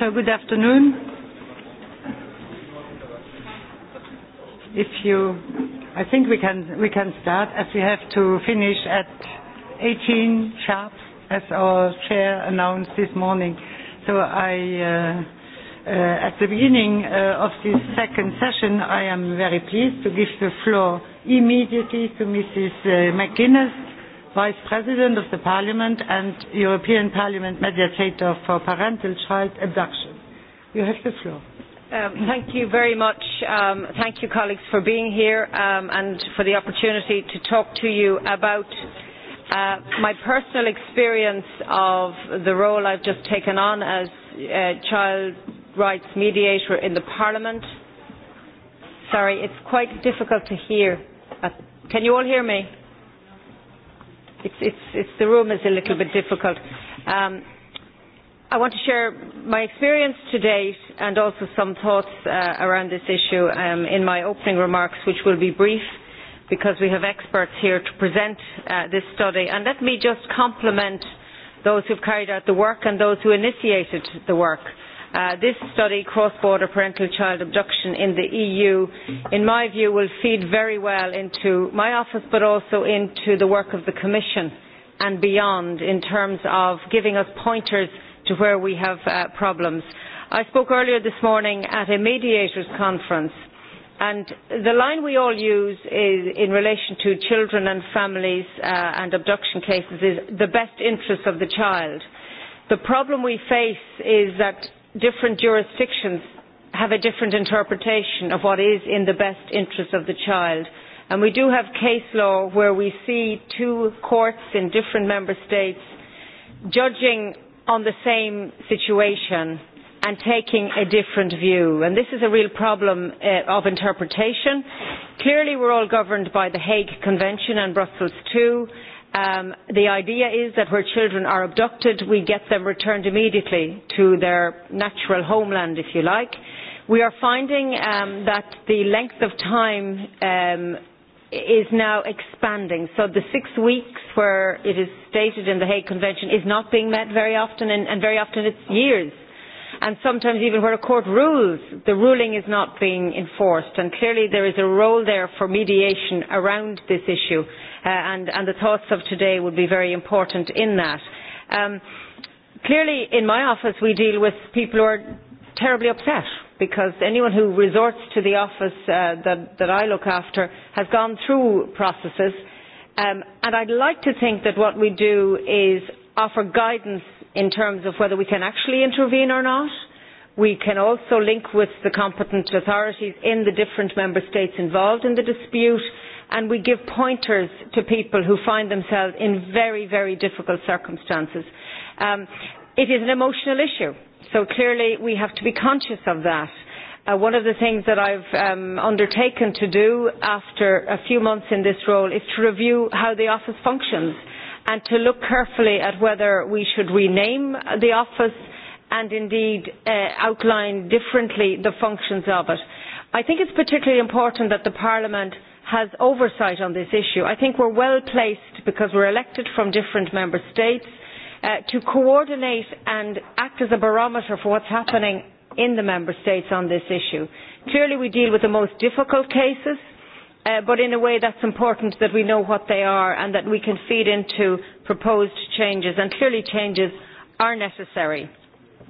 So good afternoon. If you, I think we can we can start as we have to finish at 18 sharp, as our chair announced this morning. So I. Uh, Uh, at the beginning uh, of this second session, I am very pleased to give the floor immediately to Mrs. Uh, McGuinness, Vice President of the Parliament and European Parliament Mediator for Parental Child Abduction. You have the floor. Um, thank you very much. Um, thank you, colleagues, for being here um, and for the opportunity to talk to you about uh, my personal experience of the role I've just taken on as uh, child rights mediator in the Parliament. Sorry, it's quite difficult to hear. Uh, can you all hear me? it's, it's, it's, the room is a little bit difficult. Um, I want to share my experience to date and also some thoughts uh, around this issue um, in my opening remarks, which will be brief because we have experts here to present uh, this study. And let me just compliment those who've carried out the work and those who initiated the work. Uh, this study, Cross-Border Parental Child Abduction in the EU, in my view, will feed very well into my office, but also into the work of the Commission and beyond in terms of giving us pointers to where we have uh, problems. I spoke earlier this morning at a mediators conference and the line we all use is, in relation to children and families uh, and abduction cases is the best interest of the child. The problem we face is that different jurisdictions have a different interpretation of what is in the best interest of the child. And we do have case law where we see two courts in different member states judging on the same situation and taking a different view. And this is a real problem uh, of interpretation. Clearly, we're all governed by the Hague Convention and Brussels II Um, the idea is that where children are abducted, we get them returned immediately to their natural homeland, if you like. We are finding um, that the length of time um, is now expanding. So the six weeks where it is stated in the Hague Convention is not being met very often, and, and very often it's years. And sometimes even where a court rules, the ruling is not being enforced. And clearly there is a role there for mediation around this issue. Uh, and, and the thoughts of today would be very important in that. Um, clearly, in my office, we deal with people who are terribly upset because anyone who resorts to the office uh, that, that I look after has gone through processes. Um, and I'd like to think that what we do is offer guidance in terms of whether we can actually intervene or not. We can also link with the competent authorities in the different member states involved in the dispute and we give pointers to people who find themselves in very, very difficult circumstances. Um, it is an emotional issue, so clearly we have to be conscious of that. Uh, one of the things that I've um, undertaken to do after a few months in this role is to review how the office functions and to look carefully at whether we should rename the office and indeed uh, outline differently the functions of it. I think it's particularly important that the Parliament has oversight on this issue. I think we're well placed because we're elected from different member states uh, to coordinate and act as a barometer for what's happening in the member states on this issue. Clearly we deal with the most difficult cases, uh, but in a way that's important that we know what they are and that we can feed into proposed changes, and clearly changes are necessary.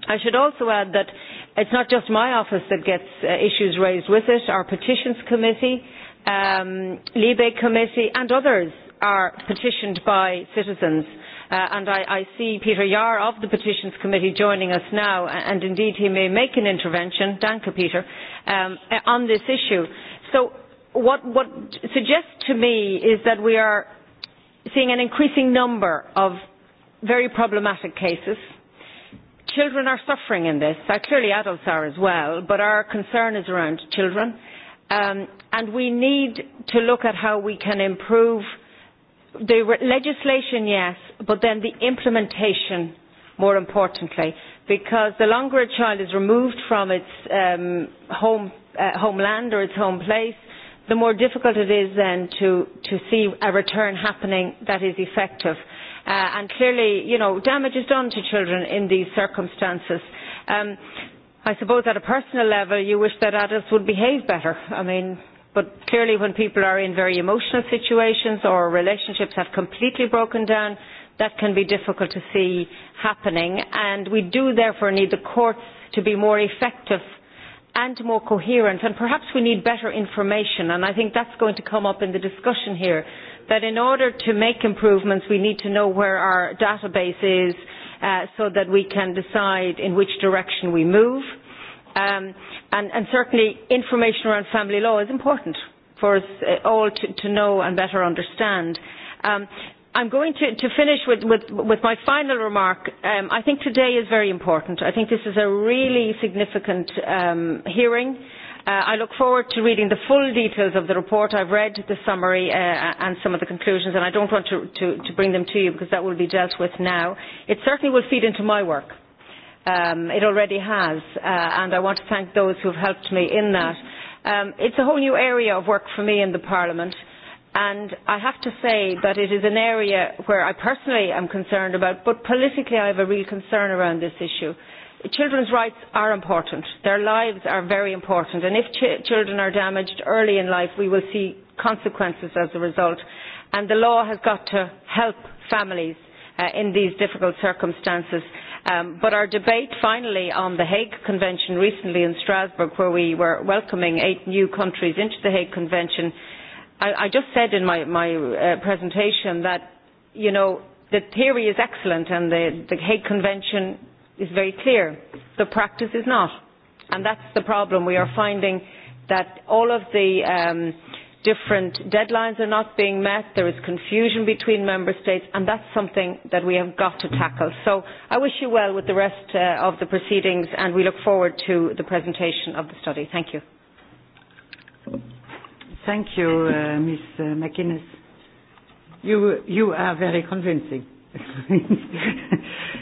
I should also add that it's not just my office that gets uh, issues raised with it, our petitions committee, um, Libe Committee and others are petitioned by citizens. Uh, and I, I see Peter Yar of the Petitions Committee joining us now, and indeed he may make an intervention, Danke Peter, um, uh, on this issue. So what, what suggests to me is that we are seeing an increasing number of very problematic cases. Children are suffering in this. Uh, clearly adults are as well, but our concern is around children. Um, and we need to look at how we can improve the legislation, yes, but then the implementation, more importantly, because the longer a child is removed from its um, home, uh, homeland or its home place, the more difficult it is then to, to see a return happening that is effective. Uh, and clearly, you know, damage is done to children in these circumstances. Um, I suppose at a personal level you wish that adults would behave better. I mean, but clearly when people are in very emotional situations or relationships have completely broken down, that can be difficult to see happening. And we do therefore need the courts to be more effective and more coherent. And perhaps we need better information. And I think that's going to come up in the discussion here, that in order to make improvements, we need to know where our database is, uh, so that we can decide in which direction we move. Um, and, and certainly information around family law is important for us uh, all to, to know and better understand. Um, I'm going to, to finish with, with, with my final remark. Um, I think today is very important. I think this is a really significant um, hearing. Uh, I look forward to reading the full details of the report. I've read the summary uh, and some of the conclusions, and I don't want to, to, to bring them to you because that will be dealt with now. It certainly will feed into my work. Um, it already has, uh, and I want to thank those who have helped me in that. Um, it's a whole new area of work for me in the Parliament, and I have to say that it is an area where I personally am concerned about, but politically I have a real concern around this issue children's rights are important. Their lives are very important. And if ch children are damaged early in life, we will see consequences as a result. And the law has got to help families uh, in these difficult circumstances. Um, but our debate finally on the Hague Convention recently in Strasbourg, where we were welcoming eight new countries into the Hague Convention, I, I just said in my, my uh, presentation that, you know, the theory is excellent and the, the Hague Convention is very clear. The practice is not. And that's the problem. We are finding that all of the um, different deadlines are not being met. There is confusion between member states, and that's something that we have got to tackle. So I wish you well with the rest uh, of the proceedings, and we look forward to the presentation of the study. Thank you. Thank you, uh, Ms. Uh, McInnes. You, you are very convincing uh, we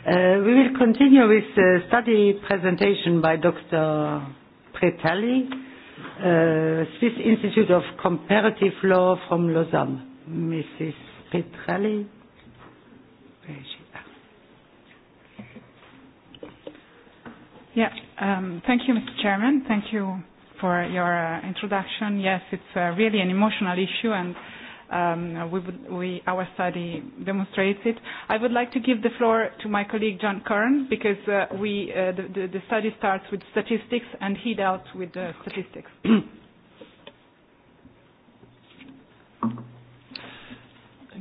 will continue with the study presentation by Dr. Pretali, uh, Swiss Institute of Comparative Law from Lausanne. Mrs. Pretali. Ah. Yeah, um, thank you, Mr. Chairman. Thank you for your uh, introduction. Yes, it's uh, really an emotional issue, and um, we would, we, our study demonstrates it. I would like to give the floor to my colleague John Curran because uh, we, uh, the, the, the study starts with statistics and he dealt with the statistics.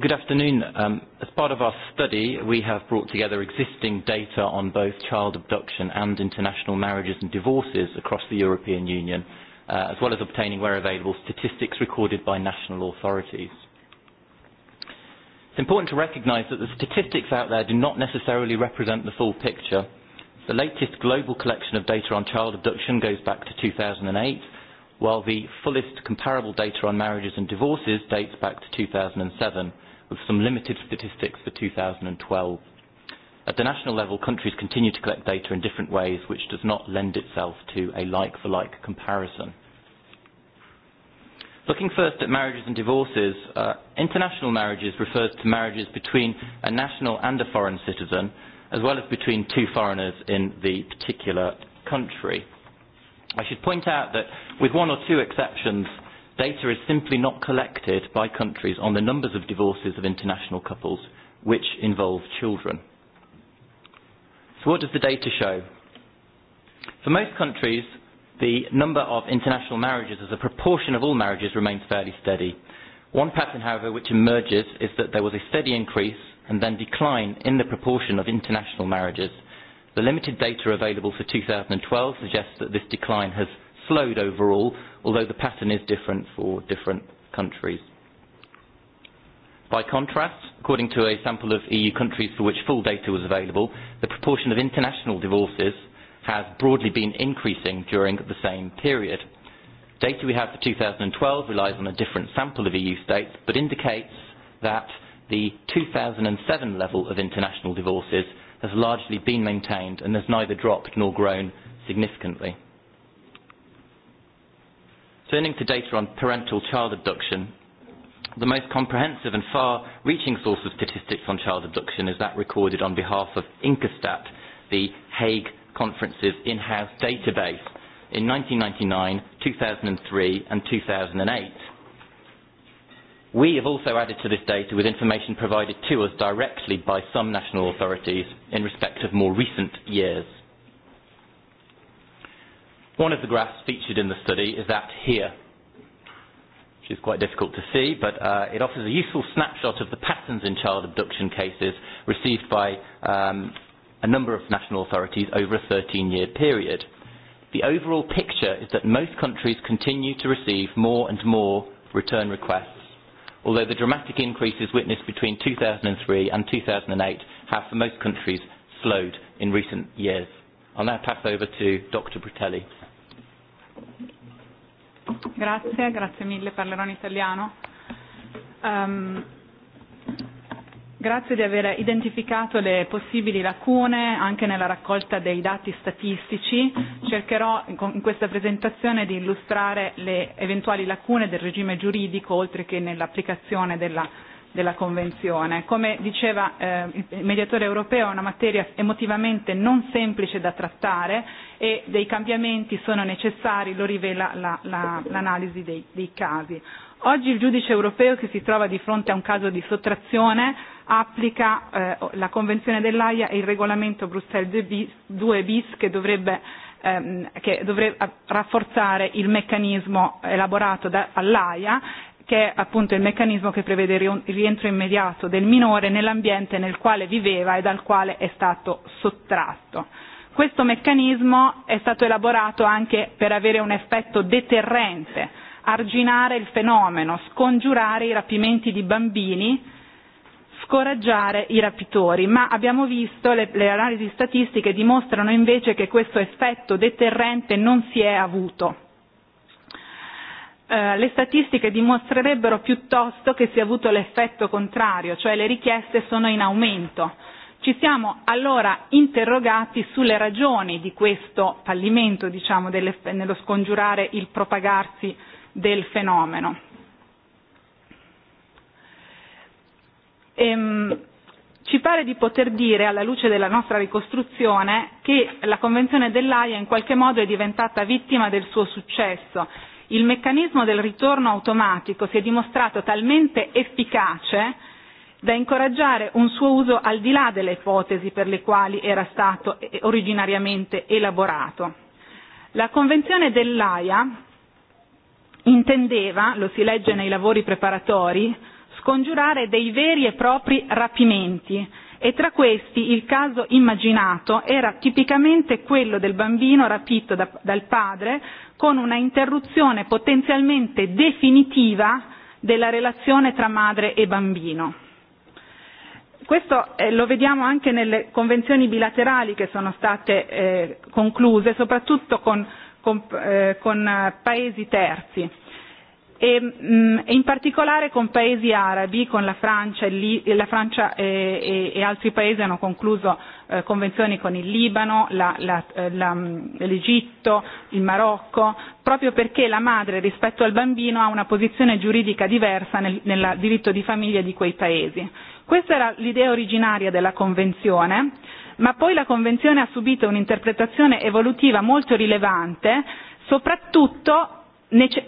Good afternoon. Um, as part of our study, we have brought together existing data on both child abduction and international marriages and divorces across the European Union uh, as well as obtaining, where available, statistics recorded by national authorities. It's important to recognise that the statistics out there do not necessarily represent the full picture. The latest global collection of data on child abduction goes back to 2008, while the fullest comparable data on marriages and divorces dates back to 2007, with some limited statistics for 2012. At the national level, countries continue to collect data in different ways, which does not lend itself to a like-for-like -like comparison. Looking first at marriages and divorces, uh, international marriages refers to marriages between a national and a foreign citizen, as well as between two foreigners in the particular country. I should point out that, with one or two exceptions, data is simply not collected by countries on the numbers of divorces of international couples which involve children. So what does the data show? For most countries, the number of international marriages as a proportion of all marriages remains fairly steady. One pattern, however, which emerges is that there was a steady increase and then decline in the proportion of international marriages. The limited data available for 2012 suggests that this decline has slowed overall, although the pattern is different for different countries. By contrast, according to a sample of EU countries for which full data was available, the proportion of international divorces has broadly been increasing during the same period. Data we have for 2012 relies on a different sample of EU states, but indicates that the 2007 level of international divorces has largely been maintained and has neither dropped nor grown significantly. Turning to data on parental child abduction, The most comprehensive and far-reaching source of statistics on child abduction is that recorded on behalf of INCASTAT, the Hague Conference's in-house database in 1999, 2003 and 2008. We have also added to this data with information provided to us directly by some national authorities in respect of more recent years. One of the graphs featured in the study is that here which is quite difficult to see, but uh, it offers a useful snapshot of the patterns in child abduction cases received by um, a number of national authorities over a 13-year period. The overall picture is that most countries continue to receive more and more return requests, although the dramatic increases witnessed between 2003 and 2008 have for most countries slowed in recent years. I'll now pass over to Dr. Bratelli. Grazie, grazie mille, parlerò in italiano. Um, Grazie di aver identificato le possibili lacune anche nella raccolta dei dati statistici. Cercherò in questa presentazione di illustrare le eventuali lacune del regime giuridico oltre che nell'applicazione della della Convenzione. Come diceva eh, il mediatore europeo è una materia emotivamente non semplice da trattare e dei cambiamenti sono necessari, lo rivela la, la, l'analisi dei, dei casi. Oggi il giudice europeo che si trova di fronte a un caso di sottrazione applica eh, la Convenzione dell'AIA e il regolamento Bruxelles 2 bis, 2 bis che dovrebbe ehm, che dovrebbe rafforzare il meccanismo elaborato dall'AIA che è appunto il meccanismo che prevede il rientro immediato del minore nell'ambiente nel quale viveva e dal quale è stato sottratto. Questo meccanismo è stato elaborato anche per avere un effetto deterrente, arginare il fenomeno, scongiurare i rapimenti di bambini, scoraggiare i rapitori, ma abbiamo visto le, le analisi statistiche dimostrano invece che questo effetto deterrente non si è avuto Eh, le statistiche dimostrerebbero piuttosto che si è avuto l'effetto contrario, cioè le richieste sono in aumento. Ci siamo allora interrogati sulle ragioni di questo fallimento, diciamo, delle, nello scongiurare il propagarsi del fenomeno. Ehm, ci pare di poter dire, alla luce della nostra ricostruzione, che la Convenzione dell'AIA in qualche modo è diventata vittima del suo successo il meccanismo del ritorno automatico si è dimostrato talmente efficace da incoraggiare un suo uso al di là delle ipotesi per le quali era stato eh, originariamente elaborato. La Convenzione dell'AIA intendeva, lo si legge nei lavori preparatori, scongiurare dei veri e propri rapimenti, e tra questi il caso immaginato era tipicamente quello del bambino rapito da, dal padre con una interruzione potenzialmente definitiva della relazione tra madre e bambino. Questo eh, lo vediamo anche nelle convenzioni bilaterali che sono state eh, concluse, soprattutto con, con, eh, con eh, paesi terzi e mh, mm, in particolare con paesi arabi, con la Francia, il, la Francia e, e, e altri paesi hanno concluso eh, convenzioni con il Libano, la, la, eh, la, mm, l'Egitto, il Marocco, proprio perché la madre rispetto al bambino ha una posizione giuridica diversa nel, nel diritto di famiglia di quei paesi. Questa era l'idea originaria della Convenzione, ma poi la Convenzione ha subito un'interpretazione evolutiva molto rilevante, soprattutto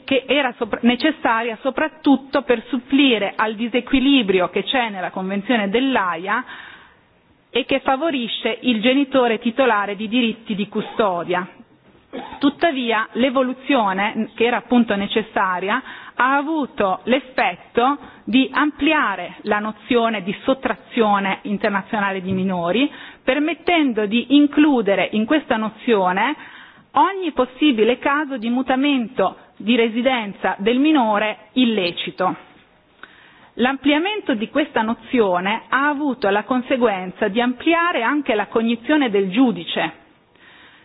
che era sopra- necessaria soprattutto per supplire al disequilibrio che c'è nella Convenzione dell'AIA e che favorisce il genitore titolare di diritti di custodia. Tuttavia l'evoluzione, che era appunto necessaria, ha avuto l'effetto di ampliare la nozione di sottrazione internazionale di minori, permettendo di includere in questa nozione ogni possibile caso di mutamento di residenza del minore illecito. L'ampliamento di questa nozione ha avuto la conseguenza di ampliare anche la cognizione del giudice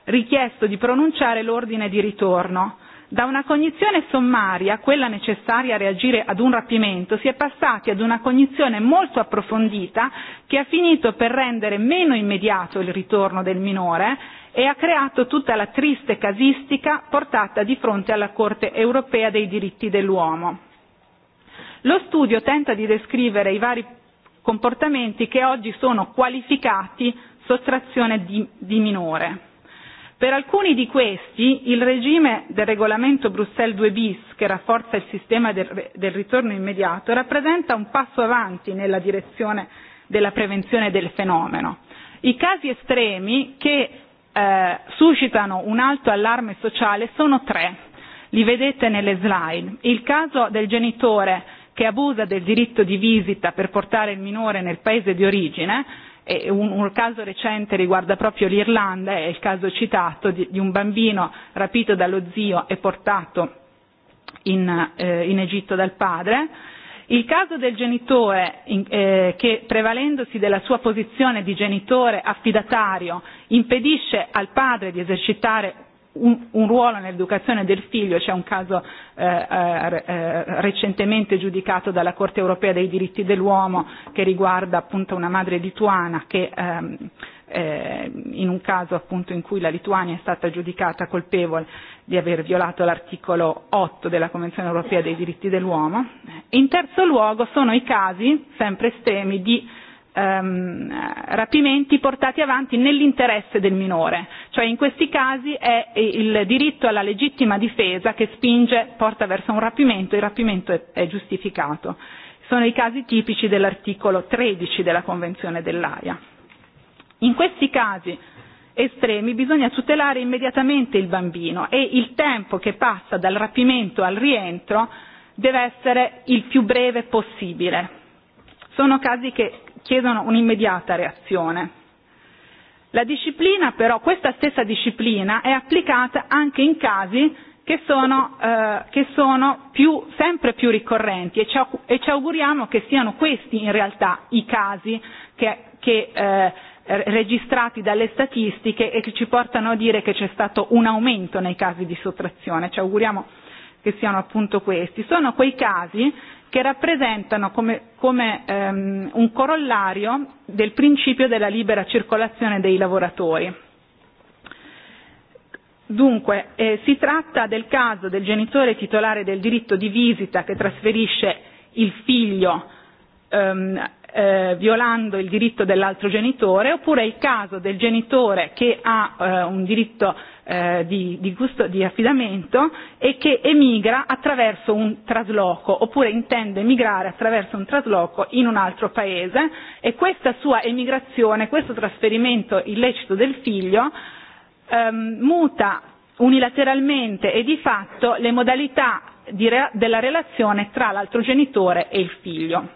richiesto di pronunciare l'ordine di ritorno. Da una cognizione sommaria, quella necessaria a reagire ad un rapimento, si è passati ad una cognizione molto approfondita che ha finito per rendere meno immediato il ritorno del minore e ha creato tutta la triste casistica portata di fronte alla Corte europea dei diritti dell'uomo. Lo studio tenta di descrivere i vari comportamenti che oggi sono qualificati sottrazione di, di minore. Per alcuni di questi il regime del regolamento Bruxelles 2 bis, che rafforza il sistema del, del ritorno immediato, rappresenta un passo avanti nella direzione della prevenzione del fenomeno. I casi estremi che eh, suscitano un alto allarme sociale sono tre, li vedete nelle slide. Il caso del genitore che abusa del diritto di visita per portare il minore nel paese di origine, e un, un caso recente riguarda proprio l'Irlanda, è il caso citato di, di un bambino rapito dallo zio e portato in, eh, in Egitto dal padre, Il caso del genitore in, eh, che prevalendosi della sua posizione di genitore affidatario impedisce al padre di esercitare un, un ruolo nell'educazione del figlio, c'è un caso eh, eh, eh recentemente giudicato dalla Corte europea dei diritti dell'uomo che riguarda appunto una madre lituana che ehm, eh, in un caso appunto in cui la Lituania è stata giudicata colpevole di aver violato l'articolo 8 della Convenzione europea dei diritti dell'uomo. In terzo luogo sono i casi, sempre estremi, di ehm, rapimenti portati avanti nell'interesse del minore, cioè in questi casi è il diritto alla legittima difesa che spinge, porta verso un rapimento, e il rapimento è, è giustificato. Sono i casi tipici dell'articolo 13 della Convenzione dell'AIA. In questi casi estremi bisogna tutelare immediatamente il bambino e il tempo che passa dal rapimento al rientro deve essere il più breve possibile. Sono casi che chiedono un'immediata reazione. La disciplina però, questa stessa disciplina è applicata anche in casi che sono, eh, che sono più, sempre più ricorrenti e ci, e ci auguriamo che siano questi in realtà i casi che, che eh, Eh, registrati dalle statistiche e che ci portano a dire che c'è stato un aumento nei casi di sottrazione. Ci auguriamo che siano appunto questi. Sono quei casi che rappresentano come, come ehm, un corollario del principio della libera circolazione dei lavoratori. Dunque, eh, si tratta del caso del genitore titolare del diritto di visita che trasferisce il figlio ehm, eh, violando il diritto dell'altro genitore, oppure il caso del genitore che ha eh, un diritto eh, di, di, gusto, di affidamento e che emigra attraverso un trasloco, oppure intende emigrare attraverso un trasloco in un altro paese e questa sua emigrazione, questo trasferimento illecito del figlio ehm, muta unilateralmente e di fatto le modalità di re- della relazione tra l'altro genitore e il figlio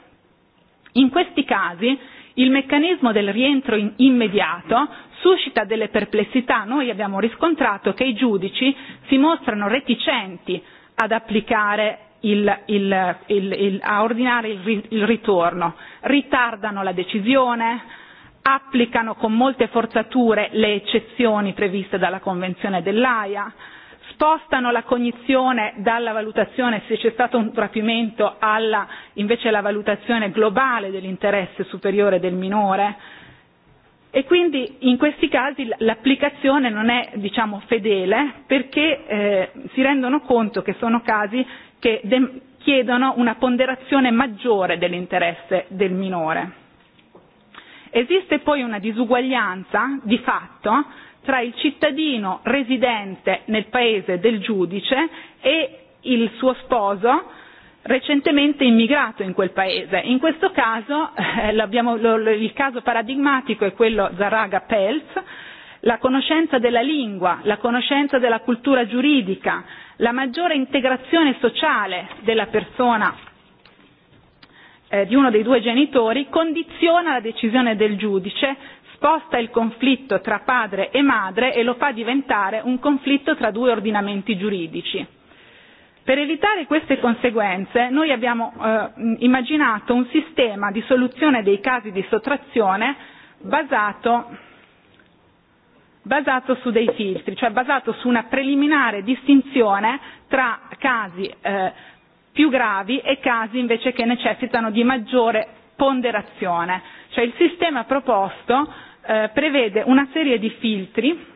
In questi casi il meccanismo del rientro in immediato suscita delle perplessità. Noi abbiamo riscontrato che i giudici si mostrano reticenti ad applicare il, il, il, il, a ordinare il, il ritorno, ritardano la decisione, applicano con molte forzature le eccezioni previste dalla Convenzione dell'AIA, spostano la cognizione dalla valutazione se c'è stato un rapimento alla invece la valutazione globale dell'interesse superiore del minore e quindi in questi casi l'applicazione non è diciamo fedele perché eh, si rendono conto che sono casi che chiedono una ponderazione maggiore dell'interesse del minore. Esiste poi una disuguaglianza di fatto tra il cittadino residente nel paese del giudice e il suo sposo recentemente immigrato in quel paese. In questo caso eh, lo, il caso paradigmatico è quello Zaraga Pelz, la conoscenza della lingua, la conoscenza della cultura giuridica, la maggiore integrazione sociale della persona eh, di uno dei due genitori condiziona la decisione del giudice sposta il conflitto tra padre e madre e lo fa diventare un conflitto tra due ordinamenti giuridici. Per evitare queste conseguenze noi abbiamo eh, immaginato un sistema di soluzione dei casi di sottrazione basato, basato su dei filtri, cioè basato su una preliminare distinzione tra casi eh, più gravi e casi invece che necessitano di maggiore ponderazione. Cioè il sistema proposto eh, prevede una serie di filtri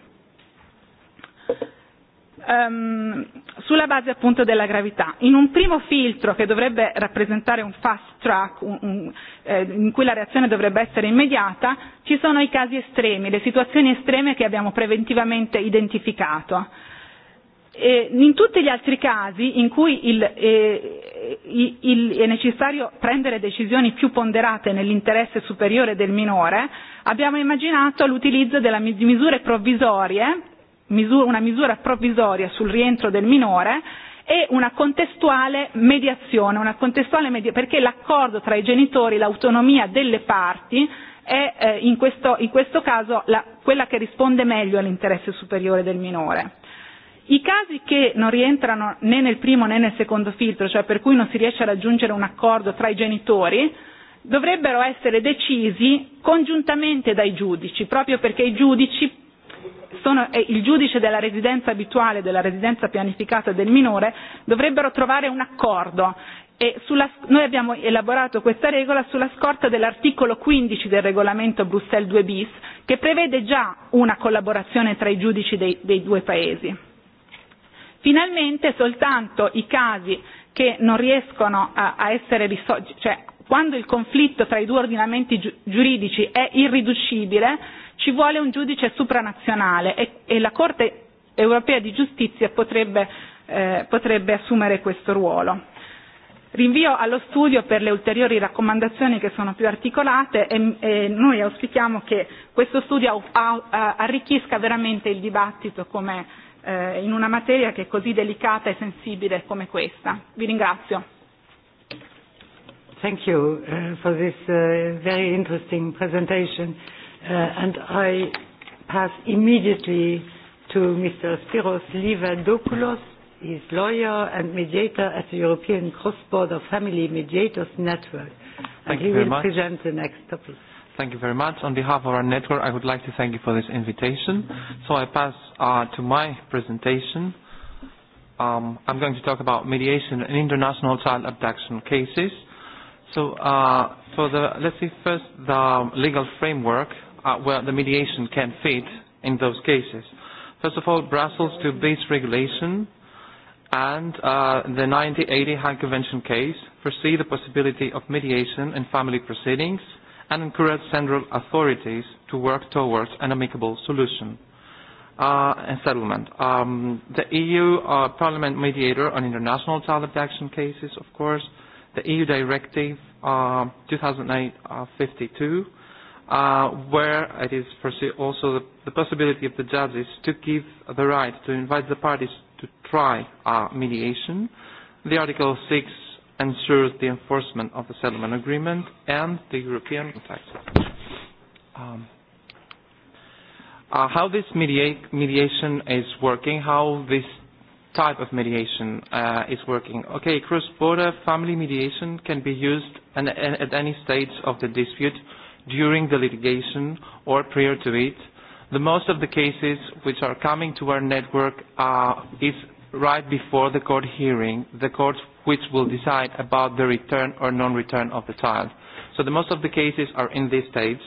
um, sulla base appunto della gravità. In un primo filtro che dovrebbe rappresentare un fast track, un, un, eh, in cui la reazione dovrebbe essere immediata, ci sono i casi estremi, le situazioni estreme che abbiamo preventivamente identificato Eh, in tutti gli altri casi in cui il, eh, il, è necessario prendere decisioni più ponderate nell'interesse superiore del minore, abbiamo immaginato l'utilizzo delle misure provvisorie, misura, una misura provvisoria sul rientro del minore e una contestuale mediazione, una contestuale media, perché l'accordo tra i genitori, l'autonomia delle parti è eh, in, questo, in questo caso la, quella che risponde meglio all'interesse superiore del minore. I casi che non rientrano né nel primo né nel secondo filtro, cioè per cui non si riesce a raggiungere un accordo tra i genitori, dovrebbero essere decisi congiuntamente dai giudici, proprio perché i giudici sono, eh, il giudice della residenza abituale, della residenza pianificata del minore, dovrebbero trovare un accordo. E sulla, noi abbiamo elaborato questa regola sulla scorta dell'articolo 15 del regolamento Bruxelles 2 bis, che prevede già una collaborazione tra i giudici dei, dei due paesi. Finalmente soltanto i casi che non riescono a, a essere risolti, cioè quando il conflitto tra i due ordinamenti gi- giuridici è irriducibile, ci vuole un giudice supranazionale e, e la Corte europea di giustizia potrebbe, eh, potrebbe assumere questo ruolo. Rinvio allo studio per le ulteriori raccomandazioni che sono più articolate e, e noi auspichiamo che questo studio arricchisca veramente il dibattito come eh, in una materia che è così delicata e sensibile come questa. Vi ringrazio. Thank you uh, for this uh, very interesting presentation. Uh, and I pass immediately to Mr. Spiros Livadopoulos, his lawyer and mediator at the European Cross-Border Family Mediators Network. Thank and he will much. present the next topic. Thank you very much. On behalf of our network, I would like to thank you for this invitation. So I pass uh, to my presentation. Um, I'm going to talk about mediation in international child abduction cases. So uh, for the, let's see first the legal framework uh, where the mediation can fit in those cases. First of all, Brussels to base regulation and uh, the 1980 High Convention case foresee the possibility of mediation in family proceedings – and encourage central authorities to work towards an amicable solution uh, and settlement. Um, the EU uh, Parliament mediator on international child abduction cases, of course, the EU Directive uh, 2008-52, uh, uh, where it is also the, the possibility of the judges to give the right to invite the parties to try uh, mediation. The Article 6 ensures the enforcement of the settlement agreement and the European taxes. Um, uh, how this mediate, mediation is working, how this type of mediation uh, is working. Okay, cross-border family mediation can be used an, an, at any stage of the dispute during the litigation or prior to it. The most of the cases which are coming to our network uh, is right before the court hearing. The court which will decide about the return or non-return of the child. So the most of the cases are in these states.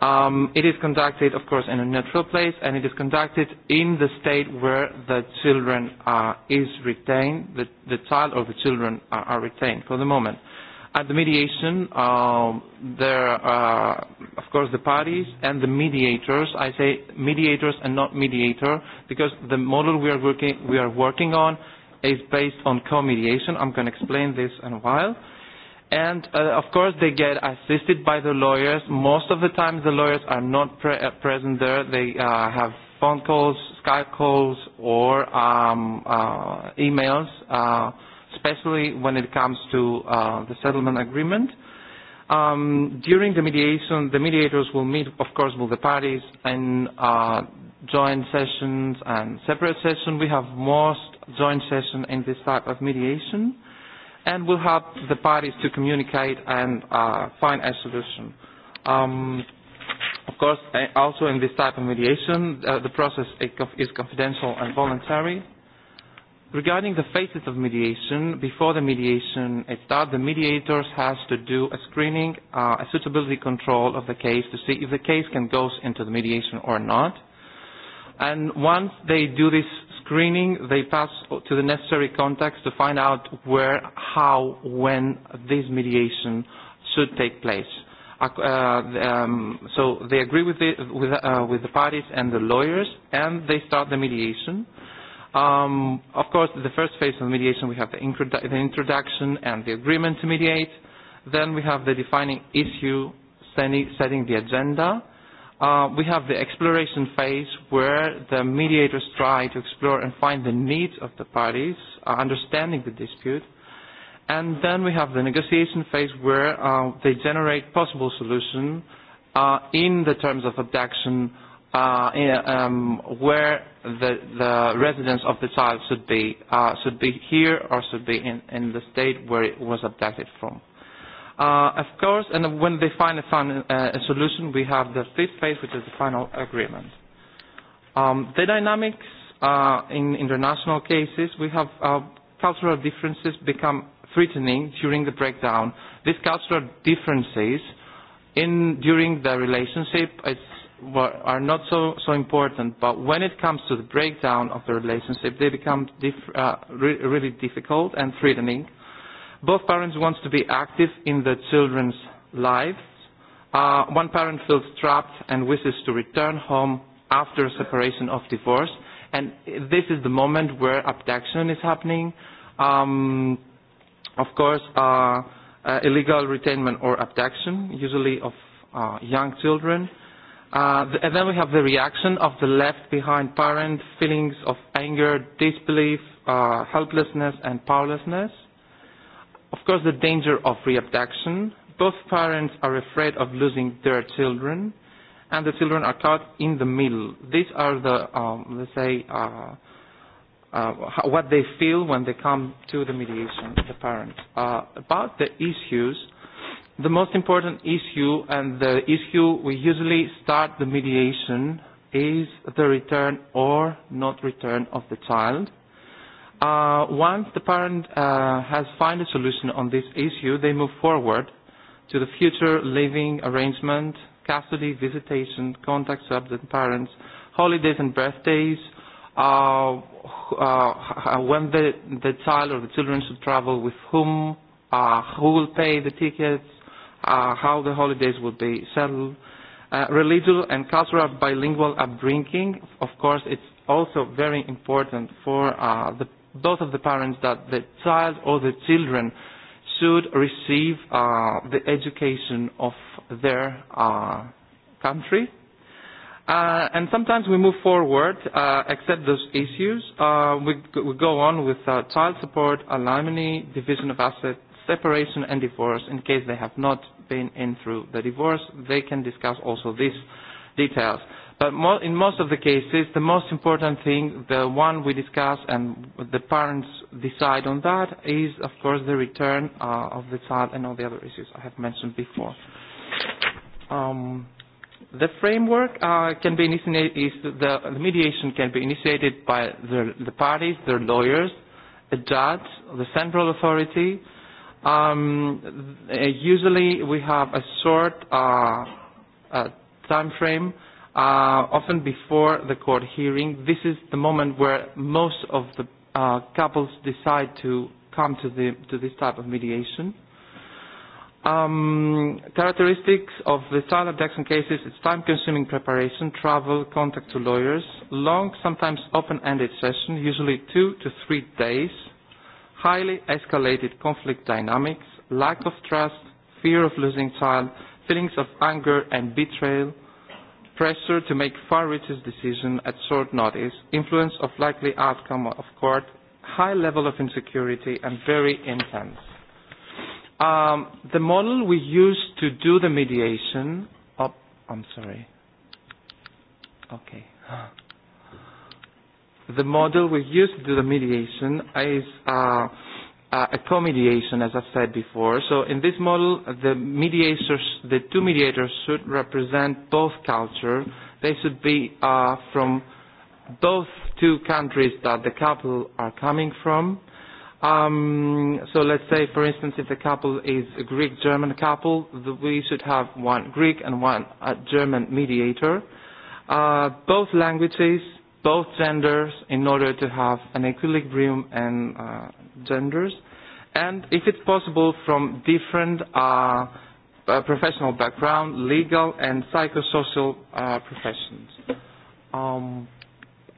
Um, it is conducted, of course, in a neutral place, and it is conducted in the state where the children uh, is retained, the, the child or the children are, are retained for the moment. At the mediation, um, there are, of course, the parties and the mediators. I say mediators and not mediator because the model we are working, we are working on is based on co-mediation. I'm going to explain this in a while. And uh, of course, they get assisted by the lawyers. Most of the time, the lawyers are not pre uh, present there. They uh, have phone calls, Skype calls, or um, uh, emails, uh, especially when it comes to uh, the settlement agreement. Um, during the mediation, the mediators will meet, of course, with the parties in uh, joint sessions and separate sessions. We have most joint session in this type of mediation and will help the parties to communicate and uh, find a solution. Um, of course, eh, also in this type of mediation, uh, the process is confidential and voluntary. Regarding the phases of mediation, before the mediation is started, the mediators has to do a screening, uh, a suitability control of the case to see if the case can go into the mediation or not. And once they do this screening, they pass to the necessary contacts to find out where, how, when this mediation should take place. Uh, um, so they agree with the, with, uh, with the parties and the lawyers, and they start the mediation. Um, of course, the first phase of the mediation, we have the, introdu the introduction and the agreement to mediate. Then we have the defining issue, setting, setting the agenda, uh, we have the exploration phase where the mediators try to explore and find the needs of the parties, uh, understanding the dispute. And then we have the negotiation phase where uh, they generate possible solution uh, in the terms of abduction uh, in, um, where the, the residence of the child should be, uh, should be here or should be in, in the state where it was abducted from. Uh, of course, and when they find a, fun, uh, a solution, we have the fifth phase, which is the final agreement. Um, the dynamics uh, in international cases, we have uh, cultural differences become threatening during the breakdown. These cultural differences in, during the relationship is, are not so, so important, but when it comes to the breakdown of the relationship, they become diff uh, re really difficult and threatening Both parents want to be active in the children's lives. Uh, one parent feels trapped and wishes to return home after separation of divorce. And this is the moment where abduction is happening. Um, of course, uh, uh, illegal retainment or abduction, usually of uh, young children. Uh, the, and then we have the reaction of the left behind parent, feelings of anger, disbelief, uh, helplessness, and powerlessness. Of course, the danger of reabduction. Both parents are afraid of losing their children, and the children are caught in the middle. These are the, um, let's say, uh, uh, what they feel when they come to the mediation, the parents. Uh, about the issues, the most important issue and the issue we usually start the mediation is the return or not return of the child. Uh, once the parent uh, has found a solution on this issue, they move forward to the future living arrangement, custody, visitation, contact subject parents, holidays and birthdays, uh, uh, when the, the child or the children should travel with whom, uh, who will pay the tickets, uh, how the holidays will be settled, uh, religious and cultural bilingual upbringing. Of course, it's also very important for uh, the both of the parents that the child or the children should receive uh, the education of their uh, country. Uh, and sometimes we move forward, uh, accept those issues. Uh, we, we go on with uh, child support, alimony, division of assets, separation and divorce. In case they have not been in through the divorce, they can discuss also these details. But mo in most of the cases, the most important thing, the one we discuss and the parents decide on that, is of course the return uh, of the child and all the other issues I have mentioned before. Um, the framework uh, can be initiated, is the, the mediation can be initiated by the, the parties, their lawyers, a judge, the central authority. Um, uh, usually we have a short uh, uh, time frame uh, often before the court hearing. This is the moment where most of the uh, couples decide to come to, the, to this type of mediation. Um, characteristics of the style of Jackson cases, it's time-consuming preparation, travel, contact to lawyers, long, sometimes open-ended session, usually two to three days, highly escalated conflict dynamics, lack of trust, fear of losing child, feelings of anger and betrayal, pressure to make far-reaching decisions at short notice, influence of likely outcome of court, high level of insecurity, and very intense. Um, the model we use to do the mediation, oh, I'm sorry. Okay. The model we use to do the mediation is uh, uh, a co-mediation, as I said before. So in this model, the mediators, the two mediators should represent both culture. They should be uh, from both two countries that the couple are coming from. Um, so let's say, for instance, if the couple is a Greek-German couple, the, we should have one Greek and one uh, German mediator. Uh, both languages, both genders in order to have an equilibrium and uh, genders and if it's possible from different uh, uh, professional background, legal and psychosocial uh, professions. Um,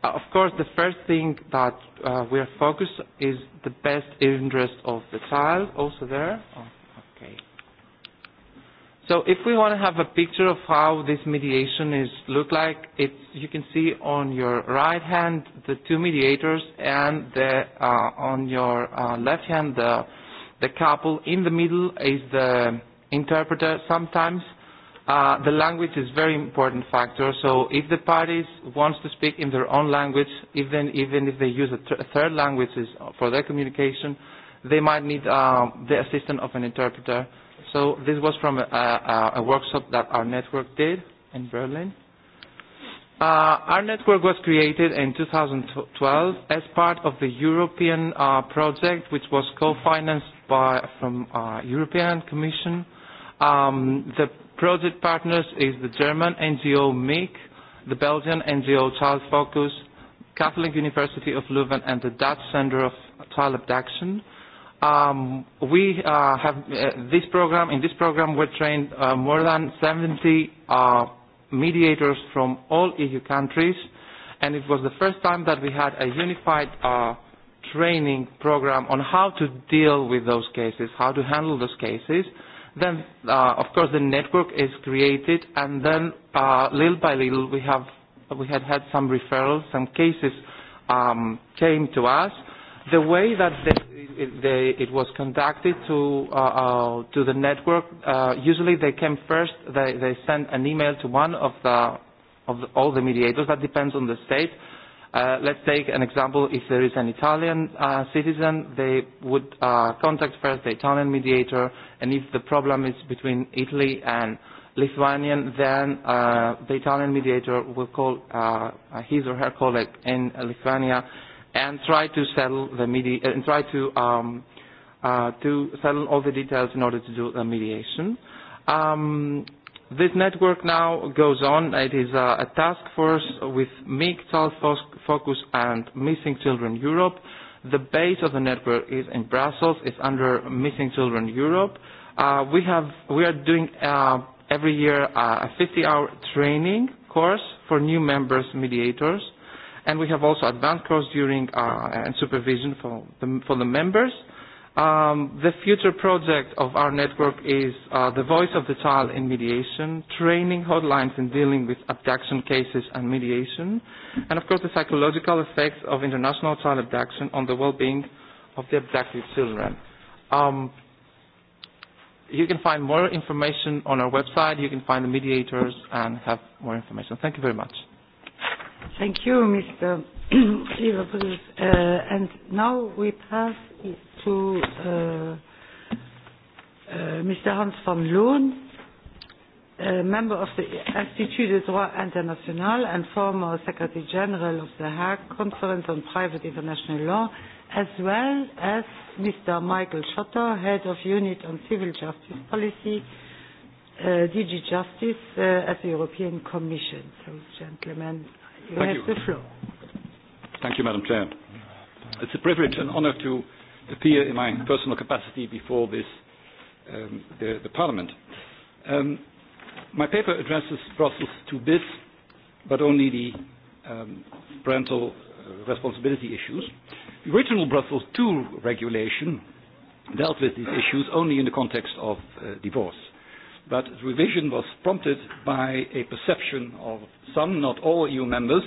of course, the first thing that uh, we are focused is the best interest of the child, also there. Oh. So if we want to have a picture of how this mediation is look like, it's, you can see on your right hand the two mediators and the, uh, on your uh, left hand the, the couple. In the middle is the interpreter. Sometimes uh, the language is a very important factor. So if the parties wants to speak in their own language, even, even if they use a, a third language for their communication, they might need uh, the assistance of an interpreter So this was from a, a, a workshop that our network did in Berlin. Uh, our network was created in 2012 as part of the European uh, project, which was co-financed by from uh, European Commission. Um, the project partners is the German NGO MIG, the Belgian NGO Child Focus, Catholic University of Leuven, and the Dutch Center of Child Abduction. Um, we uh, have uh, this program. In this program, we're trained uh, more than 70 uh, mediators from all EU countries, and it was the first time that we had a unified uh, training program on how to deal with those cases, how to handle those cases. Then, uh, of course, the network is created, and then uh, little by little, we have we had had some referrals, some cases um, came to us. The way that the it, they, it was conducted to, uh, uh, to the network. Uh, usually they came first, they, they sent an email to one of, the, of the, all the mediators, that depends on the state. Uh, let's take an example, if there is an Italian uh, citizen, they would uh, contact first the Italian mediator, and if the problem is between Italy and Lithuanian, then uh, the Italian mediator will call uh, his or her colleague in Lithuania and try to settle the media uh, and try to um, uh, to settle all the details in order to do the mediation. Um, this network now goes on. It is a, a task force with MIG, Child Focus, and Missing Children Europe. The base of the network is in Brussels. It's under Missing Children Europe. Uh, we have we are doing uh, every year uh, a 50-hour training course for new members mediators and we have also advanced course during uh, and supervision for the, for the members. Um, the future project of our network is uh, the voice of the child in mediation, training hotlines in dealing with abduction cases and mediation, and of course the psychological effects of international child abduction on the well-being of the abducted children. Um, you can find more information on our website. You can find the mediators and have more information. Thank you very much. Thank you, Mr. Uh, and now we pass to uh, uh, Mr. Hans van Loon, uh, member of the Institut de Droit International and former Secretary General of the Hague Conference on Private International Law, as well as Mr. Michael Schotter, Head of Unit on Civil Justice Policy, uh, DG Justice uh, at the European Commission. So, gentlemen, You Thank have you. the floor. Thank you, Madam Chair. It's a privilege and honor to appear in my personal capacity before this, um, the, the Parliament. Um, my paper addresses Brussels to this, but only the um, parental uh, responsibility issues. The original Brussels II regulation dealt with these issues only in the context of uh, divorce but revision was prompted by a perception of some, not all EU members,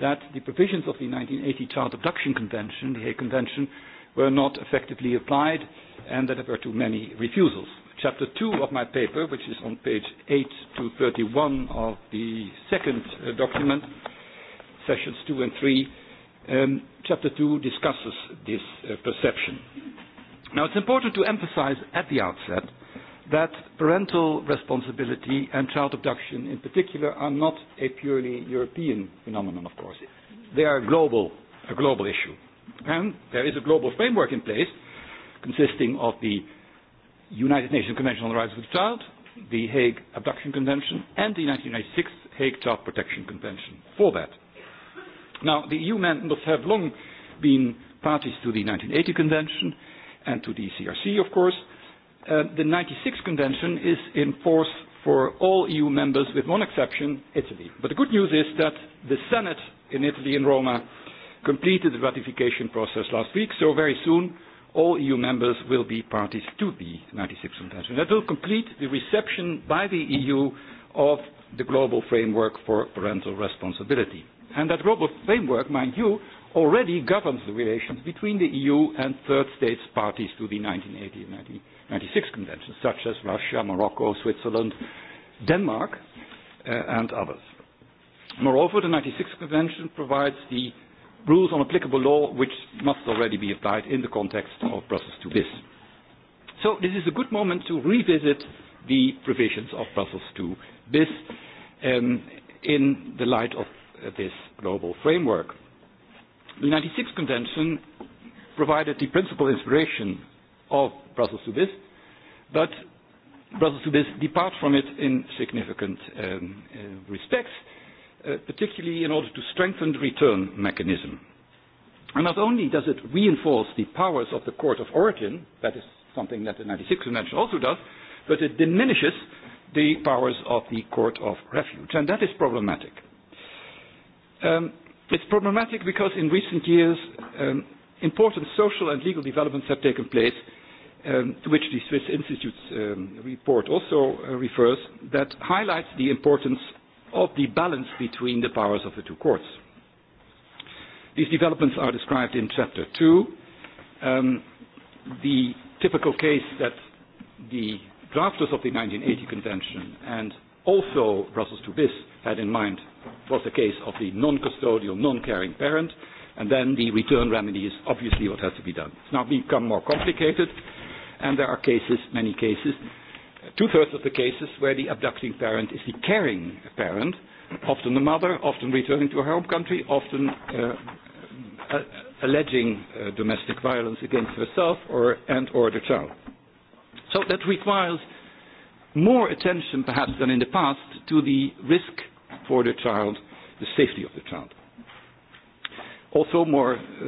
that the provisions of the 1980 Child Abduction Convention, the Hague Convention, were not effectively applied and that there were too many refusals. Chapter 2 of my paper, which is on page 8 to 31 of the second uh, document, sessions 2 and 3, um, chapter 2 discusses this uh, perception. Now it's important to emphasize at the outset that parental responsibility and child abduction in particular are not a purely European phenomenon, of course. They are global, a global issue. And there is a global framework in place consisting of the United Nations Convention on the Rights of the Child, the Hague Abduction Convention, and the 1996 Hague Child Protection Convention for that. Now, the EU members have long been parties to the 1980 Convention and to the CRC, e of course, Uh, the 96 Convention is in force for all EU members, with one exception, Italy. But the good news is that the Senate in Italy, in Roma, completed the ratification process last week, so very soon all EU members will be parties to the 96 Convention. That will complete the reception by the EU of the global framework for parental responsibility. And that global framework, mind you, already governs the relations between the EU and third states parties to the 1986 and conventions, such as Russia, Morocco, Switzerland, Denmark, uh, and others. Moreover, the 96 convention provides the rules on applicable law which must already be applied in the context of Brussels II bis. So this is a good moment to revisit the provisions of Brussels II bis um, in the light of uh, this global framework. The 96 Convention provided the principal inspiration of Brussels to this, but Brussels to this departs from it in significant um, uh, respects, uh, particularly in order to strengthen the return mechanism. And not only does it reinforce the powers of the court of origin, that is something that the 96 Convention also does, but it diminishes the powers of the court of refuge, and that is problematic. Um, It's problematic because in recent years um, important social and legal developments have taken place um, to which the Swiss Institute's um, report also uh, refers that highlights the importance of the balance between the powers of the two courts. These developments are described in Chapter 2. Um, the typical case that the drafters of the 1980 Convention and also Brussels to BIS had in mind was the case of the non-custodial, non-caring parent, and then the return remedy is obviously what has to be done. It's now become more complicated, and there are cases, many cases, two-thirds of the cases where the abducting parent is the caring parent, often the mother, often returning to her home country, often uh, alleging uh, domestic violence against herself or, and or the child. So that requires more attention perhaps than in the past to the risk for the child, the safety of the child. Also more, uh,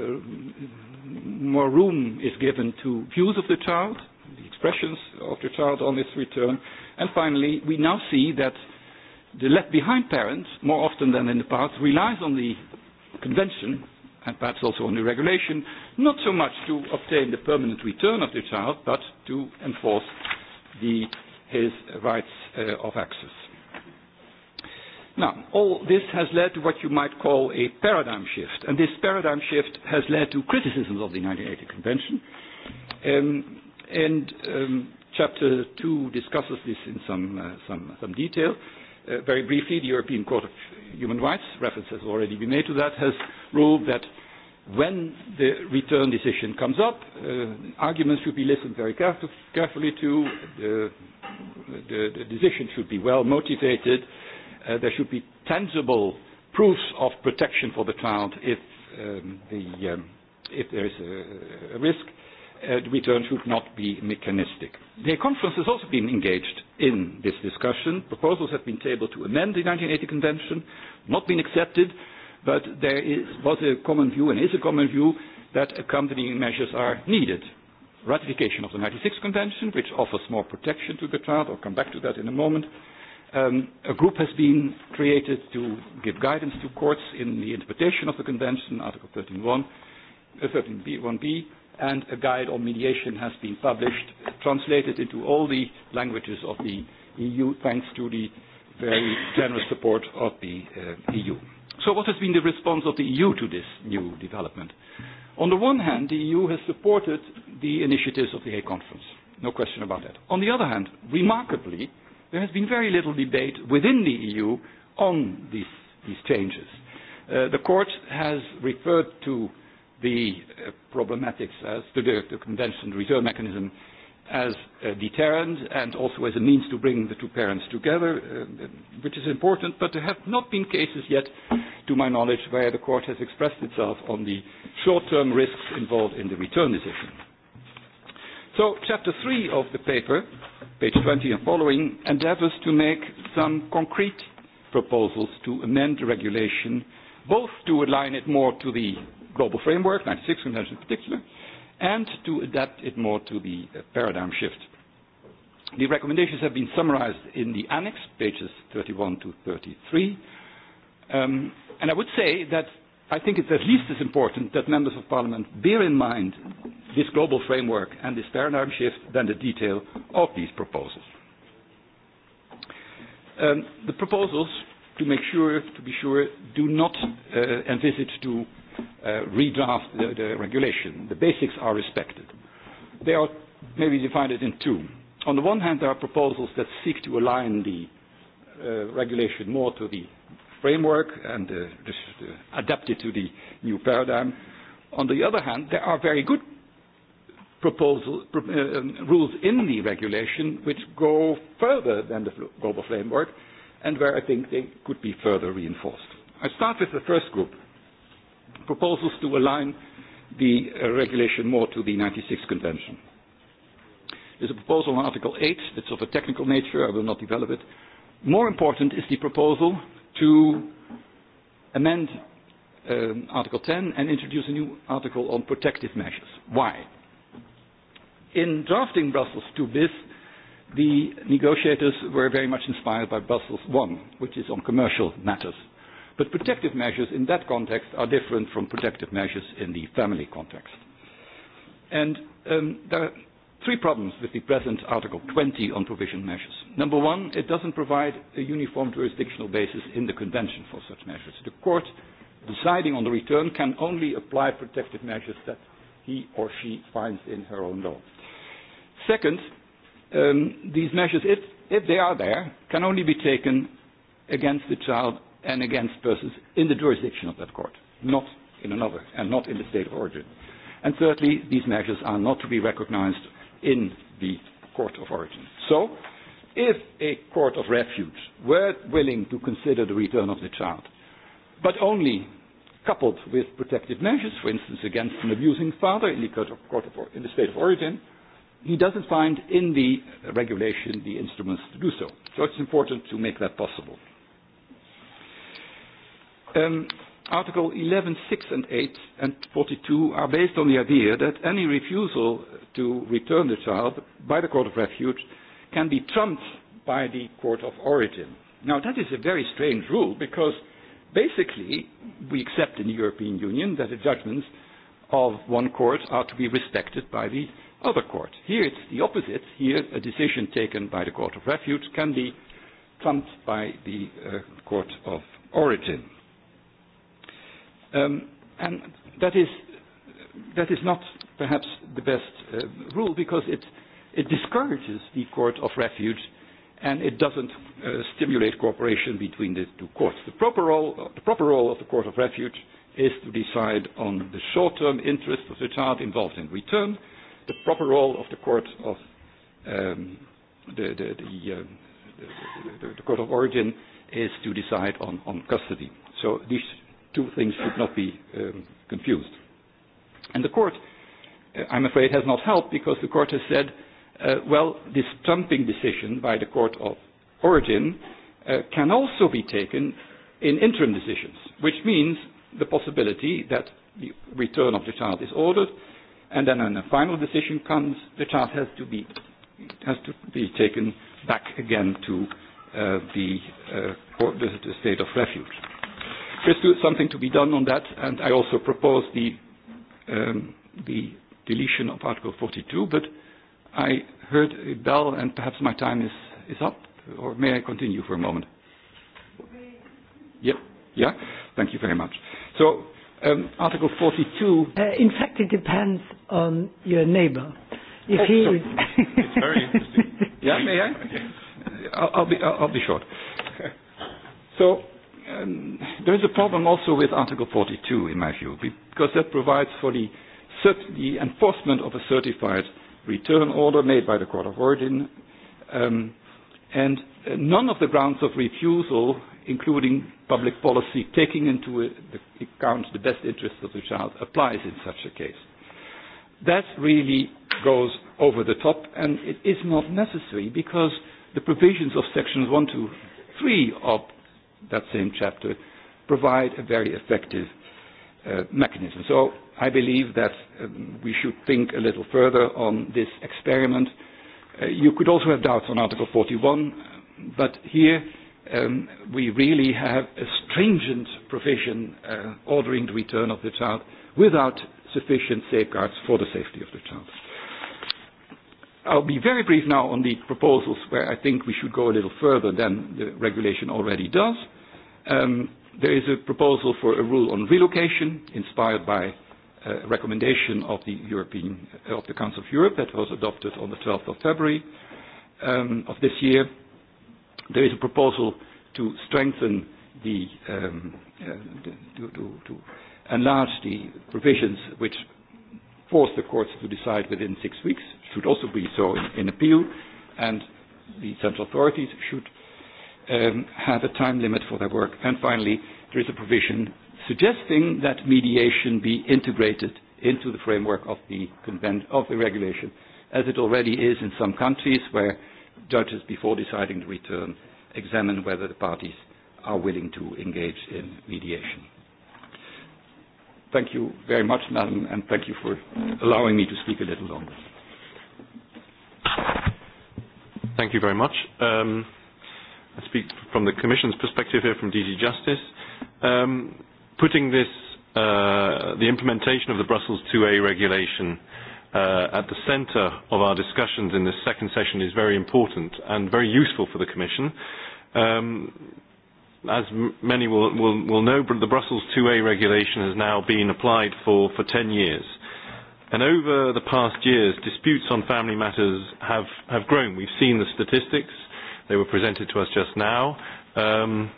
more room is given to views of the child, the expressions of the child on its return. And finally, we now see that the left behind parent, more often than in the past, relies on the convention and perhaps also on the regulation, not so much to obtain the permanent return of the child, but to enforce the his rights uh, of access. Now, all this has led to what you might call a paradigm shift, and this paradigm shift has led to criticisms of the 1980 Convention, um, and um, Chapter 2 discusses this in some, uh, some, some detail. Uh, very briefly, the European Court of Human Rights, reference has already been made to that, has ruled that when the return decision comes up, uh, arguments should be listened very caref carefully to. The, the, the decision should be well motivated. Uh, there should be tangible proofs of protection for the child if, um, the, um, if there is a, a risk. Uh, the return should not be mechanistic. The conference has also been engaged in this discussion. Proposals have been tabled to amend the 1980 Convention, not been accepted but there is, was a common view and is a common view that accompanying measures are needed. Ratification of the 96 Convention, which offers more protection to the child, I'll come back to that in a moment. Um, a group has been created to give guidance to courts in the interpretation of the Convention, Article 13.1, uh, 13b, b and a guide on mediation has been published, translated into all the languages of the EU, thanks to the very generous support of the uh, EU. So what has been the response of the EU to this new development? On the one hand, the EU has supported the initiatives of the Hague Conference. No question about that. On the other hand, remarkably, there has been very little debate within the EU on these, these changes. Uh, the court has referred to the uh, problematics as to the, the convention reserve mechanism as a deterrent and also as a means to bring the two parents together, uh, which is important, but there have not been cases yet, to my knowledge, where the court has expressed itself on the short-term risks involved in the return decision. So chapter 3 of the paper, page 20 and following, endeavors to make some concrete proposals to amend the regulation, both to align it more to the global framework, 96 Convention in particular, and to adapt it more to the uh, paradigm shift. The recommendations have been summarized in the annex, pages 31 to 33. Um, and I would say that I think it's at least as important that members of parliament bear in mind this global framework and this paradigm shift than the detail of these proposals. Um, the proposals, to make sure, to be sure, do not uh, envisage to uh, redraft the, the regulation. The basics are respected. They are maybe divided in two. On the one hand, there are proposals that seek to align the uh, regulation more to the framework and uh, just, uh, adapt it to the new paradigm. On the other hand, there are very good proposal, pro uh, um, rules in the regulation which go further than the global framework and where I think they could be further reinforced. I start with the first group, proposals to align the uh, regulation more to the 96 Convention. There's a proposal on Article 8 that's of a technical nature. I will not develop it. More important is the proposal to amend um, Article 10 and introduce a new article on protective measures. Why? In drafting Brussels 2 bis, the negotiators were very much inspired by Brussels 1, which is on commercial matters. But protective measures in that context are different from protective measures in the family context. And um, there are three problems with the present Article 20 on provision measures. Number one, it doesn't provide a uniform jurisdictional basis in the Convention for such measures. The court deciding on the return can only apply protective measures that he or she finds in her own law. Second, um, these measures, if, if they are there, can only be taken against the child and against persons in the jurisdiction of that court, not in another and not in the state of origin. And thirdly, these measures are not to be recognized in the court of origin. So, if a court of refuge were willing to consider the return of the child, but only coupled with protective measures, for instance, against an abusing father in the, court of, court of, in the state of origin, he doesn't find in the regulation the instruments to do so. So it's important to make that possible. Um, Article 11, 6 and 8 and 42 are based on the idea that any refusal to return the child by the court of refuge can be trumped by the court of origin. Now that is a very strange rule because basically we accept in the European Union that the judgments of one court are to be respected by the other court. Here it's the opposite. Here a decision taken by the court of refuge can be trumped by the uh, court of origin. Um, and that is, that is not perhaps the best uh, rule because it, it discourages the court of refuge and it doesn't uh, stimulate cooperation between the two courts. The proper, role, the proper role of the court of refuge is to decide on the short-term interest of the child involved in return. The proper role of the court of um, the, the, the, uh, the, the, the court of origin is to decide on, on custody. So these two things should not be um, confused. And the court, uh, I'm afraid, has not helped because the court has said, uh, well, this trumping decision by the court of origin uh, can also be taken in interim decisions, which means the possibility that the return of the child is ordered, and then when a final decision comes, the child has to be, has to be taken back again to uh, the, uh, the, the state of refuge there's still something to be done on that, and I also propose the, um, the deletion of Article 42, but I heard a bell, and perhaps my time is, is up, or may I continue for a moment? Yeah, yeah, thank you very much. So, um, Article 42... Uh, in fact, it depends on your neighbor. If oh, he... Sorry. it's very interesting. yeah, may I? I'll, I'll, be, I'll, I'll be short. So, um, there is a problem also with Article 42, in my view, because that provides for the, the enforcement of a certified return order made by the Court of Origin, um, and uh, none of the grounds of refusal, including public policy taking into a, the account the best interests of the child, applies in such a case. That really goes over the top, and it is not necessary because the provisions of sections 1 to 3 of that same chapter, provide a very effective uh, mechanism. So I believe that um, we should think a little further on this experiment. Uh, you could also have doubts on Article 41, but here um, we really have a stringent provision uh, ordering the return of the child without sufficient safeguards for the safety of the child. I'll be very brief now on the proposals where I think we should go a little further than the regulation already does. Um, there is a proposal for a rule on relocation inspired by a recommendation of the, European, of the Council of Europe that was adopted on the 12th of February um, of this year. There is a proposal to strengthen the, um, uh, to, to, to enlarge the provisions which force the courts to decide within six weeks should also be so in, in appeal, and the central authorities should um, have a time limit for their work. And finally, there is a provision suggesting that mediation be integrated into the framework of the, convent, of the regulation, as it already is in some countries where judges, before deciding to return, examine whether the parties are willing to engage in mediation. Thank you very much, Madam, and thank you for allowing me to speak a little longer. Thank you very much. Um, I speak from the Commission's perspective here from DG Justice. Um, putting this, uh, the implementation of the Brussels 2A regulation uh, at the centre of our discussions in this second session is very important and very useful for the Commission. Um, as many will, will, will know, the Brussels 2A regulation has now been applied for, for 10 years. And over the past years, disputes on family matters have, have grown. We've seen the statistics. They were presented to us just now. Um,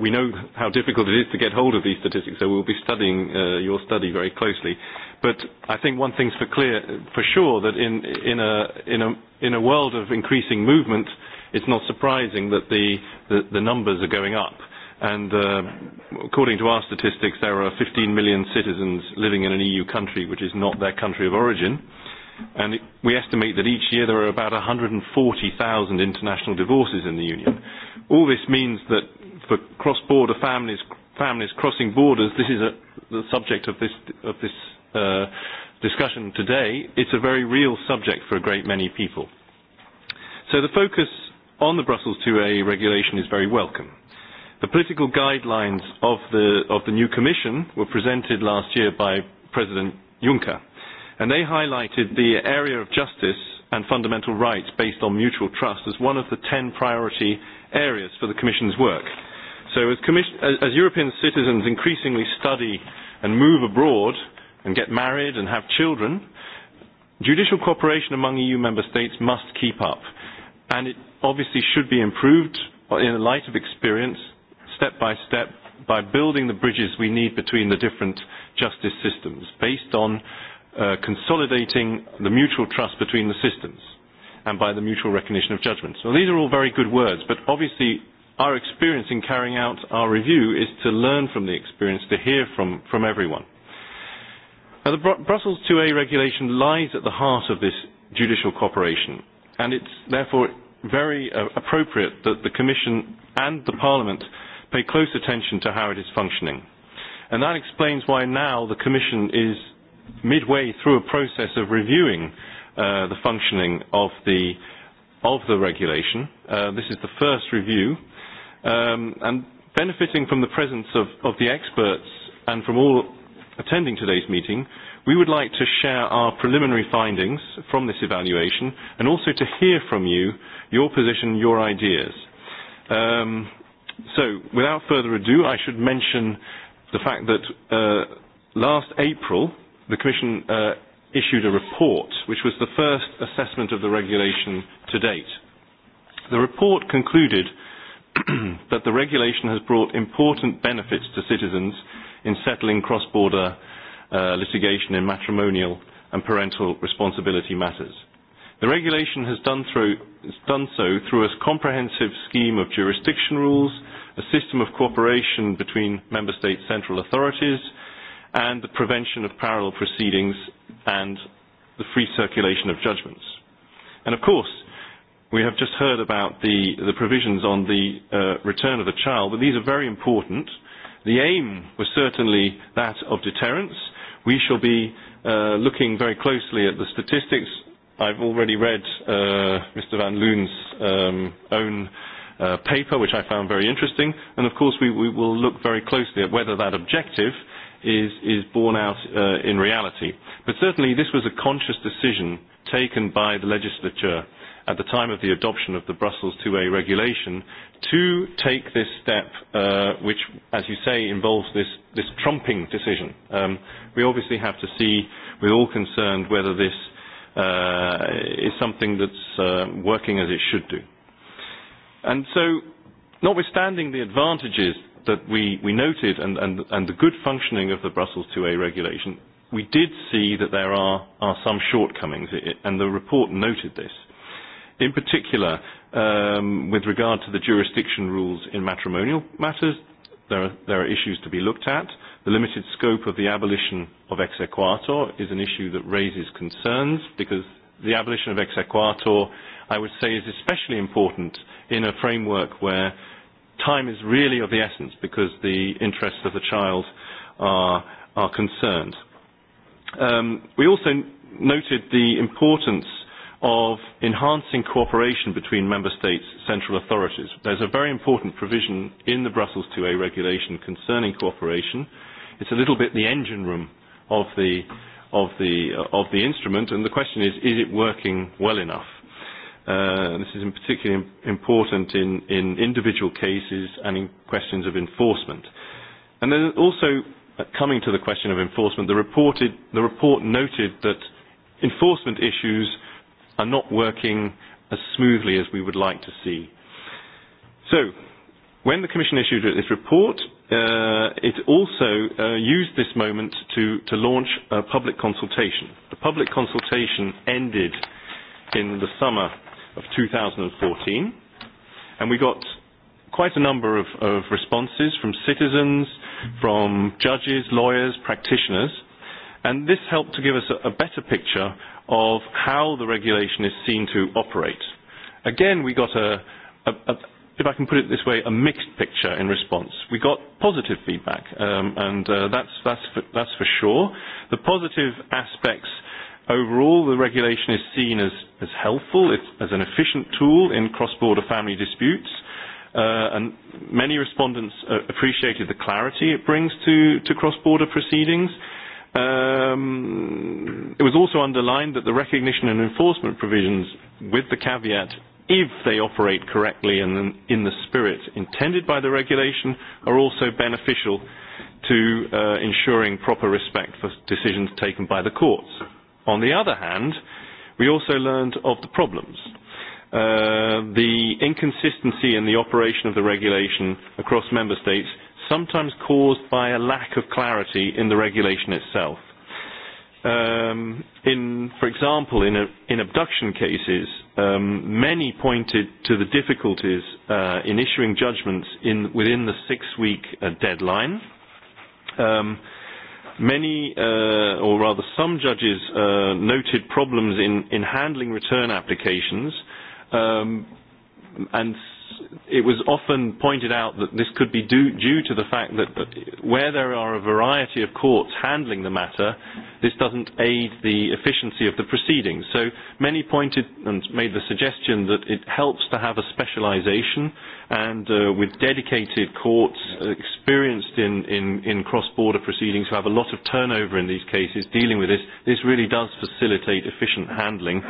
we know how difficult it is to get hold of these statistics, so we'll be studying uh, your study very closely. But I think one thing's for clear, for sure, that in, in, a, in, a, in a world of increasing movement, it's not surprising that the, the, the numbers are going up. And uh, according to our statistics, there are 15 million citizens living in an EU country which is not their country of origin. And we estimate that each year there are about 140,000 international divorces in the Union. All this means that for cross-border families, families crossing borders, this is a, the subject of this, of this uh, discussion today. It's a very real subject for a great many people. So the focus on the Brussels 2A regulation is very welcome The political guidelines of the, of the new Commission were presented last year by President Juncker, and they highlighted the area of justice and fundamental rights based on mutual trust as one of the ten priority areas for the Commission's work. So as, commission, as, as European citizens increasingly study and move abroad and get married and have children, judicial cooperation among EU member states must keep up. And it obviously should be improved in the light of experience step by step by building the bridges we need between the different justice systems based on uh, consolidating the mutual trust between the systems and by the mutual recognition of judgments. So these are all very good words, but obviously our experience in carrying out our review is to learn from the experience, to hear from, from everyone. Now, the Br Brussels 2A regulation lies at the heart of this judicial cooperation, and it's therefore very uh, appropriate that the Commission and the Parliament pay close attention to how it is functioning. And that explains why now the Commission is midway through a process of reviewing uh, the functioning of the, of the regulation. Uh, this is the first review. Um, and benefiting from the presence of, of the experts and from all attending today's meeting, we would like to share our preliminary findings from this evaluation and also to hear from you your position, your ideas. Um, So, without further ado, I should mention the fact that uh, last April, the Commission uh, issued a report, which was the first assessment of the regulation to date. The report concluded that the regulation has brought important benefits to citizens in settling cross-border uh, litigation in matrimonial and parental responsibility matters. The regulation has done, through, has done so through a comprehensive scheme of jurisdiction rules, a system of cooperation between member state central authorities, and the prevention of parallel proceedings and the free circulation of judgments. And of course, we have just heard about the, the provisions on the uh, return of the child, but these are very important. The aim was certainly that of deterrence. We shall be uh, looking very closely at the statistics. I've already read uh, Mr. Van Loon's um, own Uh, paper, which I found very interesting. And of course, we, we will look very closely at whether that objective is, is borne out uh, in reality. But certainly, this was a conscious decision taken by the legislature at the time of the adoption of the Brussels 2A regulation to take this step, uh, which, as you say, involves this, this trumping decision. Um, we obviously have to see, with all concerned, whether this uh, is something that's uh, working as it should do. And so, notwithstanding the advantages that we, we noted and, and, and the good functioning of the Brussels 2A regulation, we did see that there are, are some shortcomings, and the report noted this. In particular, um, with regard to the jurisdiction rules in matrimonial matters, there are, there are issues to be looked at. The limited scope of the abolition of ex equator is an issue that raises concerns because the abolition of ex equator, I would say, is especially important in a framework where time is really of the essence because the interests of the child are, are concerned. Um, we also noted the importance of enhancing cooperation between member states' central authorities. There's a very important provision in the Brussels 2A regulation concerning cooperation. It's a little bit the engine room of the, of the, uh, of the instrument, and the question is, is it working well enough? Uh, this is in particularly important in, in individual cases and in questions of enforcement. And then also, uh, coming to the question of enforcement, the, reported, the report noted that enforcement issues are not working as smoothly as we would like to see. So, when the Commission issued this report, uh, it also uh, used this moment to, to launch a public consultation. The public consultation ended in the summer of 2014. And we got quite a number of, of responses from citizens, from judges, lawyers, practitioners. And this helped to give us a, a better picture of how the regulation is seen to operate. Again, we got a, a, a if I can put it this way, a mixed picture in response. We got positive feedback, um, and uh, that's, that's, for, that's for sure. The positive aspects Overall, the regulation is seen as, as helpful, it's, as an efficient tool in cross-border family disputes, uh, and many respondents uh, appreciated the clarity it brings to, to cross-border proceedings. Um, it was also underlined that the recognition and enforcement provisions, with the caveat if they operate correctly and in the spirit intended by the regulation, are also beneficial to uh, ensuring proper respect for decisions taken by the courts. On the other hand, we also learned of the problems. Uh, the inconsistency in the operation of the regulation across member states sometimes caused by a lack of clarity in the regulation itself. Um, in, for example, in, a, in abduction cases, um, many pointed to the difficulties uh, in issuing judgments in, within the six-week uh, deadline. Um, Many, uh, or rather some judges, uh, noted problems in, in handling return applications um, and it was often pointed out that this could be due, due to the fact that where there are a variety of courts handling the matter, this doesn't aid the efficiency of the proceedings. So many pointed and made the suggestion that it helps to have a specialization and uh, with dedicated courts uh, experienced in, in, in cross-border proceedings who have a lot of turnover in these cases dealing with this, this really does facilitate efficient handling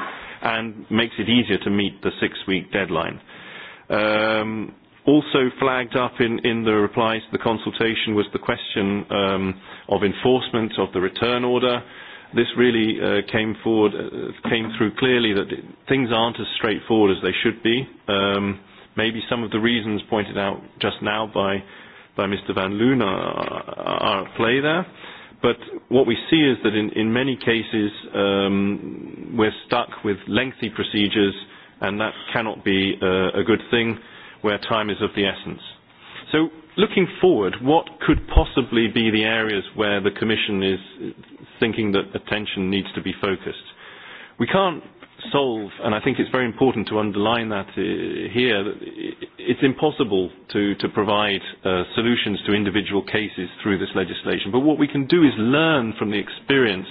and makes it easier to meet the six-week deadline. Um, also flagged up in, in the replies to the consultation was the question um, of enforcement of the return order. This really uh, came forward, uh, came through clearly that things aren't as straightforward as they should be. Um, maybe some of the reasons pointed out just now by, by Mr. Van Loon are, are at play there. But what we see is that in, in many cases um, we're stuck with lengthy procedures – and that cannot be uh, a good thing where time is of the essence. So looking forward, what could possibly be the areas where the Commission is thinking that attention needs to be focused? We can't solve, and I think it's very important to underline that uh, here, that it's impossible to, to provide uh, solutions to individual cases through this legislation. But what we can do is learn from the experience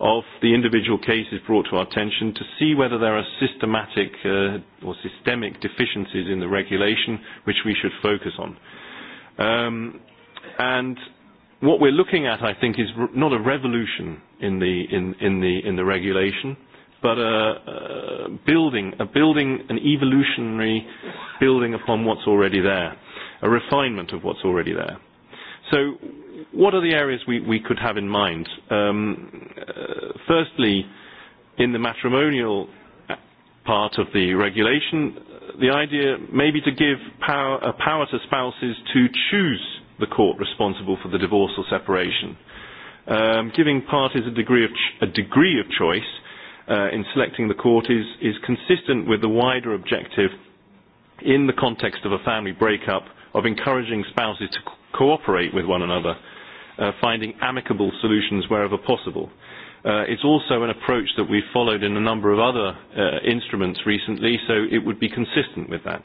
of the individual cases brought to our attention to see whether there are systematic uh, or systemic deficiencies in the regulation which we should focus on. Um, and what we're looking at, I think, is not a revolution in the, in, in the, in the regulation, but a, a building, a building, an evolutionary building upon what's already there, a refinement of what's already there. So what are the areas we, we could have in mind? Um, uh, firstly, in the matrimonial part of the regulation, the idea may be to give power, a power to spouses to choose the court responsible for the divorce or separation, um, giving parties a degree of, ch a degree of choice uh, in selecting the court is, is consistent with the wider objective in the context of a family breakup of encouraging spouses to co cooperate with one another, uh, finding amicable solutions wherever possible. Uh, it's also an approach that we've followed in a number of other uh, instruments recently, so it would be consistent with that.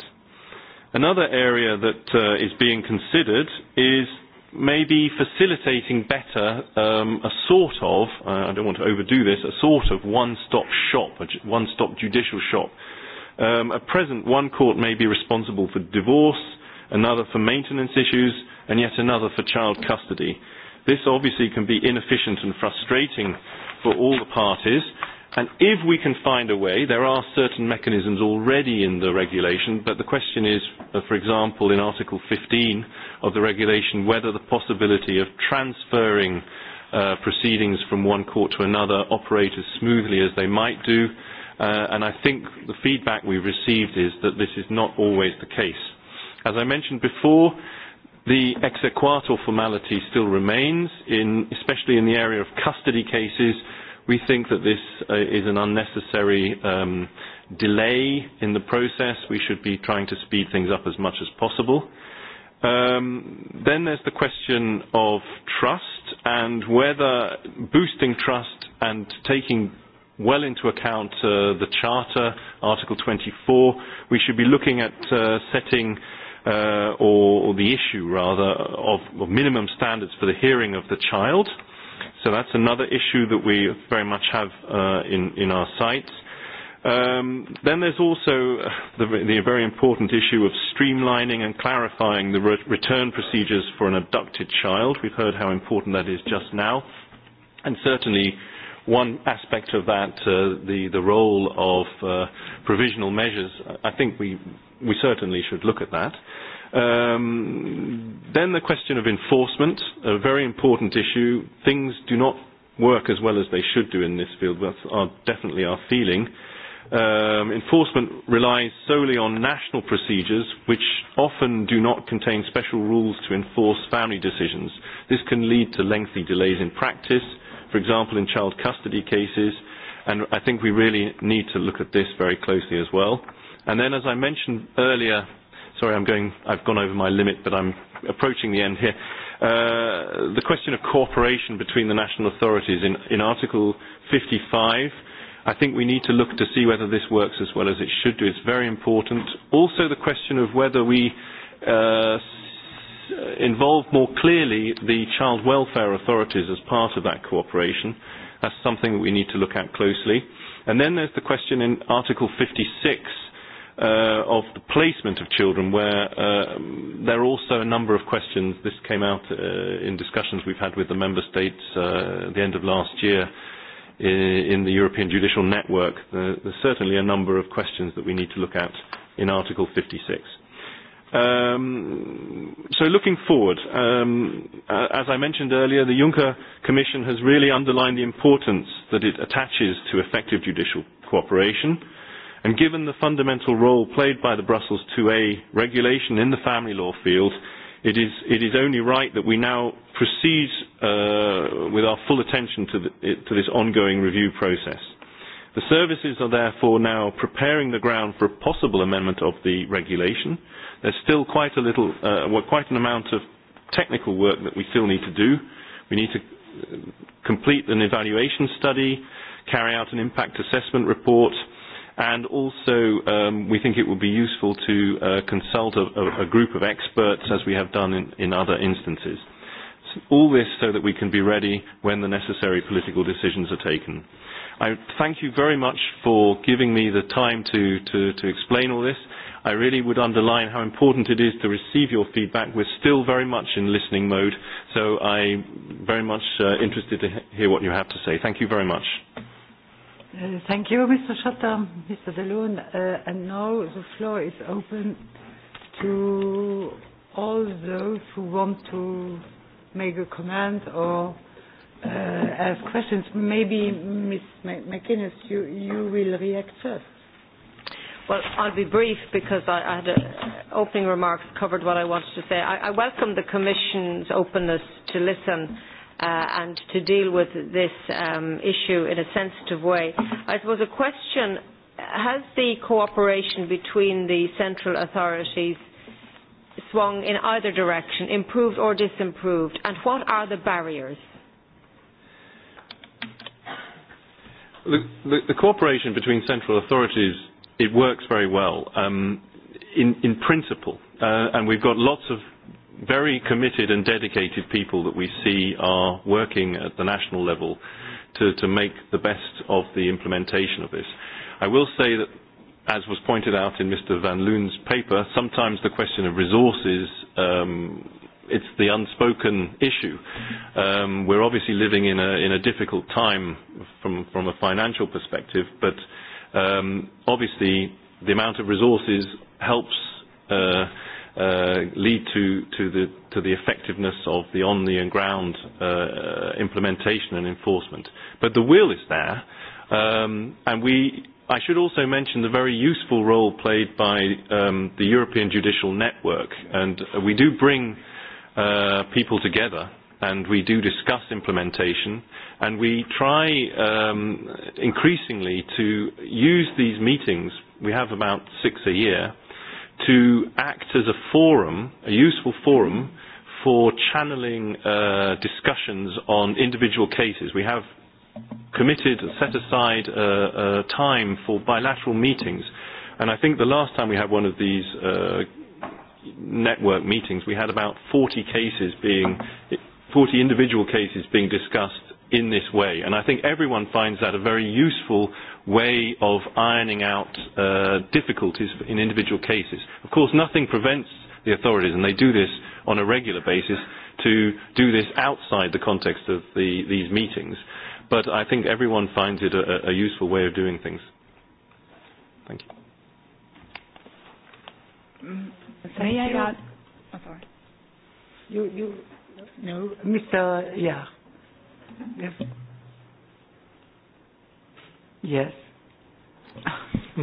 Another area that uh, is being considered is maybe facilitating better um, a sort of, uh, I don't want to overdo this, a sort of one-stop shop, a one-stop judicial shop. Um, at present, one court may be responsible for divorce, another for maintenance issues, and yet another for child custody. This obviously can be inefficient and frustrating for all the parties, and if we can find a way, there are certain mechanisms already in the regulation, but the question is, uh, for example, in Article 15 of the regulation, whether the possibility of transferring uh, proceedings from one court to another operate as smoothly as they might do, uh, and I think the feedback we've received is that this is not always the case. As I mentioned before, the exequatur formality still remains, in, especially in the area of custody cases. We think that this uh, is an unnecessary um, delay in the process. We should be trying to speed things up as much as possible. Um, then there's the question of trust and whether boosting trust and taking well into account uh, the Charter, Article 24, we should be looking at uh, setting uh, or, or the issue rather of, of minimum standards for the hearing of the child. So that's another issue that we very much have uh, in, in our sights. Um, then there's also the, the very important issue of streamlining and clarifying the re return procedures for an abducted child. We've heard how important that is just now. And certainly one aspect of that, uh, the, the role of uh, provisional measures, I think we we certainly should look at that. Um, then the question of enforcement, a very important issue. Things do not work as well as they should do in this field. That's our, definitely our feeling. Um, enforcement relies solely on national procedures, which often do not contain special rules to enforce family decisions. This can lead to lengthy delays in practice, for example, in child custody cases, and I think we really need to look at this very closely as well. And then, as I mentioned earlier, sorry, I'm going, I've gone over my limit, but I'm approaching the end here. Uh, the question of cooperation between the national authorities in, in Article 55, I think we need to look to see whether this works as well as it should do. It's very important. Also, the question of whether we uh, involve more clearly the child welfare authorities as part of that cooperation. That's something that we need to look at closely. And then there's the question in Article 56 uh, of the placement of children, where uh, there are also a number of questions. This came out uh, in discussions we've had with the member states uh, at the end of last year in, in the European Judicial Network. There, there's certainly a number of questions that we need to look at in Article 56. Um, so looking forward, um, as I mentioned earlier, the Juncker Commission has really underlined the importance that it attaches to effective judicial cooperation. Uh, And given the fundamental role played by the Brussels 2A regulation in the family law field, it is, it is only right that we now proceed uh, with our full attention to, the, to this ongoing review process. The services are therefore now preparing the ground for a possible amendment of the regulation. There's still quite a little, uh, well, quite an amount of technical work that we still need to do. We need to uh, complete an evaluation study, carry out an impact assessment report, And also, um, we think it would be useful to uh, consult a, a group of experts, as we have done in, in other instances. All this so that we can be ready when the necessary political decisions are taken. I thank you very much for giving me the time to, to, to explain all this. I really would underline how important it is to receive your feedback. We're still very much in listening mode, so I'm very much uh, interested to hear what you have to say. Thank you very much. Uh, thank you, Mr. Shatta, Mr. Delun. Uh, and now the floor is open to all those who want to make a comment or uh, ask questions. Maybe, Ms. McInnes, you, you will react first. Well, I'll be brief because I, I had a, uh, opening remarks covered what I wanted to say. I, I welcome the Commission's openness to listen Uh, and to deal with this um, issue in a sensitive way. I suppose a question, has the cooperation between the central authorities swung in either direction, improved or disimproved, and what are the barriers? The, the, the cooperation between central authorities, it works very well um, in, in principle, uh, and we've got lots of very committed and dedicated people that we see are working at the national level to, to make the best of the implementation of this. I will say that, as was pointed out in Mr. Van Loon's paper, sometimes the question of resources, um, it's the unspoken issue. Um, we're obviously living in a, in a difficult time from, from a financial perspective, but um, obviously the amount of resources helps uh, uh, lead to, to, the, to the effectiveness of the on the ground uh, uh, implementation and enforcement. But the will is there, um, and we, I should also mention the very useful role played by um, the European Judicial Network, and we do bring uh, people together and we do discuss implementation and we try um, increasingly to use these meetings we have about six a year to act as a forum, a useful forum, for channeling uh, discussions on individual cases. We have committed, set aside uh, uh, time for bilateral meetings. And I think the last time we had one of these uh, network meetings, we had about 40 cases being, 40 individual cases being discussed in this way. And I think everyone finds that a very useful way of ironing out uh, difficulties in individual cases. Of course, nothing prevents the authorities, and they do this on a regular basis, to do this outside the context of the, these meetings. But I think everyone finds it a, a useful way of doing things. Thank you. Mm-hmm. May I add? Oh, sorry. You, you, no, Mr. Yeah. Yes. Yes.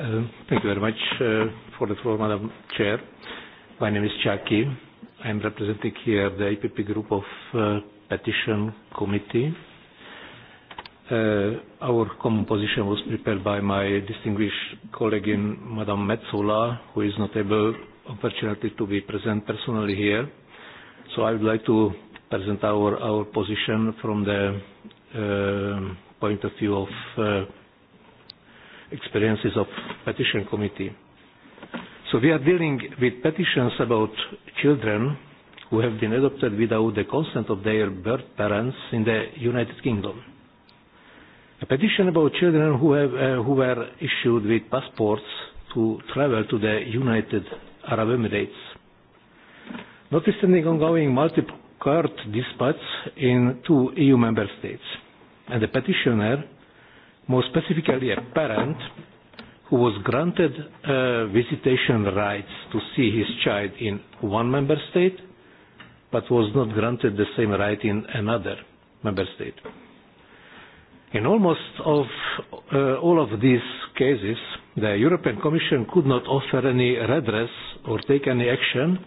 um, thank you very much uh, for the floor, Madam Chair. My name is Chaki. I am representing here the IPP group of uh, Petition Committee. Uh, our common position was prepared by my distinguished colleague, in Madame Metzola, who is not able, unfortunately, to be present personally here. So I would like to present our, our position from the uh, point of view of uh, experiences of petition committee. So we are dealing with petitions about children who have been adopted without the consent of their birth parents in the United Kingdom. A petition about children who, have, uh, who were issued with passports to travel to the United Arab Emirates. Notwithstanding ongoing multiple court disputes in two EU member states and the petitioner, more specifically a parent, who was granted uh, visitation rights to see his child in one member state, but was not granted the same right in another member state. In almost of, uh, all of these cases, the European Commission could not offer any redress or take any action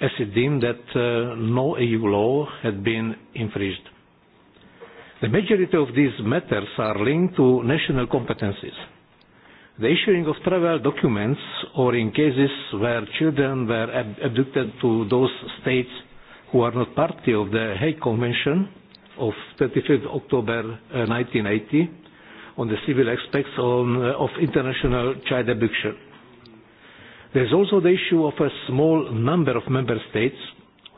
as it deemed that uh, no EU law had been infringed. The majority of these matters are linked to national competencies. The issuing of travel documents or in cases where children were ab abducted to those states who are not party of the Hague Convention of 25th October uh, 1980 on the civil aspects on, uh, of international child abduction. There is also the issue of a small number of member states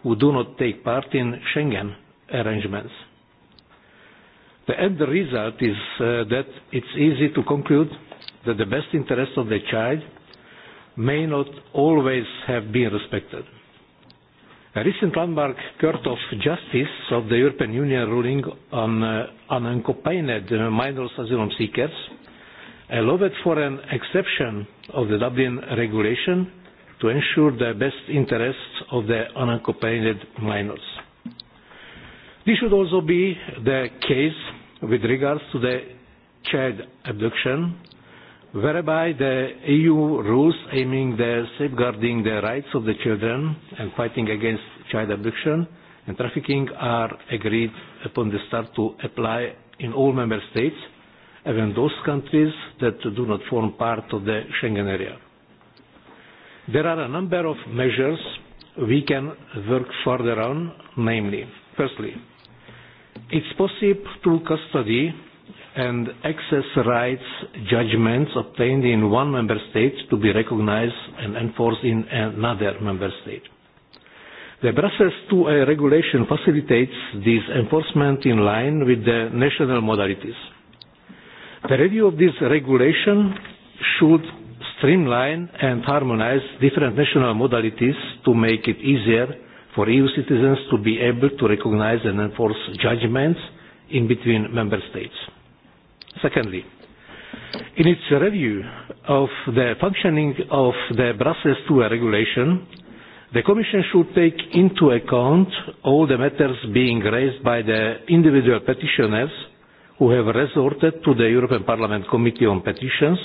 who do not take part in Schengen arrangements. The end result is uh, that it's easy to conclude that the best interests of the child may not always have been respected. A recent landmark court of justice of the European Union ruling on uh, unaccompanied uh, minors asylum seekers allowed for an exception of the Dublin regulation to ensure the best interests of the unaccompanied minors. This should also be the case with regards to the child abduction, whereby the EU rules aiming the safeguarding the rights of the children and fighting against child abduction and trafficking are agreed upon the start to apply in all member states, even those countries that do not form part of the Schengen area. There are a number of measures we can work further on, namely, firstly, It's possible through custody and access rights judgments obtained in one member state to be recognized and enforced in another member state. The Brussels 2A regulation facilitates this enforcement in line with the national modalities. The review of this regulation should streamline and harmonize different national modalities to make it easier for EU citizens to be able to recognize and enforce judgments in between member states. Secondly, in its review of the functioning of the Brussels II regulation, the Commission should take into account all the matters being raised by the individual petitioners who have resorted to the European Parliament Committee on Petitions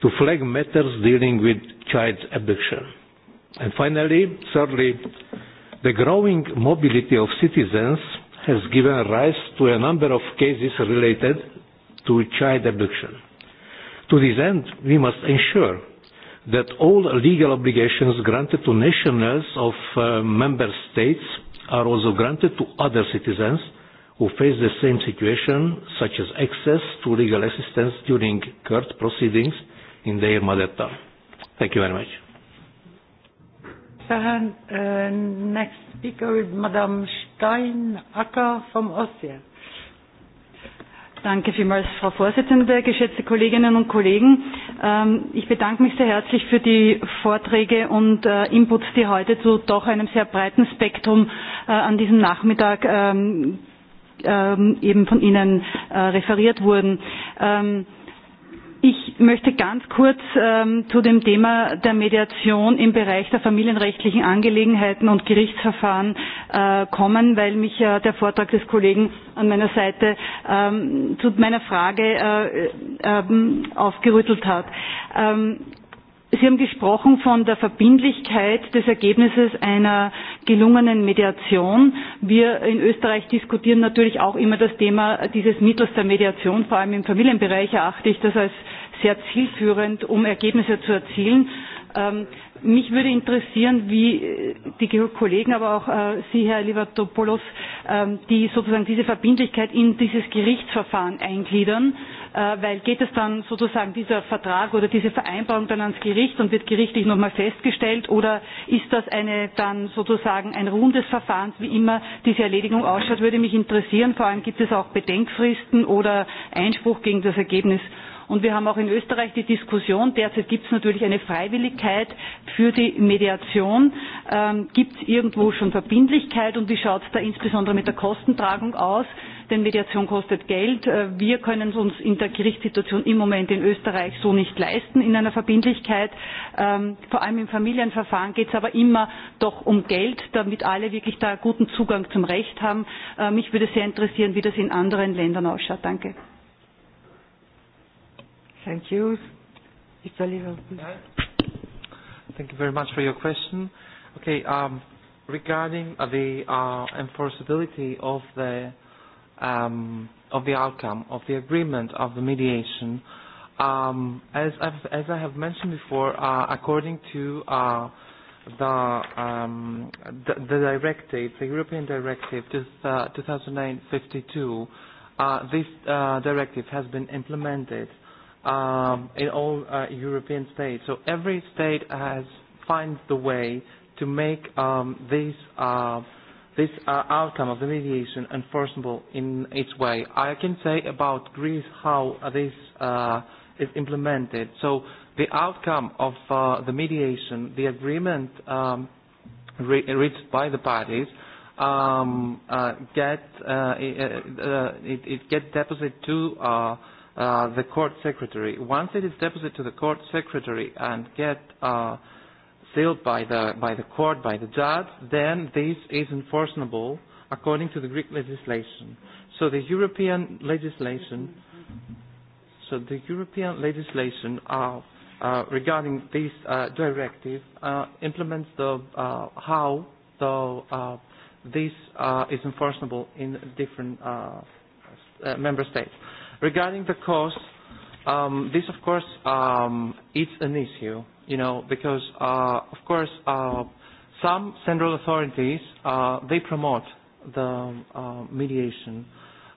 to flag matters dealing with child abduction. And finally, thirdly, The growing mobility of citizens has given rise to a number of cases related to child abduction. To this end, we must ensure that all legal obligations granted to nationals of uh, member states are also granted to other citizens who face the same situation, such as access to legal assistance during court proceedings in their mother tongue. Thank you very much. Sahan, uh, next speaker is Madame Acker from Austria. Danke vielmals, Frau Vorsitzende, geschätzte Kolleginnen und Kollegen. Ähm, ich bedanke mich sehr herzlich für die Vorträge und äh, Inputs, die heute zu doch einem sehr breiten Spektrum äh, an diesem Nachmittag ähm, ähm, eben von Ihnen äh, referiert wurden. Ich möchte ganz kurz ähm, zu dem Thema der Mediation im Bereich der familienrechtlichen Angelegenheiten und Gerichtsverfahren äh, kommen, weil mich äh, der Vortrag des Kollegen an meiner Seite ähm, zu meiner Frage äh, äh, ähm, aufgerüttelt hat. Ähm, Sie haben gesprochen von der Verbindlichkeit des Ergebnisses einer gelungenen Mediation. Wir in Österreich diskutieren natürlich auch immer das Thema dieses Mittels der Mediation. Vor allem im Familienbereich erachte ich das als sehr zielführend, um Ergebnisse zu erzielen. Ähm, Mich würde interessieren, wie äh, die Kollegen, aber auch äh, Sie, Herr Livatopoulos, äh, die sozusagen diese Verbindlichkeit in dieses Gerichtsverfahren eingliedern, äh, weil geht es dann sozusagen dieser Vertrag oder diese Vereinbarung dann ans Gericht und wird gerichtlich nochmal festgestellt oder ist das eine dann sozusagen ein rundes Verfahrens, wie immer diese Erledigung ausschaut, würde mich interessieren. Vor allem gibt es auch Bedenkfristen oder Einspruch gegen das Ergebnis Und wir haben auch in Österreich die Diskussion, derzeit gibt es natürlich eine Freiwilligkeit für die Mediation. Ähm, gibt es irgendwo schon Verbindlichkeit und wie schaut es da insbesondere mit der Kostentragung aus? Denn Mediation kostet Geld. Äh, wir können es uns in der Gerichtssituation im Moment in Österreich so nicht leisten in einer Verbindlichkeit. Ähm, vor allem im Familienverfahren geht es aber immer doch um Geld, damit alle wirklich da guten Zugang zum Recht haben. Äh, mich würde sehr interessieren, wie das in anderen Ländern ausschaut. Danke. Thank you. It's Thank you very much for your question. Okay, um, regarding uh, the uh, enforceability of the um, of the outcome of the agreement of the mediation, um, as I've, as I have mentioned before, uh, according to uh, the, um, the the directive, the European directive, uh, 2009-52, uh, this uh, directive has been implemented um, in all uh, European states. So every state has finds the way to make um, this uh, this uh, outcome of the mediation enforceable in its way. I can say about Greece how this uh, is implemented. So the outcome of uh, the mediation, the agreement um, re reached by the parties, um, uh, get uh, it, uh, it, it get deposited to. Uh, uh, the court secretary. Once it is deposited to the court secretary and get uh, sealed by the, by the court, by the judge, then this is enforceable according to the Greek legislation. So the European legislation, so the European legislation uh, uh, regarding this uh, directive uh, implements the, uh, how the, uh, this uh, is enforceable in different uh, uh, member states. Regarding the cost, um, this of course um, it's an issue, you know, because uh, of course uh, some central authorities uh, they promote the uh, mediation,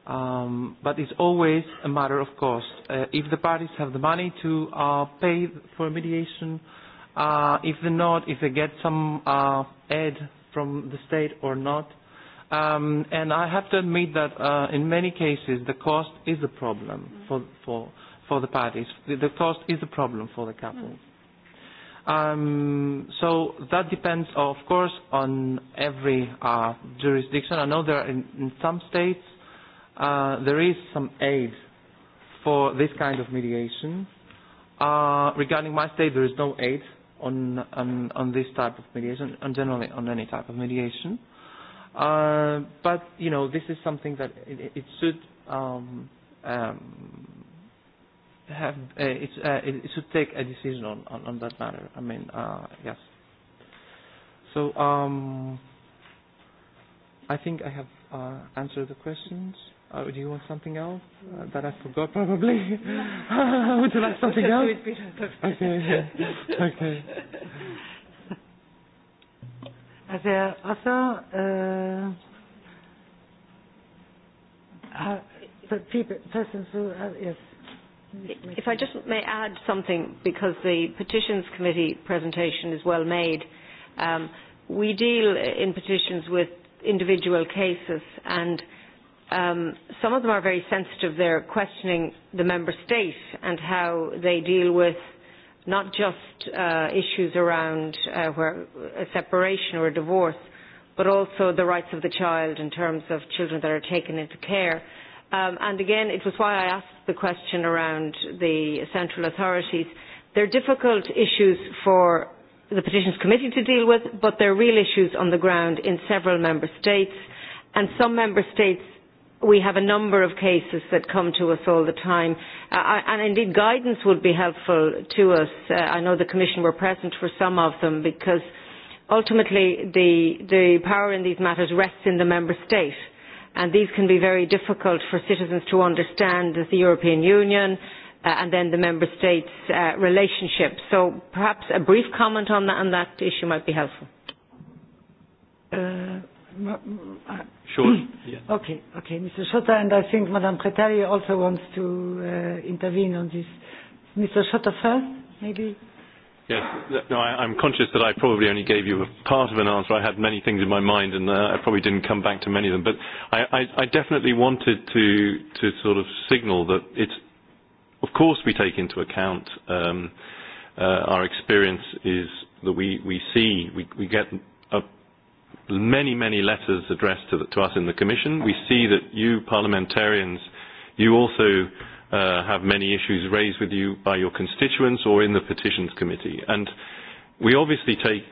um, but it's always a matter of cost. Uh, if the parties have the money to uh, pay for mediation, uh, if they're not, if they get some uh, aid from the state or not Um, and I have to admit that uh, in many cases the cost is a problem mm. for, for, for the parties. The, cost is a problem for the couple. Mm. Um, so that depends, of course, on every uh, jurisdiction. I know there are in, in some states uh, there is some aid for this kind of mediation. Uh, regarding my state, there is no aid on, on, on this type of mediation, and generally on any type of mediation. Uh, Uh, but, you know, this is something that it, it should um, um, have, uh, it's, uh, it, it should take a decision on, on, on that matter. I mean, uh, yes. So, um, I think I have uh, answered the questions. Uh, do you want something else uh, that I forgot probably? Would you like something else? okay. okay. Uh, uh, uh, If I just may add something, because the Petitions Committee presentation is well made, um, we deal in petitions with individual cases, and um, some of them are very sensitive. They're questioning the member state and how they deal with not just uh, issues around uh, where a uh, separation or a divorce, but also the rights of the child in terms of children that are taken into care. Um, and again, it was why I asked the question around the central authorities. They're difficult issues for the Petitions Committee to deal with, but they're real issues on the ground in several member states. And some member states we have a number of cases that come to us all the time. Uh, and indeed, guidance would be helpful to us. Uh, I know the Commission were present for some of them because ultimately the, the power in these matters rests in the Member State. And these can be very difficult for citizens to understand as the European Union uh, and then the Member States' uh, relationship. So perhaps a brief comment on that, on that issue might be helpful. Uh, Mm, mm, uh, sure. Yeah. Okay, okay, Mr. Schotter, and I think Madame Pretari also wants to uh, intervene on this. Mr. Schotter first, maybe? Yes, no, I, I'm conscious that I probably only gave you a part of an answer. I had many things in my mind and uh, I probably didn't come back to many of them. But I, I, I definitely wanted to, to sort of signal that it's, of course, we take into account um, uh, our experience is that we, we see, we, we get many, many letters addressed to, the, to us in the Commission. We see that you parliamentarians, you also uh, have many issues raised with you by your constituents or in the Petitions Committee. And we obviously take,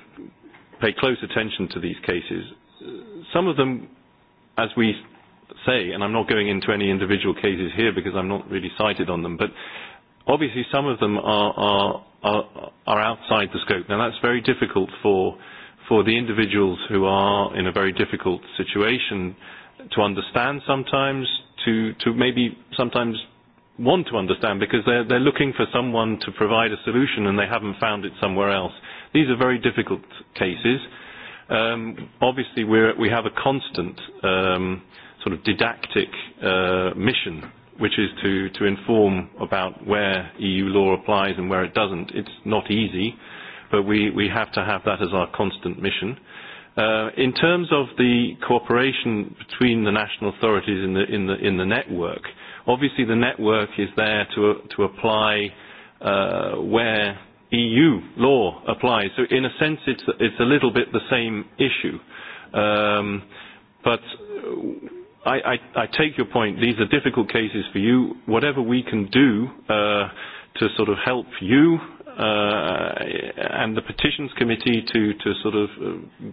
pay close attention to these cases. Some of them, as we say, and I'm not going into any individual cases here because I'm not really cited on them, but obviously some of them are, are, are, are outside the scope. Now that's very difficult for for the individuals who are in a very difficult situation to understand sometimes, to, to maybe sometimes want to understand because they're, they're looking for someone to provide a solution and they haven't found it somewhere else. These are very difficult cases. Um, obviously, we're, we have a constant um, sort of didactic uh, mission, which is to, to inform about where EU law applies and where it doesn't. It's not easy but we, we have to have that as our constant mission. Uh, in terms of the cooperation between the national authorities in the, in the, in the network, obviously the network is there to, uh, to apply uh, where EU law applies. So in a sense, it's, it's a little bit the same issue. Um, but I, I, I take your point. These are difficult cases for you. Whatever we can do uh, to sort of help you uh and the Petitions Committee to, to sort of uh,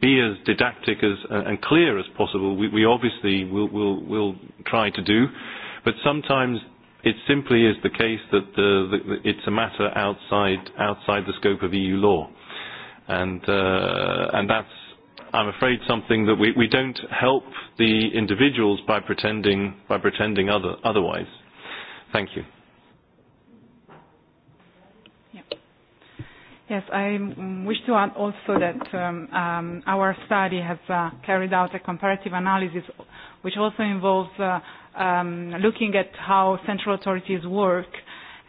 be as didactic as, uh, and clear as possible. We, we obviously will, will, will try to do, but sometimes it simply is the case that the, the, it's a matter outside, outside the scope of EU law. And, uh, and that's, I'm afraid, something that we, we don't help the individuals by pretending, by pretending other, otherwise. Thank you. Yes, I wish to add also that um, um, our study has uh, carried out a comparative analysis which also involves uh, um, looking at how central authorities work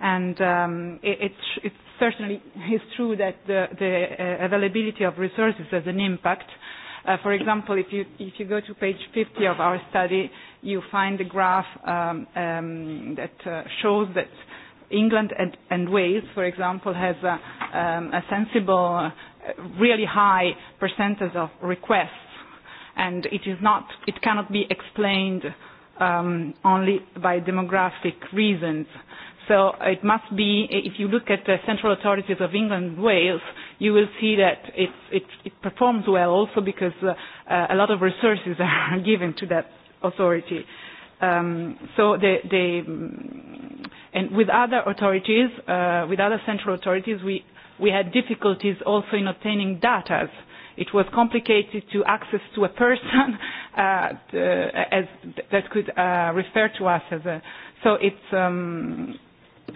and um, it, it, it certainly is true that the, the uh, availability of resources has an impact. Uh, for example, if you, if you go to page 50 of our study, you find a graph um, um, that uh, shows that England and, and Wales, for example, has a, um, a sensible, uh, really high percentage of requests, and it is not, it cannot be explained um, only by demographic reasons. So it must be, if you look at the central authorities of England and Wales, you will see that it, it, it performs well also because uh, uh, a lot of resources are given to that authority. Um, so the, the, And with other authorities, uh, with other central authorities, we, we had difficulties also in obtaining data. It was complicated to access to a person uh, to, uh, as, that could uh, refer to us as a. So it's, um,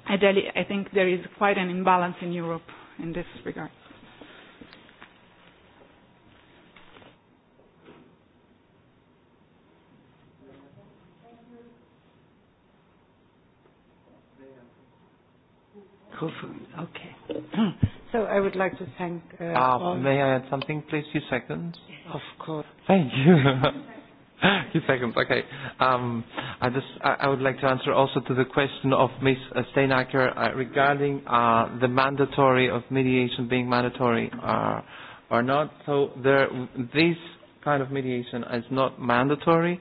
I think there is quite an imbalance in Europe in this regard. Okay. so I would like to thank. Uh, uh, may I add something, please? Few seconds. Of course. Thank you. few seconds. Okay. Um, I just I, I would like to answer also to the question of Ms. Steinacker uh, regarding uh, the mandatory of mediation being mandatory uh, or not. So there, this kind of mediation is not mandatory.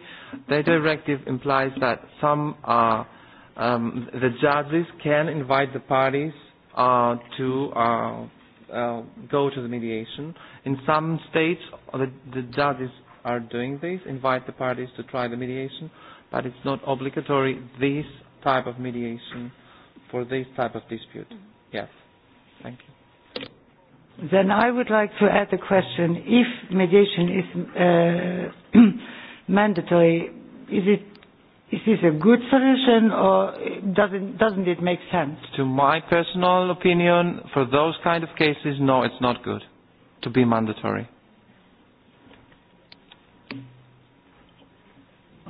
The directive implies that some. Uh, um, the judges can invite the parties uh, to uh, uh, go to the mediation. In some states, the, the judges are doing this, invite the parties to try the mediation, but it's not obligatory this type of mediation for this type of dispute. Mm-hmm. Yes. Thank you. Then I would like to add a question. If mediation is uh, mandatory, is it Is this a good solution or doesn't, doesn't it make sense? To my personal opinion, for those kind of cases, no, it's not good to be mandatory.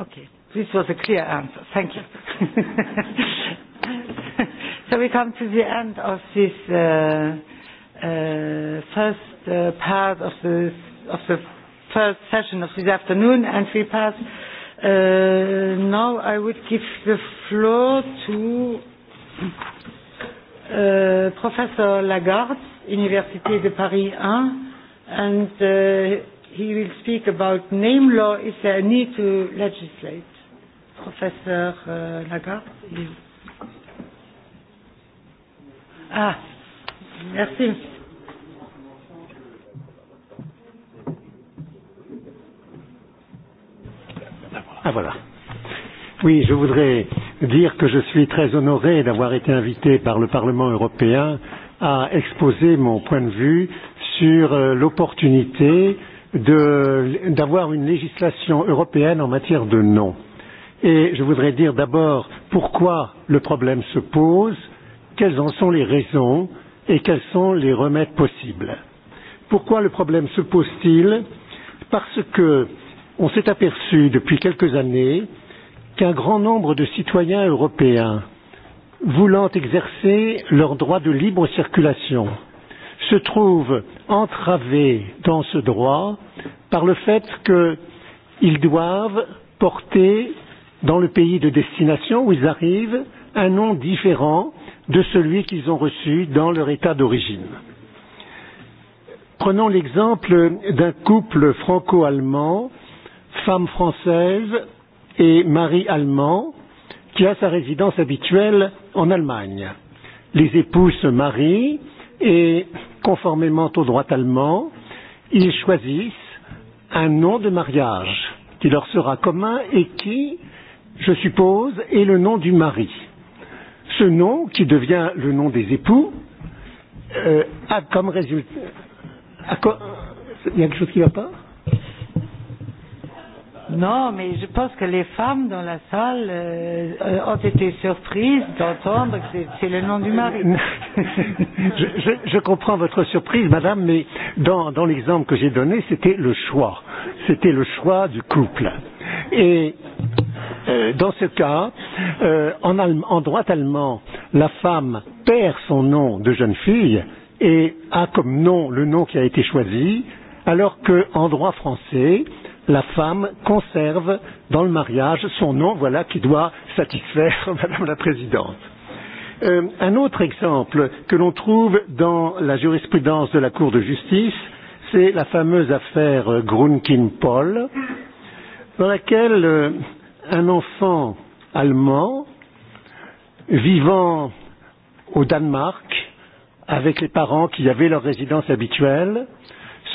Okay, this was a clear answer. Thank you. so we come to the end of this uh, uh, first uh, part of the, of the first session of this afternoon and we pass Uh, now I would give the floor to uh, Professor Lagarde, Université de Paris 1, and uh, he will speak about name law. Is there a need to legislate? Professor uh, Lagarde, you. Ah, merci. Ah voilà. Oui, je voudrais dire que je suis très honoré d'avoir été invité par le Parlement européen à exposer mon point de vue sur euh, l'opportunité d'avoir une législation européenne en matière de nom. Et je voudrais dire d'abord pourquoi le problème se pose, quelles en sont les raisons et quels sont les remèdes possibles. Pourquoi le problème se pose-t-il Parce que on s'est aperçu depuis quelques années qu'un grand nombre de citoyens européens voulant exercer leur droit de libre circulation se trouvent entravés dans ce droit par le fait qu'ils doivent porter dans le pays de destination où ils arrivent un nom différent de celui qu'ils ont reçu dans leur état d'origine. Prenons l'exemple d'un couple franco-allemand femme française et mari allemand, qui a sa résidence habituelle en Allemagne. Les époux se marient et, conformément au droit allemand, ils choisissent un nom de mariage qui leur sera commun et qui, je suppose, est le nom du mari. Ce nom, qui devient le nom des époux, euh, a comme résultat. Il y a quelque chose qui ne va pas Non, mais je pense que les femmes dans la salle euh, ont été surprises d'entendre que c'est le nom du mari. je, je, je comprends votre surprise, madame, mais dans, dans l'exemple que j'ai donné, c'était le choix. C'était le choix du couple. Et euh, dans ce cas, euh, en, allem, en droit allemand, la femme perd son nom de jeune fille et a comme nom le nom qui a été choisi, alors qu'en droit français, euh, la femme conserve dans le mariage son nom, voilà qui doit satisfaire Madame la Présidente. Euh, un autre exemple que l'on trouve dans la jurisprudence de la Cour de justice, c'est la fameuse affaire Grunkin-Paul, dans laquelle euh, un enfant allemand vivant au Danemark avec les parents qui avaient leur résidence habituelle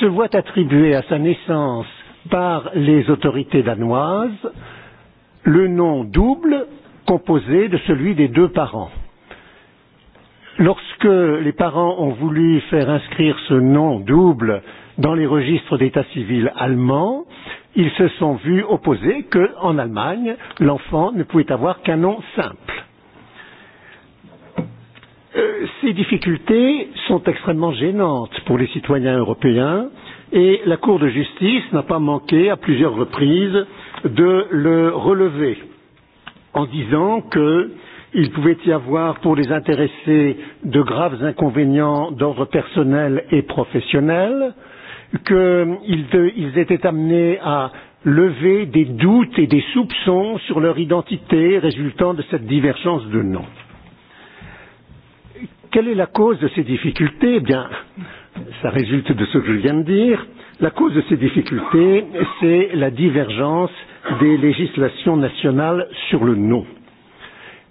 se voit attribuer à sa naissance par les autorités danoises le nom double composé de celui des deux parents. Lorsque les parents ont voulu faire inscrire ce nom double dans les registres d'état civil allemand, ils se sont vus opposer qu'en Allemagne, l'enfant ne pouvait avoir qu'un nom simple. Euh, ces difficultés sont extrêmement gênantes pour les citoyens européens et la Cour de justice n'a pas manqué à plusieurs reprises de le relever en disant qu'il pouvait y avoir pour les intéressés de graves inconvénients d'ordre personnel et professionnel, qu'ils étaient amenés à lever des doutes et des soupçons sur leur identité résultant de cette divergence de nom. Quelle est la cause de ces difficultés Eh bien, ça résulte de ce que je viens de dire. La cause de ces difficultés, c'est la divergence des législations nationales sur le nom.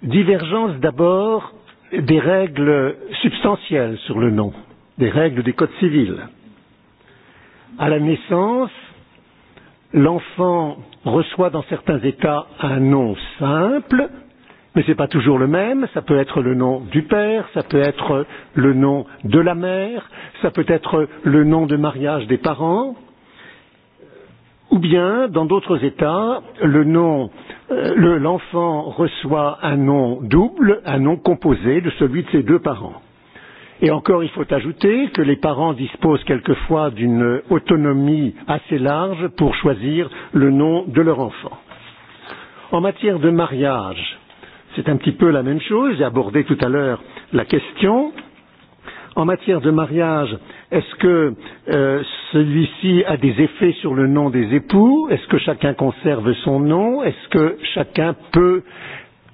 Divergence d'abord des règles substantielles sur le nom, des règles des codes civils. À la naissance, l'enfant reçoit dans certains États un nom simple, Mais ce n'est pas toujours le même, ça peut être le nom du père, ça peut être le nom de la mère, ça peut être le nom de mariage des parents, ou bien, dans d'autres États, le nom, euh, l'enfant le, reçoit un nom double, un nom composé de celui de ses deux parents. Et encore, il faut ajouter que les parents disposent quelquefois d'une autonomie assez large pour choisir le nom de leur enfant. En matière de mariage, C'est un petit peu la même chose. J'ai abordé tout à l'heure la question. En matière de mariage, est-ce que euh, celui-ci a des effets sur le nom des époux Est-ce que chacun conserve son nom Est-ce que chacun peut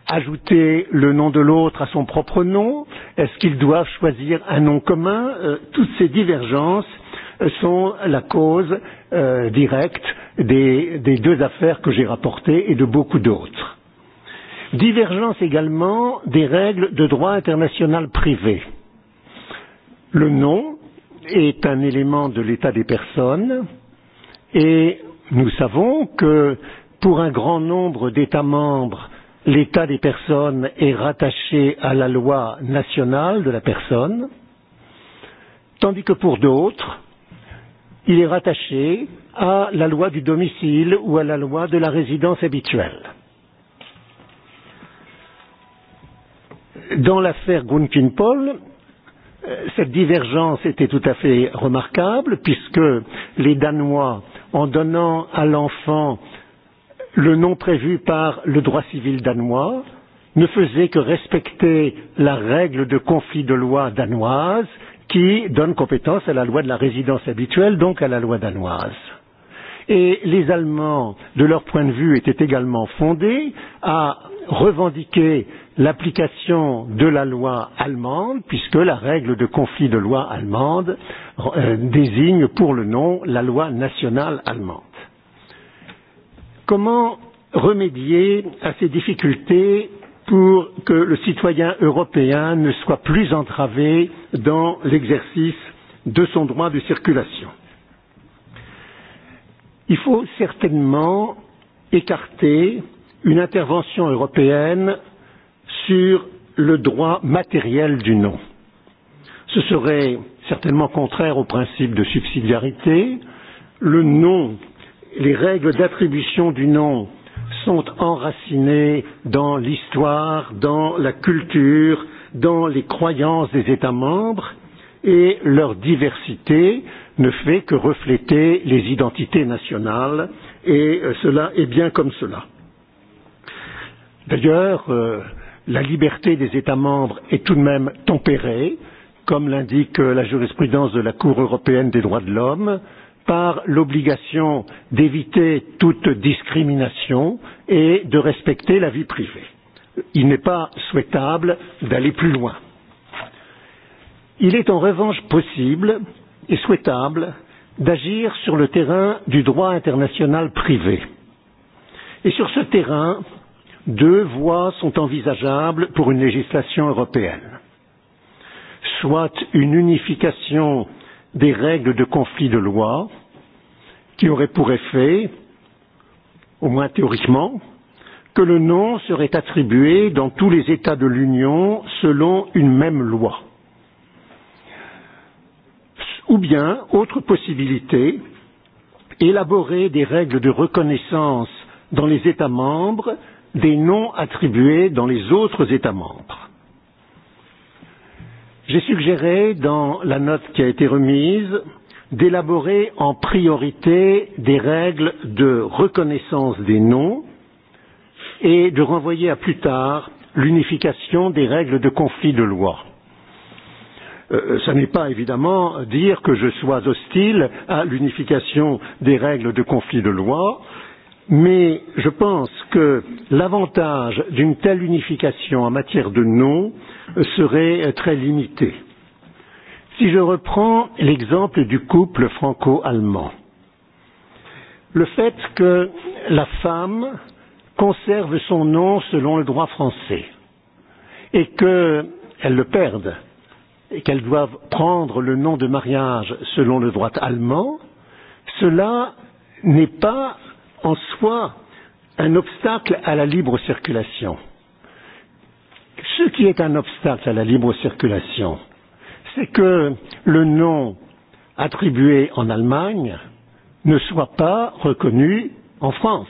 ajouter le nom de l'autre à son propre nom Est-ce qu'ils doivent choisir un nom commun euh, Toutes ces divergences euh, sont la cause euh, directe des, des deux affaires que j'ai rapportées et de beaucoup d'autres. Divergence également des règles de droit international privé. Le nom est un élément de l'état des personnes et nous savons que pour un grand nombre d'États membres, l'état des personnes est rattaché à la loi nationale de la personne, tandis que pour d'autres, il est rattaché à la loi du domicile ou à la loi de la résidence habituelle. Dans l'affaire Gunkin-Paul, euh, cette divergence était tout à fait remarquable puisque les Danois, en donnant à l'enfant le nom prévu par le droit civil danois, ne faisaient que respecter la règle de conflit de loi danoise qui donne compétence à la loi de la résidence habituelle, donc à la loi danoise. Et les Allemands, de leur point de vue, étaient également fondés à revendiquer l'application de la loi allemande, puisque la règle de conflit de loi allemande euh, désigne pour le nom la loi nationale allemande. Comment remédier à ces difficultés pour que le citoyen européen ne soit plus entravé dans l'exercice de son droit de circulation. Il faut certainement écarter une intervention européenne sur le droit matériel du nom. Ce serait certainement contraire au principe de subsidiarité. Le nom, les règles d'attribution du nom sont enracinées dans l'histoire, dans la culture, dans les croyances des États membres et leur diversité ne fait que refléter les identités nationales et euh, cela est bien comme cela. D'ailleurs, euh, la liberté des États membres est tout de même tempérée, comme l'indique la jurisprudence de la Cour européenne des droits de l'homme, par l'obligation d'éviter toute discrimination et de respecter la vie privée. Il n'est pas souhaitable d'aller plus loin. Il est en revanche possible et souhaitable d'agir sur le terrain du droit international privé. Et sur ce terrain, Deux voies sont envisageables pour une législation européenne. Soit une unification des règles de conflit de loi, qui aurait pour effet, au moins théoriquement, que le nom serait attribué dans tous les États de l'Union selon une même loi. Ou bien, autre possibilité, élaborer des règles de reconnaissance dans les États membres des noms attribués dans les autres États membres. J'ai suggéré, dans la note qui a été remise, d'élaborer en priorité des règles de reconnaissance des noms et de renvoyer à plus tard l'unification des règles de conflit de loi. Euh, euh ça n'est pas évidemment dire que je sois hostile à l'unification des règles de conflit de loi, euh, Mais je pense que l'avantage d'une telle unification en matière de nom serait très limité. Si je reprends l'exemple du couple franco-allemand, le fait que la femme conserve son nom selon le droit français et qu'elle le perde et qu'elle doive prendre le nom de mariage selon le droit allemand, cela n'est pas en soi un obstacle à la libre circulation. Ce qui est un obstacle à la libre circulation, c'est que le nom attribué en Allemagne ne soit pas reconnu en France.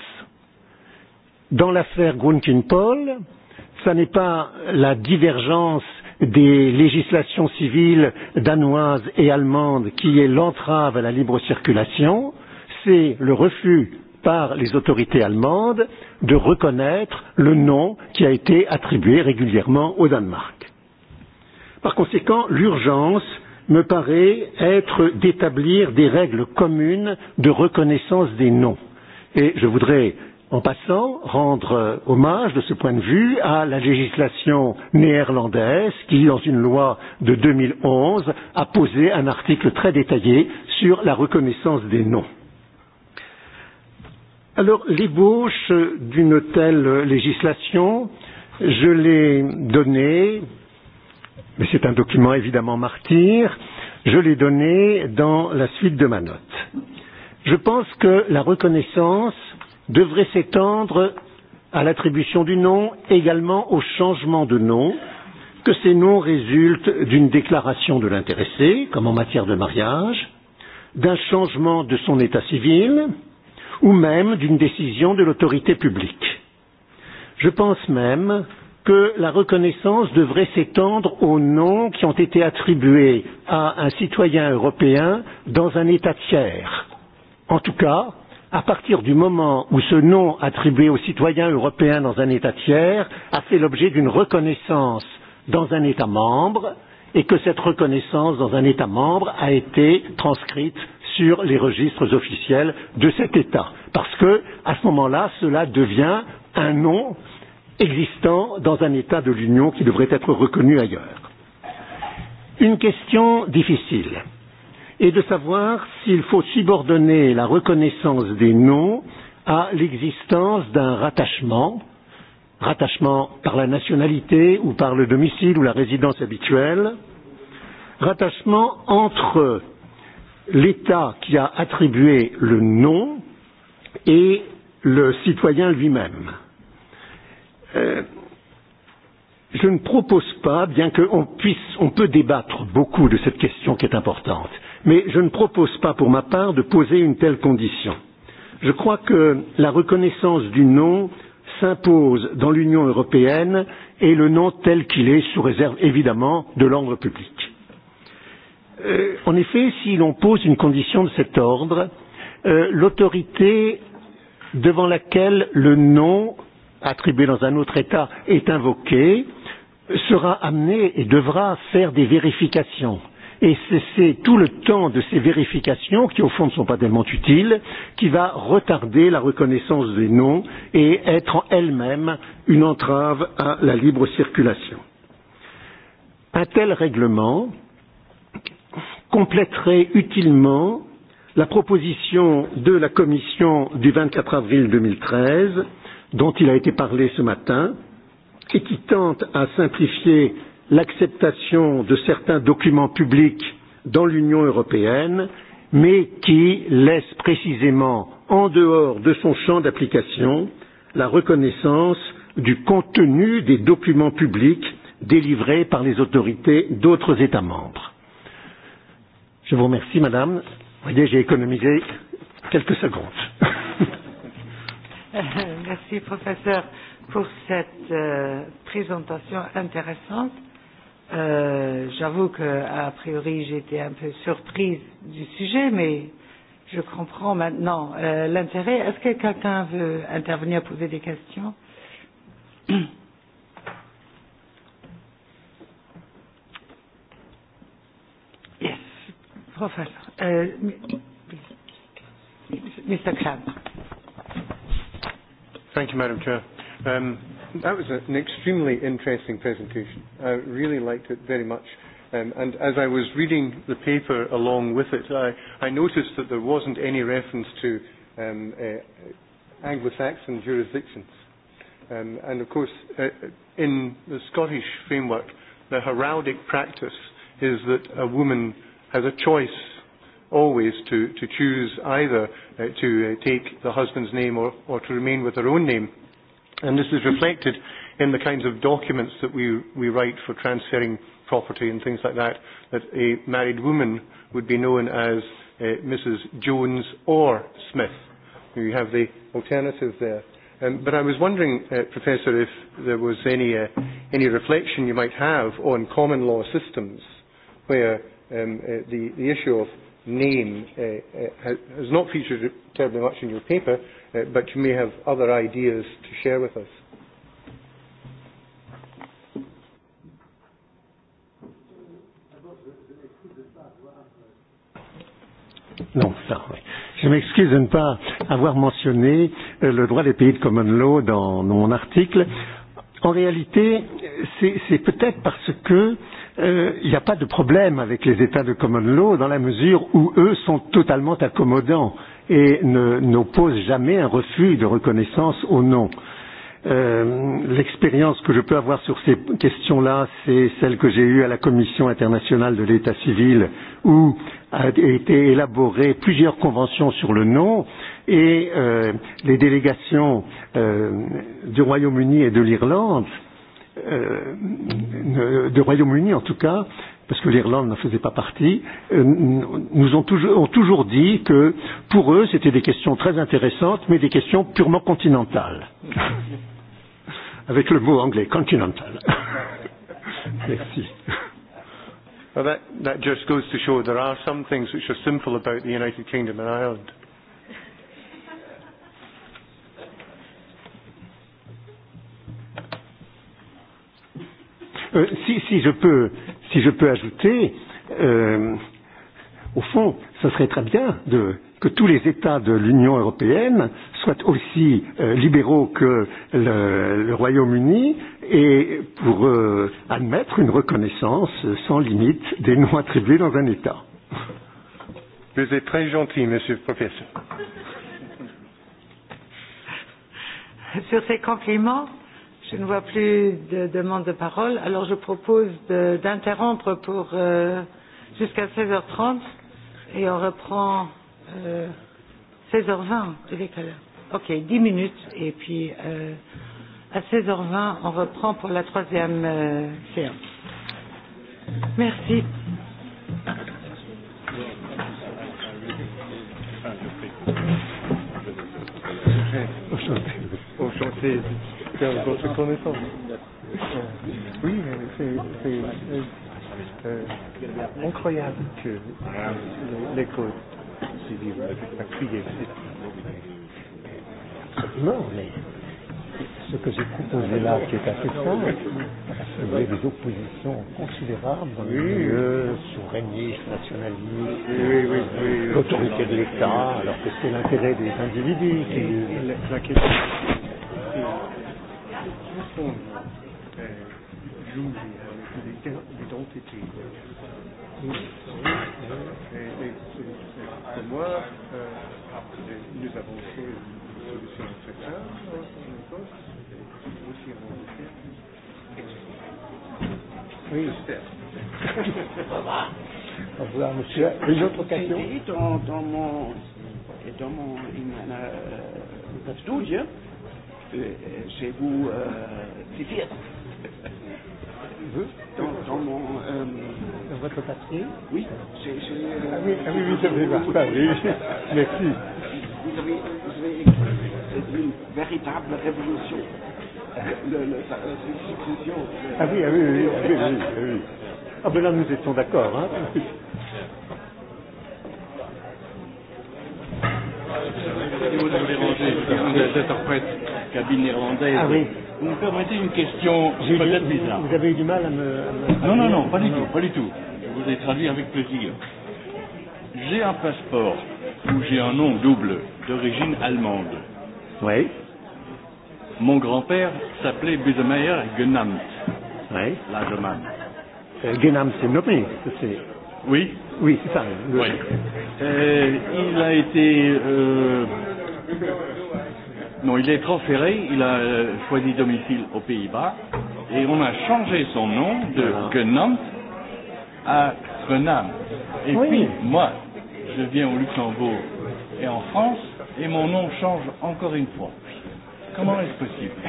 Dans l'affaire Grunkin-Paul, ce n'est pas la divergence des législations civiles danoises et allemandes qui est l'entrave à la libre circulation, c'est le refus par les autorités allemandes de reconnaître le nom qui a été attribué régulièrement au Danemark. Par conséquent, l'urgence me paraît être d'établir des règles communes de reconnaissance des noms. Et je voudrais, en passant, rendre hommage de ce point de vue à la législation néerlandaise qui, dans une loi de 2011, a posé un article très détaillé sur la reconnaissance des noms. Alors, l'ébauche d'une telle législation, je l'ai donnée, mais c'est un document évidemment martyr, je l'ai donnée dans la suite de ma note. Je pense que la reconnaissance devrait s'étendre à l'attribution du nom, également au changement de nom, que ces noms résultent d'une déclaration de l'intéressé, comme en matière de mariage, d'un changement de son état civil, ou même d'une décision de l'autorité publique. Je pense même que la reconnaissance devrait s'étendre aux noms qui ont été attribués à un citoyen européen dans un État tiers. En tout cas, à partir du moment où ce nom attribué au citoyen européen dans un État tiers a fait l'objet d'une reconnaissance dans un État membre, et que cette reconnaissance dans un État membre a été transcrite sur les registres officiels de cet État. Parce que, à ce moment-là, cela devient un nom existant dans un État de l'Union qui devrait être reconnu ailleurs. Une question difficile est de savoir s'il faut subordonner la reconnaissance des noms à l'existence d'un rattachement, rattachement par la nationalité ou par le domicile ou la résidence habituelle, rattachement entre l'État qui a attribué le nom et le citoyen lui-même. Euh, je ne propose pas, bien qu'on puisse, on peut débattre beaucoup de cette question qui est importante, mais je ne propose pas pour ma part de poser une telle condition. Je crois que la reconnaissance du nom s'impose dans l'Union européenne et le nom tel qu'il est, sous réserve évidemment de l'ordre public euh, en effet, si l'on pose une condition de cet ordre, euh, l'autorité devant laquelle le nom attribué dans un autre État est invoqué sera amenée et devra faire des vérifications. Et c'est tout le temps de ces vérifications, qui au fond ne sont pas tellement utiles, qui va retarder la reconnaissance des noms et être elle-même une entrave à la libre circulation. Un tel règlement compléterait utilement la proposition de la Commission du 24 avril 2013, dont il a été parlé ce matin, et qui tente à simplifier l'acceptation de certains documents publics dans l'Union européenne, mais qui laisse précisément en dehors de son champ d'application la reconnaissance du contenu des documents publics délivrés par les autorités d'autres États membres. Je vous remercie, madame. Vous voyez, j'ai économisé quelques secondes. Merci, professeur, pour cette euh, présentation intéressante. Euh, J'avoue que, a priori, j'étais un peu surprise du sujet, mais je comprends maintenant euh, l'intérêt. Est-ce que quelqu'un veut intervenir, poser des questions Eh, Mr. Krab. Thank you, Madam Chair. Um, that was an extremely interesting presentation. I really liked it very much. Um, and as I was reading the paper along with it, I, I noticed that there wasn't any reference to um, uh, Anglo-Saxon jurisdictions. Um, and of course, uh, in the Scottish framework, the heraldic practice is that a woman has a choice always to, to choose either uh, to uh, take the husband's name or, or to remain with her own name. And this is reflected in the kinds of documents that we, we write for transferring property and things like that, that a married woman would be known as uh, Mrs. Jones or Smith. You have the alternative there. Um, but I was wondering, uh, Professor, if there was any, uh, any reflection you might have on common law systems where um, uh, the, the issue of name uh, uh, has not featured terribly much in your paper, uh, but you may have other ideas to share with us. Non, ça, oui. Je m'excuse de ne pas avoir mentionné euh, le droit des pays de common law dans, dans mon article. En réalité, c'est peut-être parce que euh, il euh, n'y a pas de problème avec les États de common law dans la mesure où eux sont totalement accommodants et n'opposent jamais un refus de reconnaissance au non. Euh, L'expérience que je peux avoir sur ces questions-là, c'est celle que j'ai eue à la Commission internationale de l'État civil, où a été élaborée plusieurs conventions sur le non, et euh, les délégations euh, du Royaume-Uni et de l'Irlande euh, de Royaume-Uni en tout cas, parce que l'Irlande n'en faisait pas partie, euh, nous ont toujours, ont toujours dit que pour eux c'était des questions très intéressantes, mais des questions purement continentales. Avec le mot anglais, continental. Merci. Well, that, that just goes to show there are some things which are simple about the United Kingdom and Ireland Euh, si, si, je peux, si je peux ajouter, euh, au fond, ce serait très bien de, que tous les États de l'Union européenne soient aussi euh, libéraux que le, le Royaume-Uni et pour euh, admettre une reconnaissance sans limite des noms attribués dans un État. Vous êtes très gentil, monsieur le professeur. Sur ces compliments, je ne vois plus de demande de parole, alors je propose d'interrompre pour euh, jusqu'à 16h30 et on reprend euh, 16h20. Il est quelle heure Ok, 10 minutes et puis euh, à 16h20 on reprend pour la troisième euh, séance. Merci. Enchanté. Enchanté. Oui, mais c'est, incroyable que l'école crié. Non, mais ce que j'ai proposé là, qui est assez simple, il y a des oppositions considérables dans le milieu eh, souverainiste, nationaliste, oui, oui, oui, l'autorité de l'État, alors que c'est l'intérêt des individus. Qui... La question fondo eh, giungere l'identità et, et, et, et pour moi euh, nous avons fait une solution très simple en Écosse aussi en Angleterre oui au revoir monsieur une autre question dans, dans mon dans mon in, in, in, in, in, in, in, in, chez vous, euh, Zéphyr. Dans, dans mon. Euh, dans votre papier Oui, c'est... Euh, ah oui, ah oui, oui, merci. Vous avez, vous avez une véritable révolution. Le, la, succession. Ah oui, ah oui, oui, ah oui, oui, ah oui. Ah ben là, nous étions d'accord, hein. vous Ah oui. Vous me permettez une question peut-être bizarre. Vous avez eu du mal à me. À me non, non, non, pas du non. tout, pas du tout. Je vous ai traduit avec plaisir. J'ai un passeport où j'ai un nom double d'origine allemande. Oui. Mon grand-père s'appelait Bisemeyer Genamt. Oui. L'Allemagne. Euh, Genamt, c'est nommé, c'est. Oui Oui, c'est ça. Oui. Euh, il a été. Euh, non, il est transféré, il a euh, choisi domicile aux Pays-Bas et on a changé son nom de Genant à Renam. Et oui. puis, moi, je viens au Luxembourg et en France et mon nom change encore une fois. Comment est-ce possible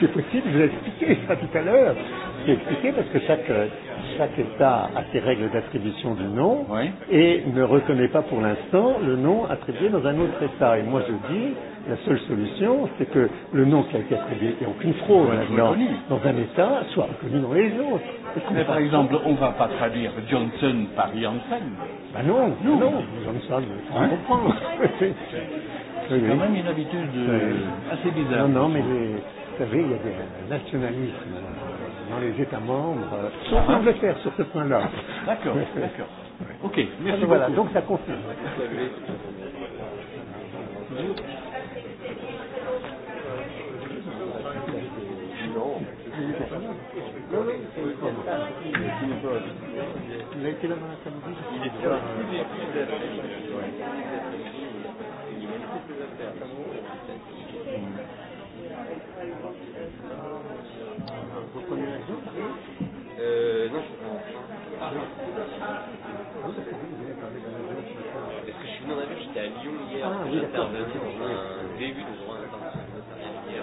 C'est possible, je vous ai expliqué ça tout à l'heure. Je vous ai expliqué parce que chaque chaque État a ses règles d'attribution du nom oui. et ne reconnaît pas pour l'instant le nom attribué dans un autre État. Et moi je dis, la seule solution, c'est que le nom qui a été attribué, il n'y a aucune fraude oui, dans, dans un État, soit reconnu dans les autres. Mais par exemple, on ne va pas traduire Johnson par Janssen. Ben non, non, non, Johnson, on hein? comprend. c'est quand même une habitude euh, oui. assez bizarre. Non, non, mais les, vous savez, il y a des nationalismes dans les États membres, euh, sauf ah, l'Angleterre sur ce point-là. D'accord, d'accord. Ok, merci. Alors, voilà, donc ça confirme. Il est non, je peux pas. Parce que je suis venu en avion, j'étais à Lyon hier. dans un début de droit hier.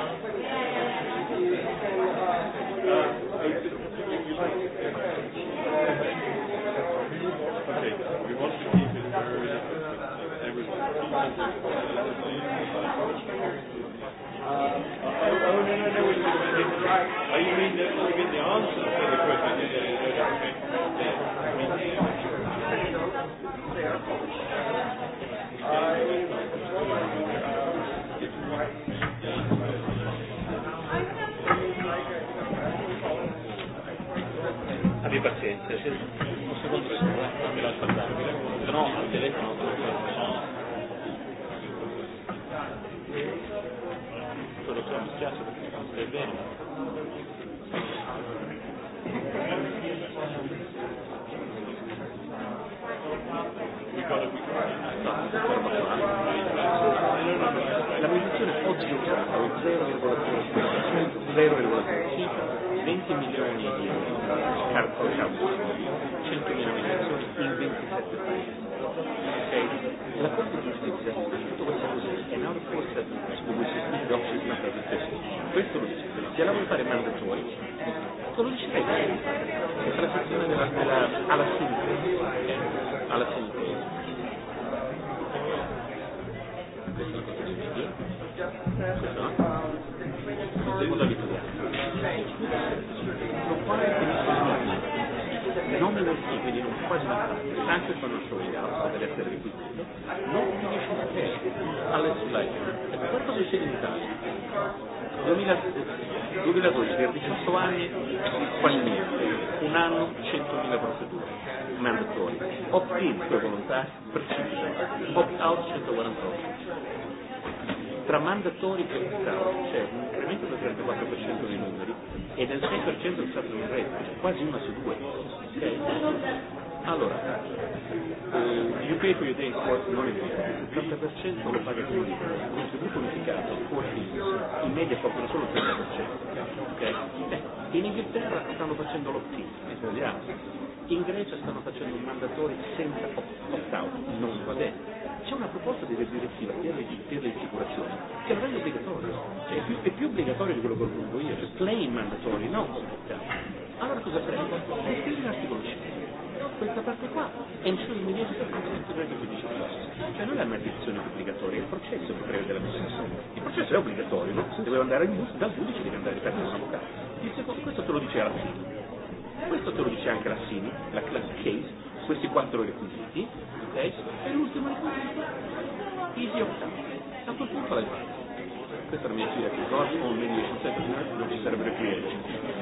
Abbi pazienza, se non si controlla, non mi lascia andare, se no al telefono La posizione oggi usata è 0,05, 20 milioni di cartoni, 100 milioni di persone in 27 paesi. La Corte di Giustizia ha tutto questa cosa e non forse dove si scrive oggi una frase stessa. Questo lo dice, sia la volontà che mandatori, questo eh. lo dice lei, che è la questione della, della, alla sintesi, alla sintesi. Questa è la cosa che dice, questa no? Questa è la cosa che dice finanzi, quindi non si quasi una anche sono sciogliato ah, per essere riquisito, non finisce una testa all'esplosione. E questo succede in Italia. 2012, per 18 anni, quasi niente, un anno, 100.000 procedure, mandatori, opt-in per volontà, precisa, opt-out 148 tra mandatori e opt-out c'è un incremento del 34% dei numeri e del 6% del stato un reddito, quasi una su due. Allora, eh, io credo che il corsi non è il 30% lo paga più questo gruppo unificato, corsi in media coprono solo il 30%, ok? Beh, in Inghilterra stanno facendo l'opt-in, è In Grecia stanno facendo un mandatorio senza opt-out, non va bene. C'è una proposta di direttiva per le, per le assicurazioni che non è obbligatorio, cioè è più, è più obbligatorio di quello che ho voluto io, cioè plain mandatory, non opt-out Allora scusa, l'articolo Questa parte qua è in suo il medesimo concetto del giudice Cioè non è una decisione obbligatoria, è il processo che prevede la maledizione. Il processo è obbligatorio, no? Se devo andare in bus, dal giudice devi andare per un avvocato. secondo, questo te lo dice la Sini. Questo te lo dice anche la Sini, la class case, questi quattro requisiti, ok? E l'ultimo requisito, easy opt-out. A quel punto l'hai fatto. Questa è la mia figlia che ricordo, o un mediation non ci sarebbe più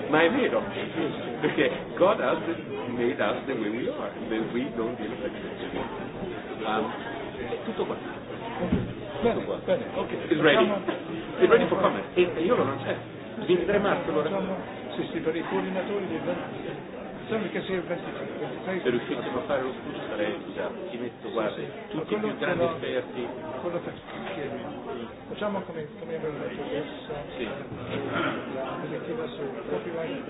Ma è vero, perché God has made us the way we are, the we don't deal with it. Um, tutto qua. qua. Okay. It's ready. It's ready for comment. E, e io non c'è. Il 3 allora. Sì, sì, per i coordinatori del Se riuscissimo a fare lo studio sarei già, ti metto, guarda, tutti i più grandi esperti. Quello che chiedi. Facciamo come, come avevo adesso. Sì. Direttiva su copyright.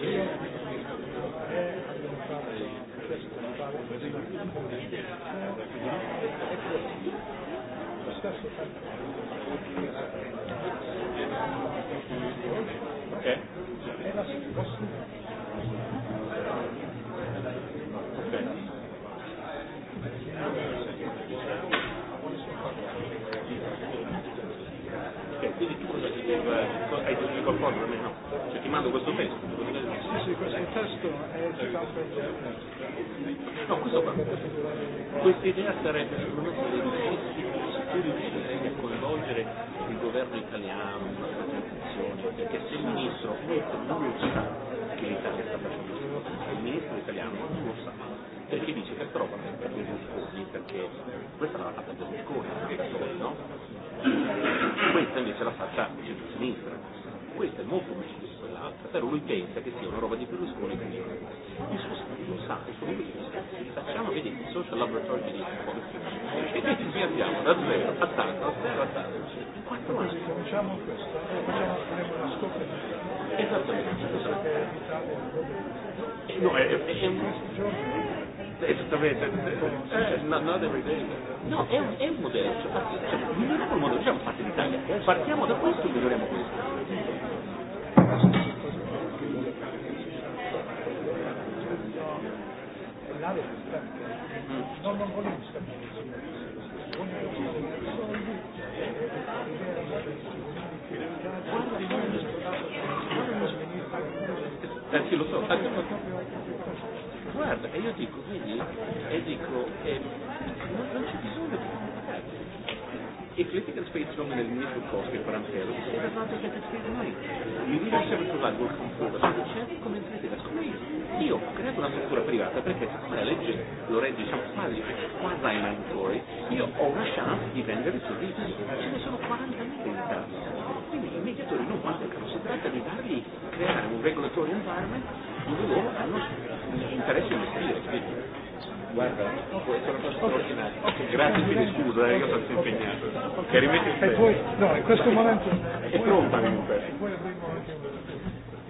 Io ho eh, fatto questo, No, questo qua, questa idea sarebbe secondo me se tu riusciresti a coinvolgere il governo italiano la una perché se il ministro non lo sa che l'Italia sta facendo questo, il ministro italiano non lo sa, perché dice che però va sempre Berlusconi, perché questa l'ha fatta Berlusconi, no? Questa invece l'ha fatta il centro-sinistra, questa è molto meglio però lui pensa che sia una roba di Berlusconi che quindi il suo studio sa che sono Berlusconi facciamo vedere il social laboratory di Berlusconi e noi ci andiamo da zero a tanto a zero a tanto in quattro anni facciamo questo eh, facciamo una scoperta esattamente eh, no è, è, è un Esattamente, eh, not, every day. No, è un, è un modello, cioè, cioè, miglioriamo il modello, diciamo, parte d'Italia, partiamo da questo e miglioriamo questo. guarda, e io dico, vedi, e dico che non c'è bisogno di If you space it's based an initial cost before I'm here, it's all about to get money. You need a service provider come c'è come imprese, come io. Io creato una struttura privata perché siccome la legge lo rende diciamo, quasi, quasi mandatory, mandatori, io ho una chance di vendere i servizi. Ce ne sono 40.000 in Italia. Quindi i mediatori non mancano, si tratta di dargli, creare un regulatory environment dove loro hanno interesse a investire. Guarda, Grazie, mi scuso, eh, io sono impegnato. Che rimetti il E poi, no, in questo momento... È pronta E poi avremo anche un...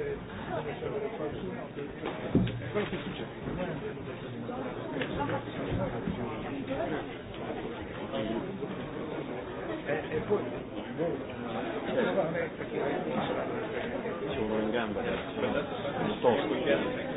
Sono in e, e gamba, sono tosto.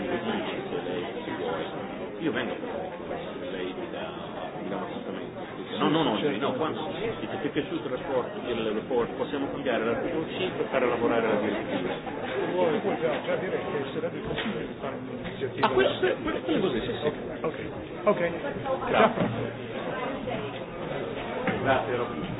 Io vengo lei mi dà un assolutamente. No, no, no, no, quando se ti è piaciuto il report, il report possiamo cambiare l'articolo 5 per lavorare la direttiva. Vuoi, Ah, questo, questo è così, sì, sì. Ok, ok. Grazie. Grazie, Roberto.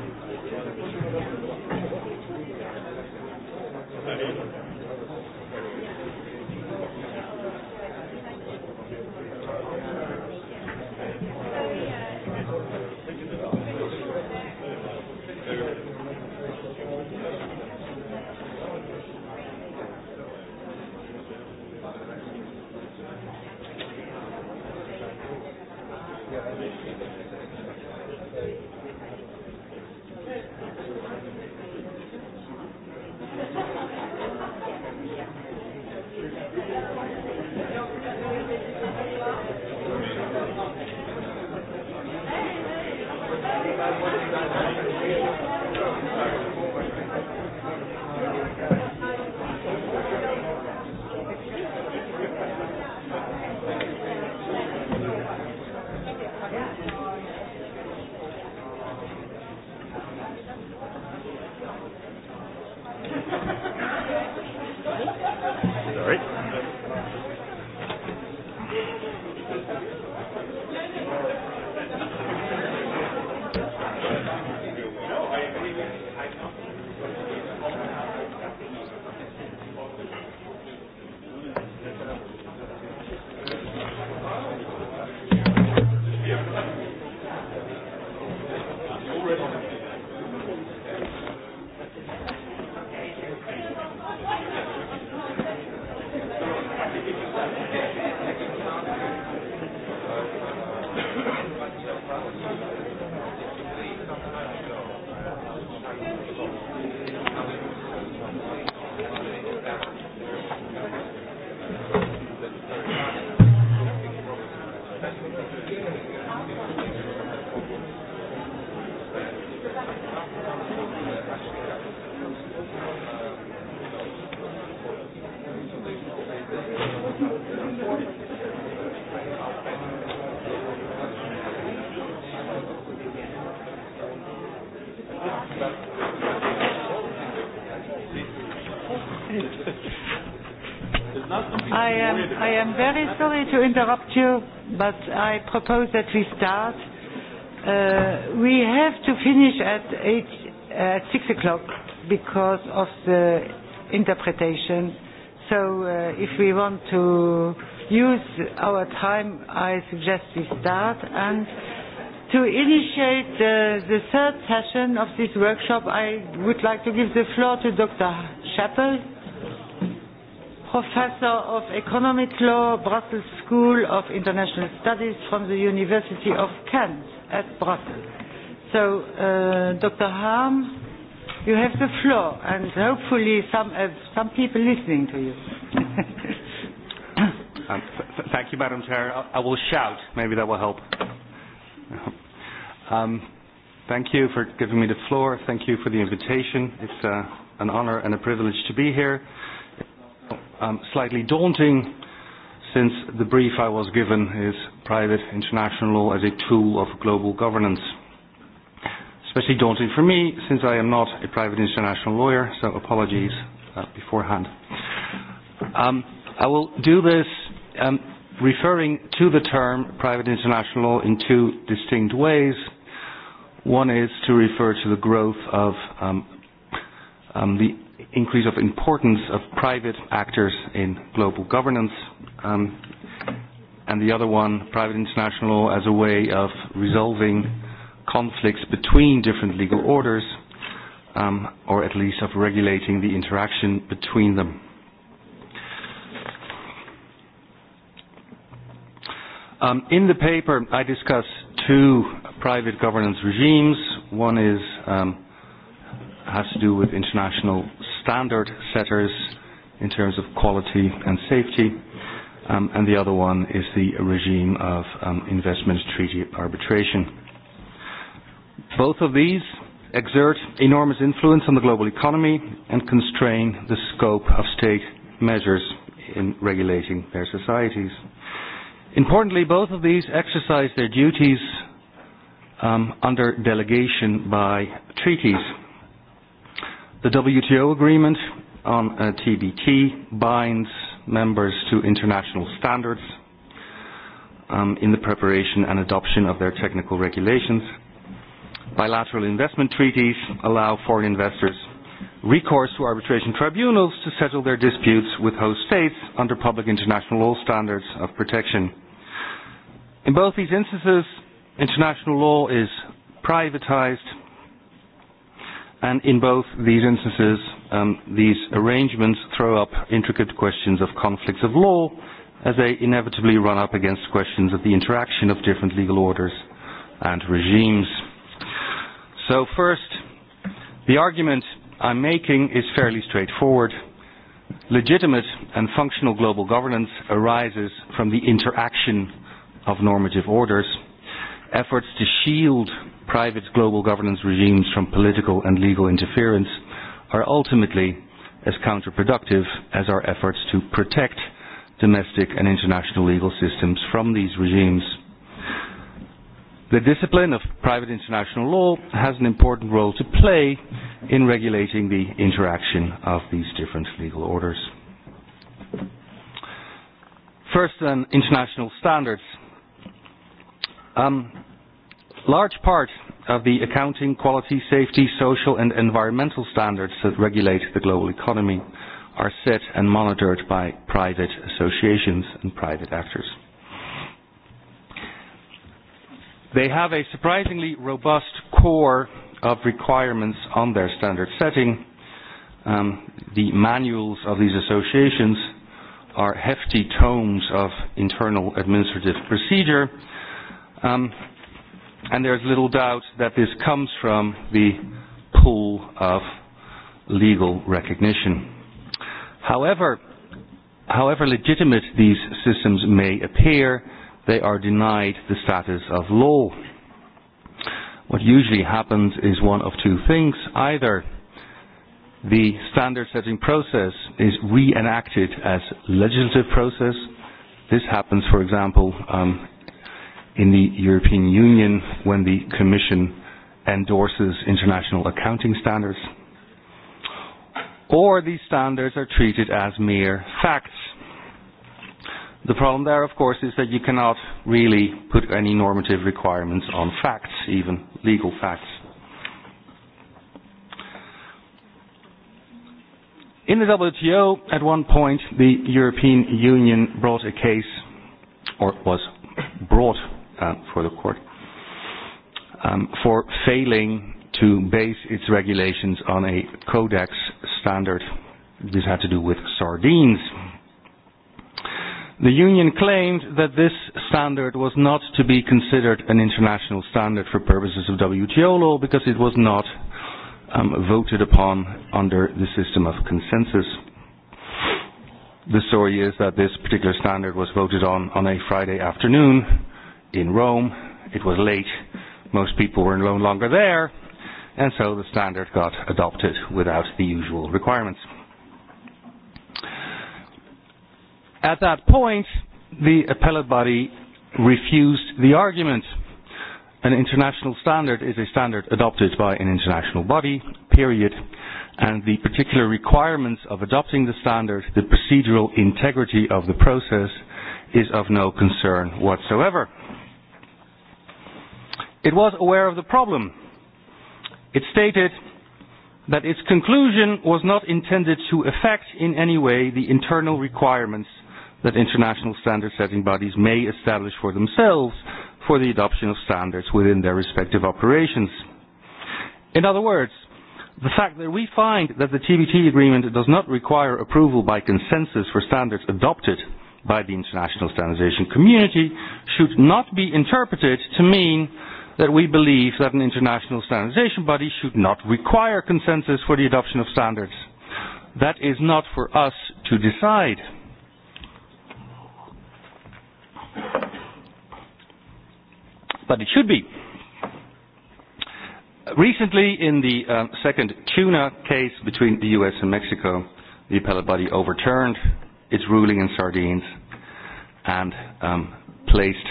I am very sorry to interrupt you, but I propose that we start. Uh, we have to finish at, eight, at six o'clock because of the interpretation. So uh, if we want to use our time, I suggest we start. And to initiate uh, the third session of this workshop, I would like to give the floor to Dr. Chappell Professor of Economic Law, Brussels School of International Studies from the University of Kent at Brussels. So, uh, Dr. Harm, you have the floor, and hopefully some, uh, some people listening to you. um, th thank you, Madam Chair. I, I will shout. Maybe that will help. Um, thank you for giving me the floor. Thank you for the invitation. It's uh, an honor and a privilege to be here um, slightly daunting since the brief I was given is private international law as a tool of global governance. Especially daunting for me since I am not a private international lawyer, so apologies uh, beforehand. Um, I will do this um, referring to the term private international law in two distinct ways. One is to refer to the growth of um, um, the increase of importance of private actors in global governance, um, and the other one, private international law as a way of resolving conflicts between different legal orders, um, or at least of regulating the interaction between them. Um, in the paper, I discuss two private governance regimes. One is um, has to do with international standard setters in terms of quality and safety. Um, and the other one is the regime of um, investment treaty arbitration. Both of these exert enormous influence on the global economy and constrain the scope of state measures in regulating their societies. Importantly, both of these exercise their duties um, under delegation by treaties. The WTO agreement on um, uh, TBT binds members to international standards um, in the preparation and adoption of their technical regulations. Bilateral investment treaties allow foreign investors recourse to arbitration tribunals to settle their disputes with host states under public international law standards of protection. In both these instances, international law is privatized And in both these instances, um, these arrangements throw up intricate questions of conflicts of law as they inevitably run up against questions of the interaction of different legal orders and regimes. So first, the argument I'm making is fairly straightforward. Legitimate and functional global governance arises from the interaction of normative orders. Efforts to shield private global governance regimes from political and legal interference are ultimately as counterproductive as our efforts to protect domestic and international legal systems from these regimes. The discipline of private international law has an important role to play in regulating the interaction of these different legal orders. First, on international standards. Um, Large part of the accounting, quality, safety, social and environmental standards that regulate the global economy are set and monitored by private associations and private actors. They have a surprisingly robust core of requirements on their standard setting. Um, the manuals of these associations are hefty tomes of internal administrative procedure. Um, And there's little doubt that this comes from the pool of legal recognition. However, however legitimate these systems may appear, they are denied the status of law. What usually happens is one of two things. Either the standard setting process is reenacted as legislative process. This happens, for example, um, in the European Union when the Commission endorses international accounting standards, or these standards are treated as mere facts. The problem there, of course, is that you cannot really put any normative requirements on facts, even legal facts. In the WTO, at one point, the European Union brought a case, or was brought Uh, for the court um, for failing to base its regulations on a codex standard. This had to do with sardines. The union claimed that this standard was not to be considered an international standard for purposes of WTO law because it was not um, voted upon under the system of consensus. The story is that this particular standard was voted on on a Friday afternoon in Rome. It was late. Most people were no longer there. And so the standard got adopted without the usual requirements. At that point, the appellate body refused the argument. An international standard is a standard adopted by an international body, period, and the particular requirements of adopting the standard, the procedural integrity of the process, is of no concern whatsoever. It was aware of the problem. It stated that its conclusion was not intended to affect in any way the internal requirements that international standard setting bodies may establish for themselves for the adoption of standards within their respective operations. In other words, the fact that we find that the TBT agreement does not require approval by consensus for standards adopted by the international standardization community should not be interpreted to mean that we believe that an international standardization body should not require consensus for the adoption of standards. That is not for us to decide. But it should be. Recently, in the uh, second tuna case between the US and Mexico, the appellate body overturned its ruling in sardines and um, placed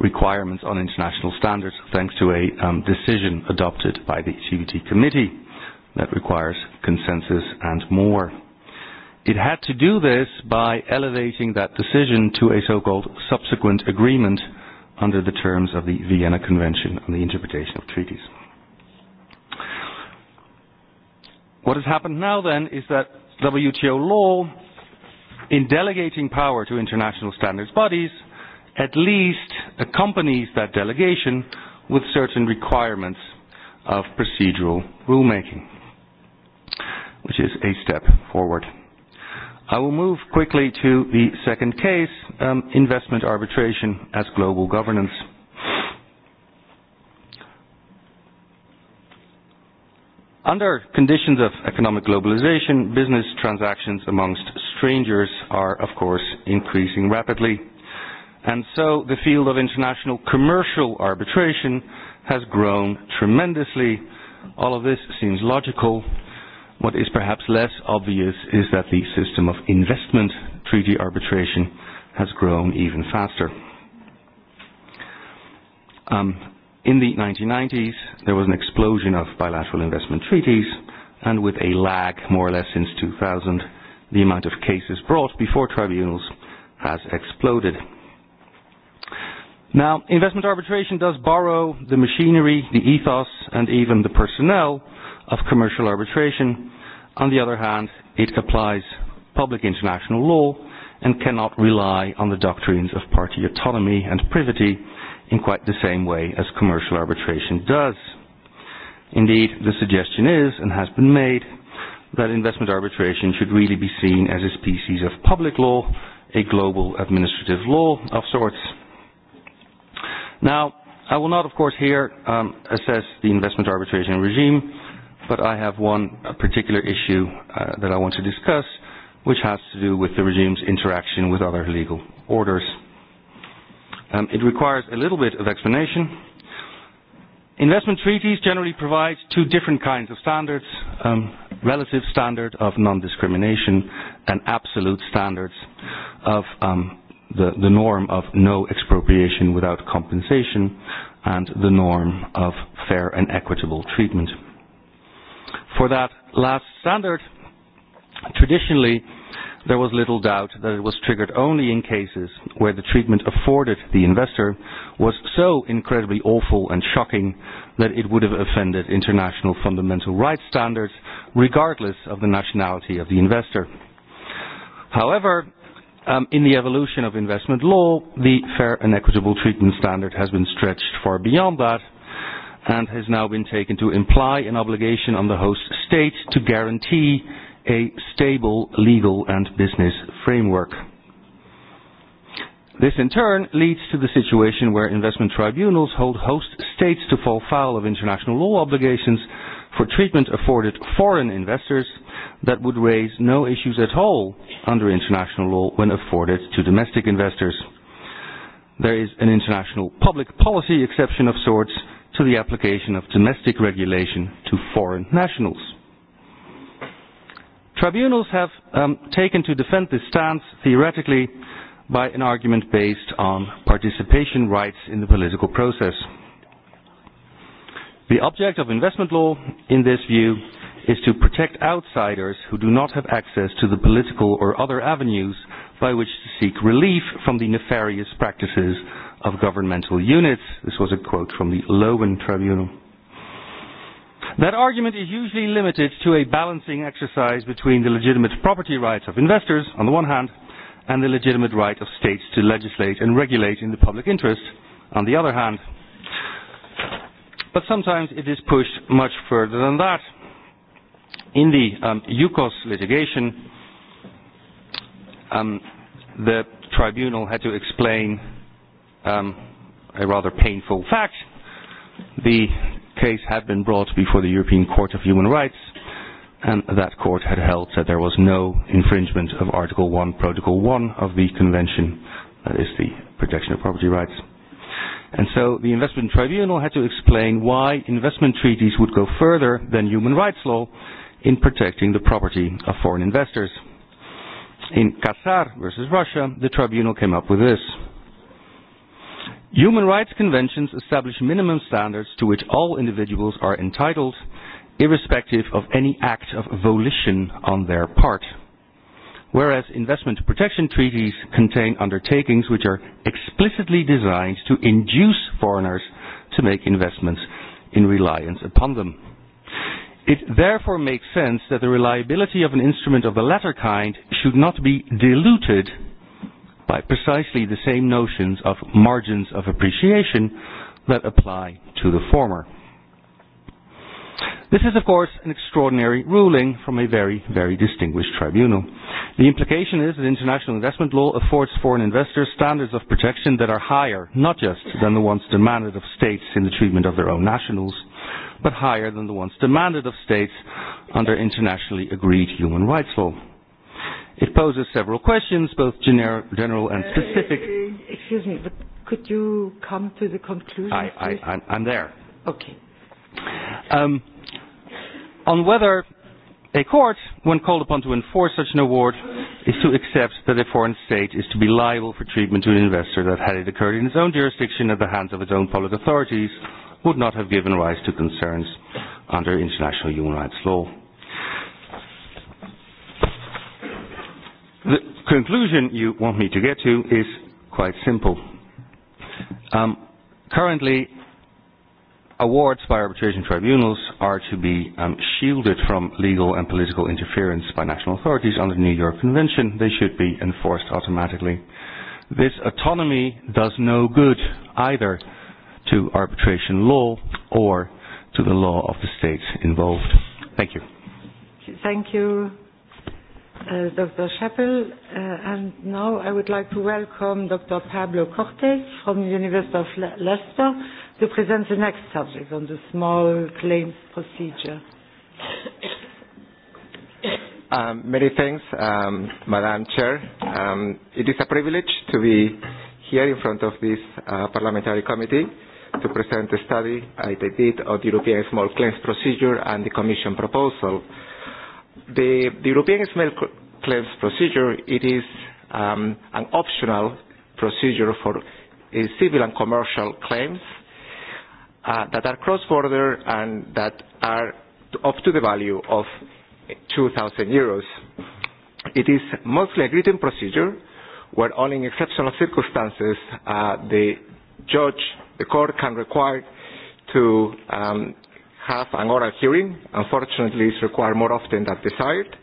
requirements on international standards thanks to a um, decision adopted by the CBT committee that requires consensus and more. It had to do this by elevating that decision to a so-called subsequent agreement under the terms of the Vienna Convention on the Interpretation of Treaties. What has happened now then is that WTO law, in delegating power to international standards bodies, at least accompanies that delegation with certain requirements of procedural rulemaking, which is a step forward. I will move quickly to the second case, um, investment arbitration as global governance. Under conditions of economic globalization, business transactions amongst strangers are, of course, increasing rapidly And so the field of international commercial arbitration has grown tremendously. All of this seems logical. What is perhaps less obvious is that the system of investment treaty arbitration has grown even faster. Um, in the 1990s, there was an explosion of bilateral investment treaties, and with a lag, more or less since 2000, the amount of cases brought before tribunals has exploded. Now, investment arbitration does borrow the machinery, the ethos, and even the personnel of commercial arbitration. On the other hand, it applies public international law and cannot rely on the doctrines of party autonomy and privity in quite the same way as commercial arbitration does. Indeed, the suggestion is, and has been made, that investment arbitration should really be seen as a species of public law, a global administrative law of sorts, Now, I will not, of course, here um, assess the investment arbitration regime, but I have one uh, particular issue uh, that I want to discuss, which has to do with the regime's interaction with other legal orders. Um, it requires a little bit of explanation. Investment treaties generally provide two different kinds of standards, um, relative standard of non-discrimination and absolute standards of um, the, the norm of no expropriation without compensation and the norm of fair and equitable treatment. For that last standard, traditionally there was little doubt that it was triggered only in cases where the treatment afforded the investor was so incredibly awful and shocking that it would have offended international fundamental rights standards regardless of the nationality of the investor. However, Um, in the evolution of investment law, the fair and equitable treatment standard has been stretched far beyond that and has now been taken to imply an obligation on the host state to guarantee a stable legal and business framework. This in turn leads to the situation where investment tribunals hold host states to fall foul of international law obligations for treatment afforded foreign investors – that would raise no issues at all under international law when afforded to domestic investors. There is an international public policy exception of sorts to the application of domestic regulation to foreign nationals. Tribunals have um, taken to defend this stance theoretically by an argument based on participation rights in the political process. The object of investment law, in this view, is to protect outsiders who do not have access to the political or other avenues by which to seek relief from the nefarious practices of governmental units. This was a quote from the Lowen Tribunal. That argument is usually limited to a balancing exercise between the legitimate property rights of investors, on the one hand, and the legitimate right of states to legislate and regulate in the public interest, on the other hand. But sometimes it is pushed much further than that In the um, UCOS litigation, um, the tribunal had to explain um, a rather painful fact. The case had been brought before the European Court of Human Rights, and that court had held that there was no infringement of Article 1, Protocol 1 of the Convention, that is the protection of property rights. And so the investment tribunal had to explain why investment treaties would go further than human rights law in protecting the property of foreign investors. In Qatar versus Russia, the tribunal came up with this. Human rights conventions establish minimum standards to which all individuals are entitled, irrespective of any act of volition on their part. Whereas investment protection treaties contain undertakings which are explicitly designed to induce foreigners to make investments in reliance upon them. It therefore makes sense that the reliability of an instrument of the latter kind should not be diluted by precisely the same notions of margins of appreciation that apply to the former. This is, of course, an extraordinary ruling from a very, very distinguished tribunal. The implication is that international investment law affords foreign investors standards of protection that are higher, not just than the ones demanded of states in the treatment of their own nationals, but higher than the ones demanded of states under internationally agreed human rights law. It poses several questions, both gener general and uh, specific. Uh, excuse me, but could you come to the conclusion? I, I, I'm, I'm there. Okay. Um, on whether a court, when called upon to enforce such an award, is to accept that a foreign state is to be liable for treatment to an investor that, had it occurred in its own jurisdiction at the hands of its own public authorities, would not have given rise to concerns under international human rights law. The conclusion you want me to get to is quite simple. Um, currently, awards by arbitration tribunals are to be um, shielded from legal and political interference by national authorities under the New York Convention. They should be enforced automatically. This autonomy does no good either to arbitration law or to the law of the states involved. Thank you. Thank you, uh, Dr. Schappel. Uh, and now I would like to welcome Dr. Pablo Cortez from the University of Le Leicester to present the next subject on the small claims procedure. Um, many thanks, um, Madam Chair. Um, it is a privilege to be here in front of this uh, parliamentary committee to present a study I did of the European Small Claims Procedure and the Commission proposal. The, the European Small Claims Procedure, it is um, an optional procedure for uh, civil and commercial claims uh, that are cross-border and that are up to the value of 2,000 euros. It is mostly a written procedure where only in exceptional circumstances uh, the judge, the court can require to um, have an oral hearing. Unfortunately, it's required more often than desired,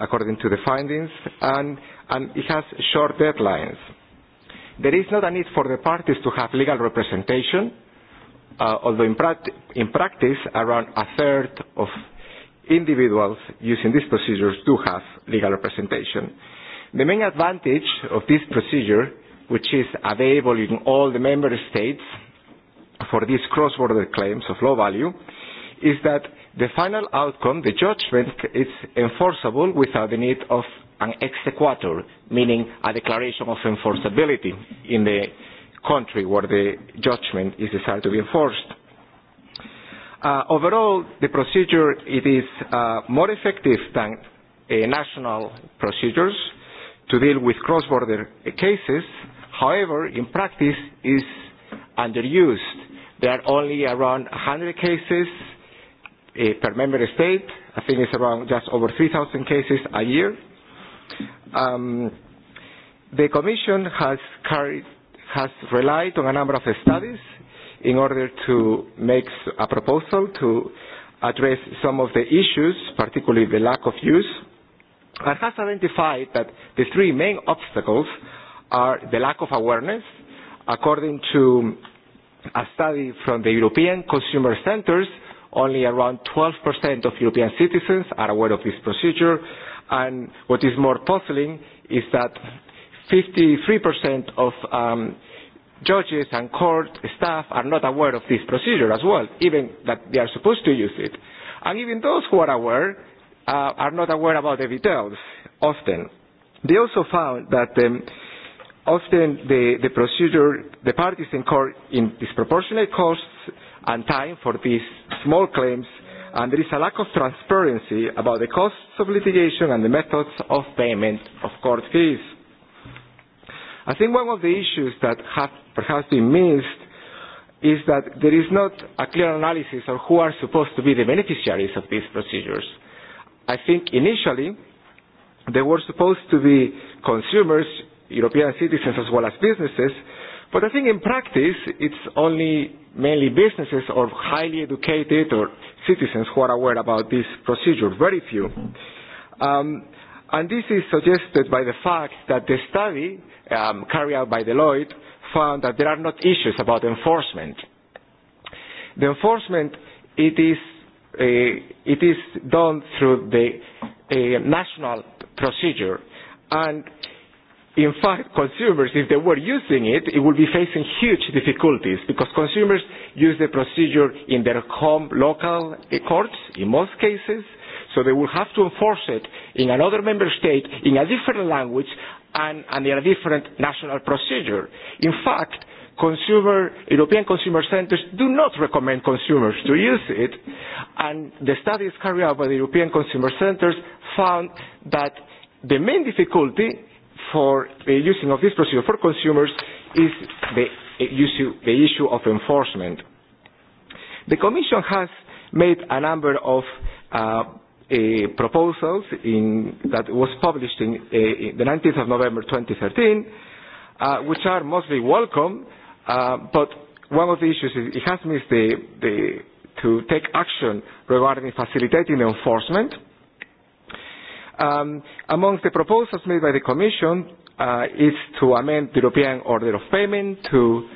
according to the findings, and, and it has short deadlines. There is not a need for the parties to have legal representation uh, although in, pra in practice around a third of individuals using these procedures do have legal representation. The main advantage of this procedure, which is available in all the member states for these cross-border claims of low value, is that the final outcome, the judgment, is enforceable without the need of an exequatur, meaning a declaration of enforceability in the country where the judgment is decided to be enforced. Uh, overall, the procedure it is uh, more effective than uh, national procedures to deal with cross-border cases. However, in practice, is underused. There are only around 100 cases uh, per member state. I think it's around just over 3,000 cases a year. Um, the Commission has carried has relied on a number of studies in order to make a proposal to address some of the issues, particularly the lack of use, and has identified that the three main obstacles are the lack of awareness, according to a study from the European Consumer Centers, only around 12% of European citizens are aware of this procedure, and what is more puzzling is that 53% of um, judges and court staff are not aware of this procedure as well, even that they are supposed to use it. And even those who are aware uh, are not aware about the details often. They also found that um, often the, the procedure, the parties incur in disproportionate costs and time for these small claims, and there is a lack of transparency about the costs of litigation and the methods of payment of court fees. I think one of the issues that have perhaps been missed is that there is not a clear analysis of who are supposed to be the beneficiaries of these procedures. I think initially they were supposed to be consumers, European citizens as well as businesses, but I think in practice it's only mainly businesses or highly educated or citizens who are aware about this procedure, very few. Um, And this is suggested by the fact that the study um, carried out by Deloitte found that there are not issues about enforcement. The enforcement, it is, uh, it is done through the uh, national procedure. And in fact, consumers, if they were using it, it would be facing huge difficulties because consumers use the procedure in their home local courts in most cases – So they will have to enforce it in another member state, in a different language, and in a different national procedure. In fact, consumer, European consumer centers do not recommend consumers to use it, and the studies carried out by the European consumer centers found that the main difficulty for the using of this procedure for consumers is the issue, the issue of enforcement. The Commission has made a number of uh, uh, proposals in, that was published in, uh, in the 19th of November 2013, uh, which are mostly welcome, uh, but one of the issues is it has missed the, the, to take action regarding facilitating enforcement. Um, amongst the proposals made by the Commission uh, is to amend the European Order of Payment to,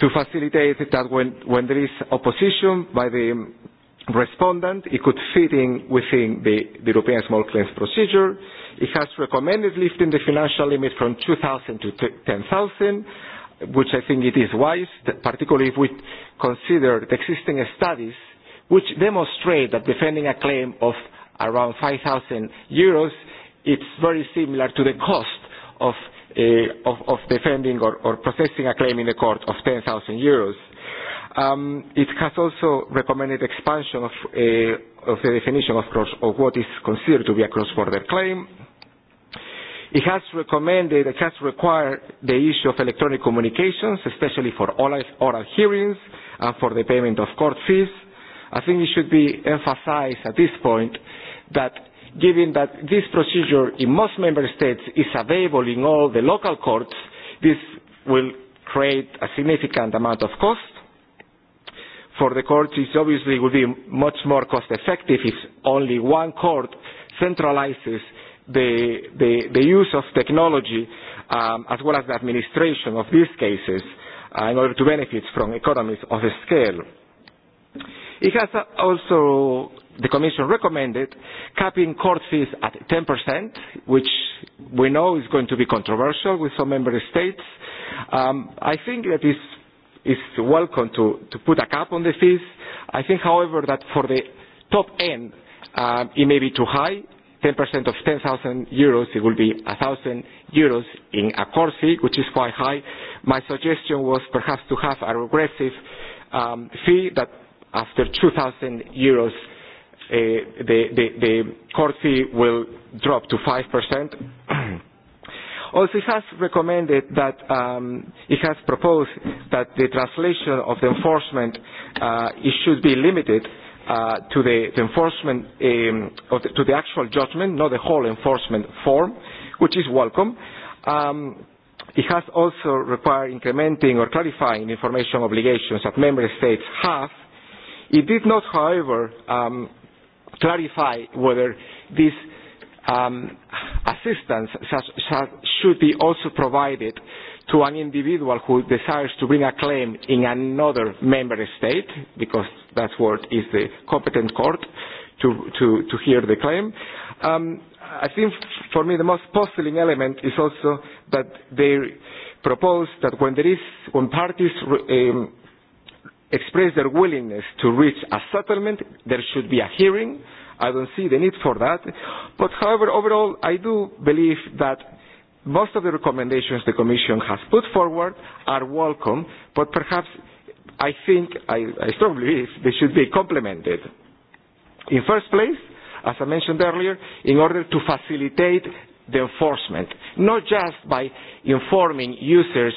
to facilitate that when, when there is opposition by the respondent. It could fit in within the, the European small claims procedure. It has recommended lifting the financial limit from 2,000 to 10,000 which I think it is wise, particularly if we consider the existing studies which demonstrate that defending a claim of around 5,000 euros, it's very similar to the cost of, uh, of, of defending or, or processing a claim in the court of 10,000 euros. Um, it has also recommended expansion of, uh, of the definition of, cross, of what is considered to be a cross-border claim. It has recommended, it has required the issue of electronic communications, especially for oral, oral hearings and for the payment of court fees. I think it should be emphasized at this point that given that this procedure in most member states is available in all the local courts, this will create a significant amount of cost for the courts is obviously would be much more cost effective if only one court centralizes the, the, the use of technology um, as well as the administration of these cases uh, in order to benefit from economies of scale. It has also, the Commission recommended, capping court fees at 10%, which we know is going to be controversial with some member states. Um, I think that is is welcome to, to put a cap on the fees. I think, however, that for the top end, um, it may be too high. 10% of 10,000 euros, it will be 1,000 euros in a course fee, which is quite high. My suggestion was perhaps to have a regressive um, fee that after 2,000 euros, uh, the, the, the Core fee will drop to 5%. Also, it has recommended that um, it has proposed that the translation of the enforcement uh, it should be limited uh, to the, the enforcement um, of the, to the actual judgment, not the whole enforcement form, which is welcome. Um, it has also required incrementing or clarifying information obligations that member states have. It did not, however, um, clarify whether these um, assistance such, such should be also provided to an individual who desires to bring a claim in another member state, because that word is the competent court to, to, to hear the claim. Um, I think for me the most puzzling element is also that they propose that when there is, when parties um, express their willingness to reach a settlement, there should be a hearing, I don't see the need for that. But however, overall, I do believe that most of the recommendations the Commission has put forward are welcome, but perhaps I think, I, I strongly believe, they should be complemented. In first place, as I mentioned earlier, in order to facilitate the enforcement, not just by informing users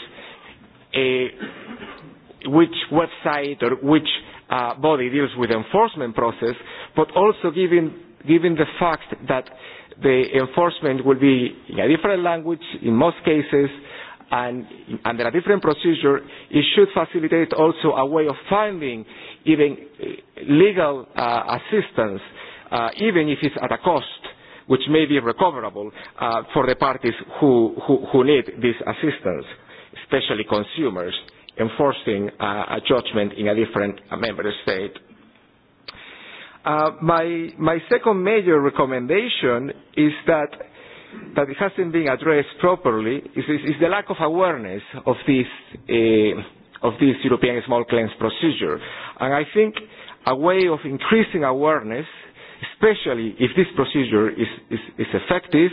uh, which website or which uh, body deals with the enforcement process, but also given, given the fact that the enforcement will be in a different language in most cases and under a different procedure, it should facilitate also a way of finding even eh, legal uh, assistance, uh, even if it's at a cost which may be recoverable uh, for the parties who, who, who need this assistance, especially consumers enforcing uh, a judgment in a different uh, member state. Uh, my, my second major recommendation is that, that it hasn't been addressed properly is, is, is the lack of awareness of this, uh, of this European small claims procedure. And I think a way of increasing awareness, especially if this procedure is, is, is effective,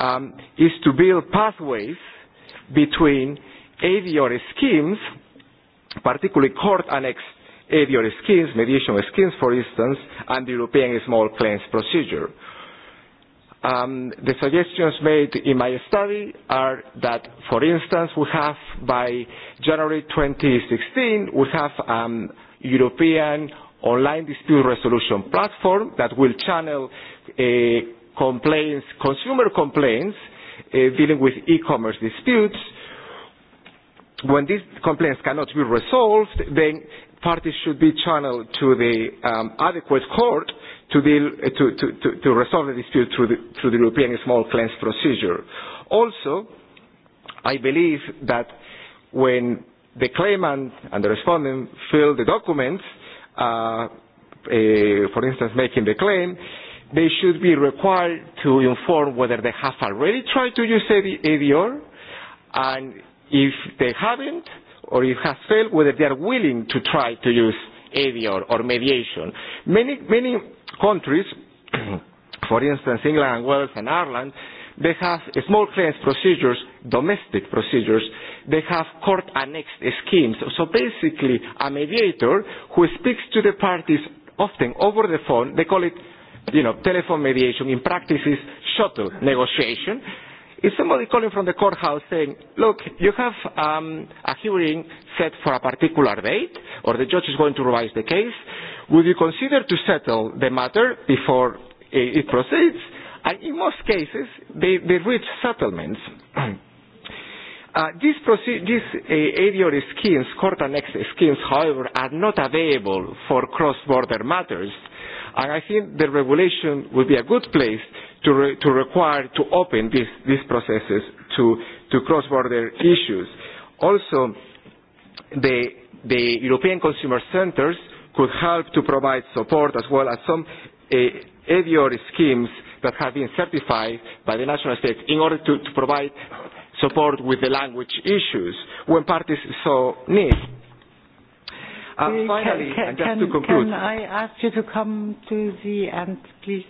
um, is to build pathways between aviary schemes, particularly court annexed aviary schemes, mediation schemes, for instance, and the European small claims procedure. Um, the suggestions made in my study are that, for instance, we have by January 2016, we have um, European online dispute resolution platform that will channel uh, complaints, consumer complaints, uh, dealing with e-commerce disputes when these complaints cannot be resolved, then parties should be channeled to the um, adequate court to, deal, uh, to, to, to, to resolve the dispute through the, through the European small claims procedure. Also, I believe that when the claimant and the respondent fill the documents, uh, uh, for instance, making the claim, they should be required to inform whether they have already tried to use ADR and if they haven't or it has failed, whether they are willing to try to use ADR or mediation. Many, many countries, for instance, England, and Wales and Ireland, they have small claims procedures, domestic procedures, they have court annexed schemes. So basically, a mediator who speaks to the parties often over the phone, they call it you know, telephone mediation, in practice is shuttle negotiation, Is somebody calling from the courthouse saying, look, you have um, a hearing set for a particular date, or the judge is going to revise the case, would you consider to settle the matter before it proceeds? And in most cases, they, they reach settlements. Uh, these, these uh, aviary schemes, court annex schemes, however, are not available for cross-border matters. And I think the regulation would be a good place to, re, to require to open this these processes to, to cross-border issues. Also, the, the European consumer centers could help to provide support as well as some uh, avior schemes that have been certified by the national states in order to, to provide support with the language issues when parties so need. Uh, finally, can, can, and just to conclude. Can I ask you to come to the end, please?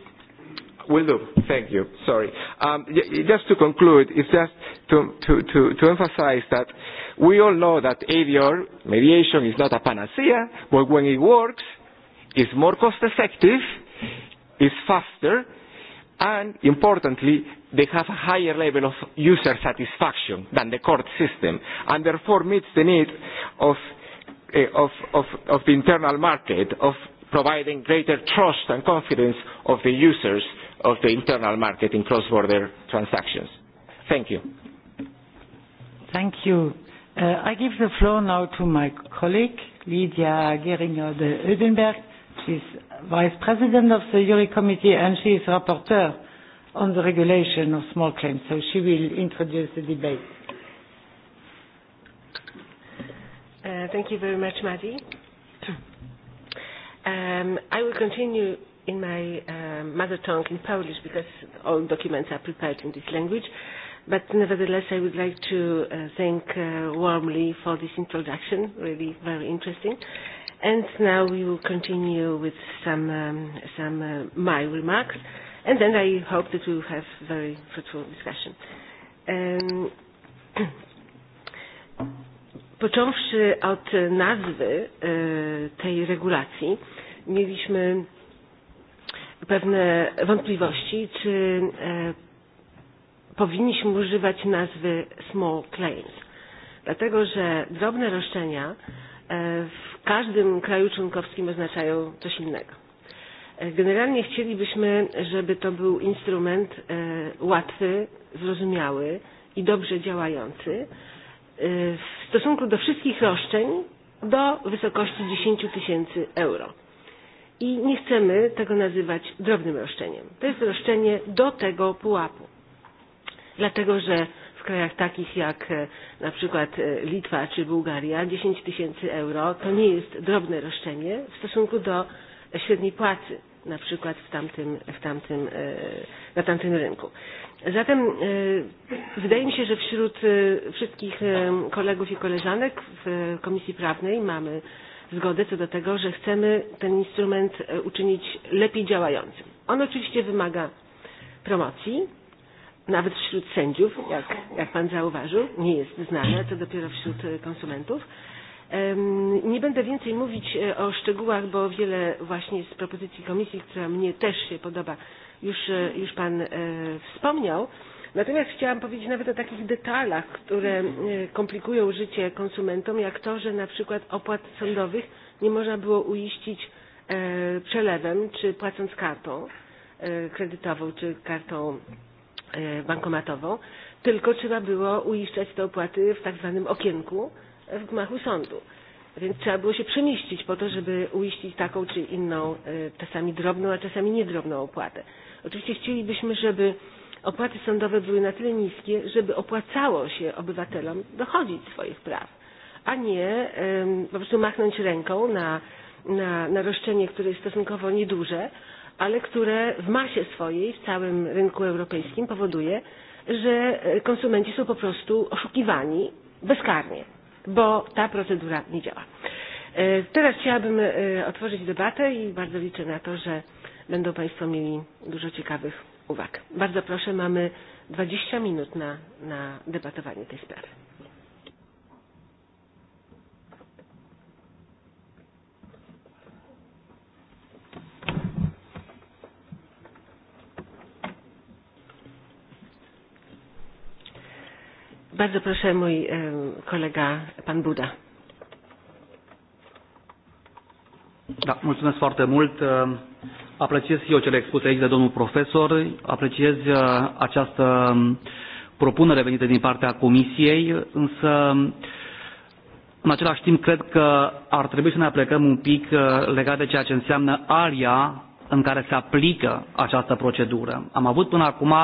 Will do. Thank you. Sorry. Um, just to conclude, it's just to, to, to, to emphasize that we all know that ADR, mediation, is not a panacea, but when it works, it's more cost effective, it's faster, and importantly, they have a higher level of user satisfaction than the court system, and therefore meets the need of, uh, of, of, of the internal market, of providing greater trust and confidence of the users of the internal market in cross-border transactions. Thank you. Thank you. Uh, I give the floor now to my colleague, Lydia Geringer de Udenberg. She's Vice President of the Jury Committee and she is Rapporteur on the regulation of small claims. So she will introduce the debate. Uh, thank you very much, Maddie. Um, I will continue in my uh, mother tongue, in Polish, because all documents are prepared in this language. But nevertheless, I would like to uh, thank uh, warmly for this introduction, really very interesting. And now we will continue with some, um, some uh, my remarks, and then I hope that we will have very fruitful discussion. Um, począwszy od nazwy e, tej regulacji, mieliśmy pewne wątpliwości, czy e, powinniśmy używać nazwy small claims. Dlatego, że drobne roszczenia e, w każdym kraju członkowskim oznaczają coś innego. E, generalnie chcielibyśmy, żeby to był instrument e, łatwy, zrozumiały i dobrze działający e, w stosunku do wszystkich roszczeń do wysokości 10 tysięcy euro i nie chcemy tego nazywać drobnym roszczeniem. To jest roszczenie do tego pułapu. Dlatego, że w krajach takich jak e, na przykład e, Litwa czy Bułgaria 10 tysięcy euro to nie jest drobne roszczenie w stosunku do średniej płacy na przykład w tamtym, w tamtym, e, na tamtym rynku. Zatem wydaje mi się, że wśród wszystkich kolegów i koleżanek w Komisji Prawnej mamy zgodę co do tego, że chcemy ten instrument e, uczynić lepiej działającym. On oczywiście wymaga promocji, nawet wśród sędziów, jak, jak Pan zauważył, nie jest znane, co dopiero wśród e, konsumentów. Nie będę więcej mówić e, o szczegółach, bo wiele właśnie z propozycji komisji, która mnie też się podoba, już, już Pan wspomniał. Natomiast chciałam powiedzieć nawet o takich detalach, które e, komplikują życie konsumentom, jak to, że na przykład opłat sądowych nie można było uiścić e, przelewem czy płacąc kartą e, kredytową czy kartą bankomatową, tylko trzeba było uiszczać te opłaty w tak zwanym okienku w gmachu sądu. Więc trzeba było się przemieścić po to, żeby uiścić taką czy inną, czasami drobną, a czasami niedrobną opłatę. Oczywiście chcielibyśmy, żeby opłaty sądowe były na tyle niskie, żeby opłacało się obywatelom dochodzić swoich praw, a nie po prostu machnąć ręką na, na, na roszczenie, które jest stosunkowo nieduże, ale które w masie swojej w całym rynku europejskim powoduje, że e, konsumenci są po prostu oszukiwani bezkarnie, bo ta procedura nie działa. E, teraz chciałabym e, otworzyć debatę i bardzo liczę na to, że będą Państwo mieli dużo ciekawych uwag. Bardzo proszę, mamy 20 minut na, na debatowanie tej sprawy. Bardzo proszę, mój kolega, pan Buda. Da, mulțumesc foarte mult. Apreciez eu cele expuse aici de domnul profesor, apreciez uh, această um, propunere venită din partea Comisiei, însă în același timp cred că ar trebui să ne aplecăm un pic uh, legat de ceea ce înseamnă aria în care se aplică această procedură. Am avut până acum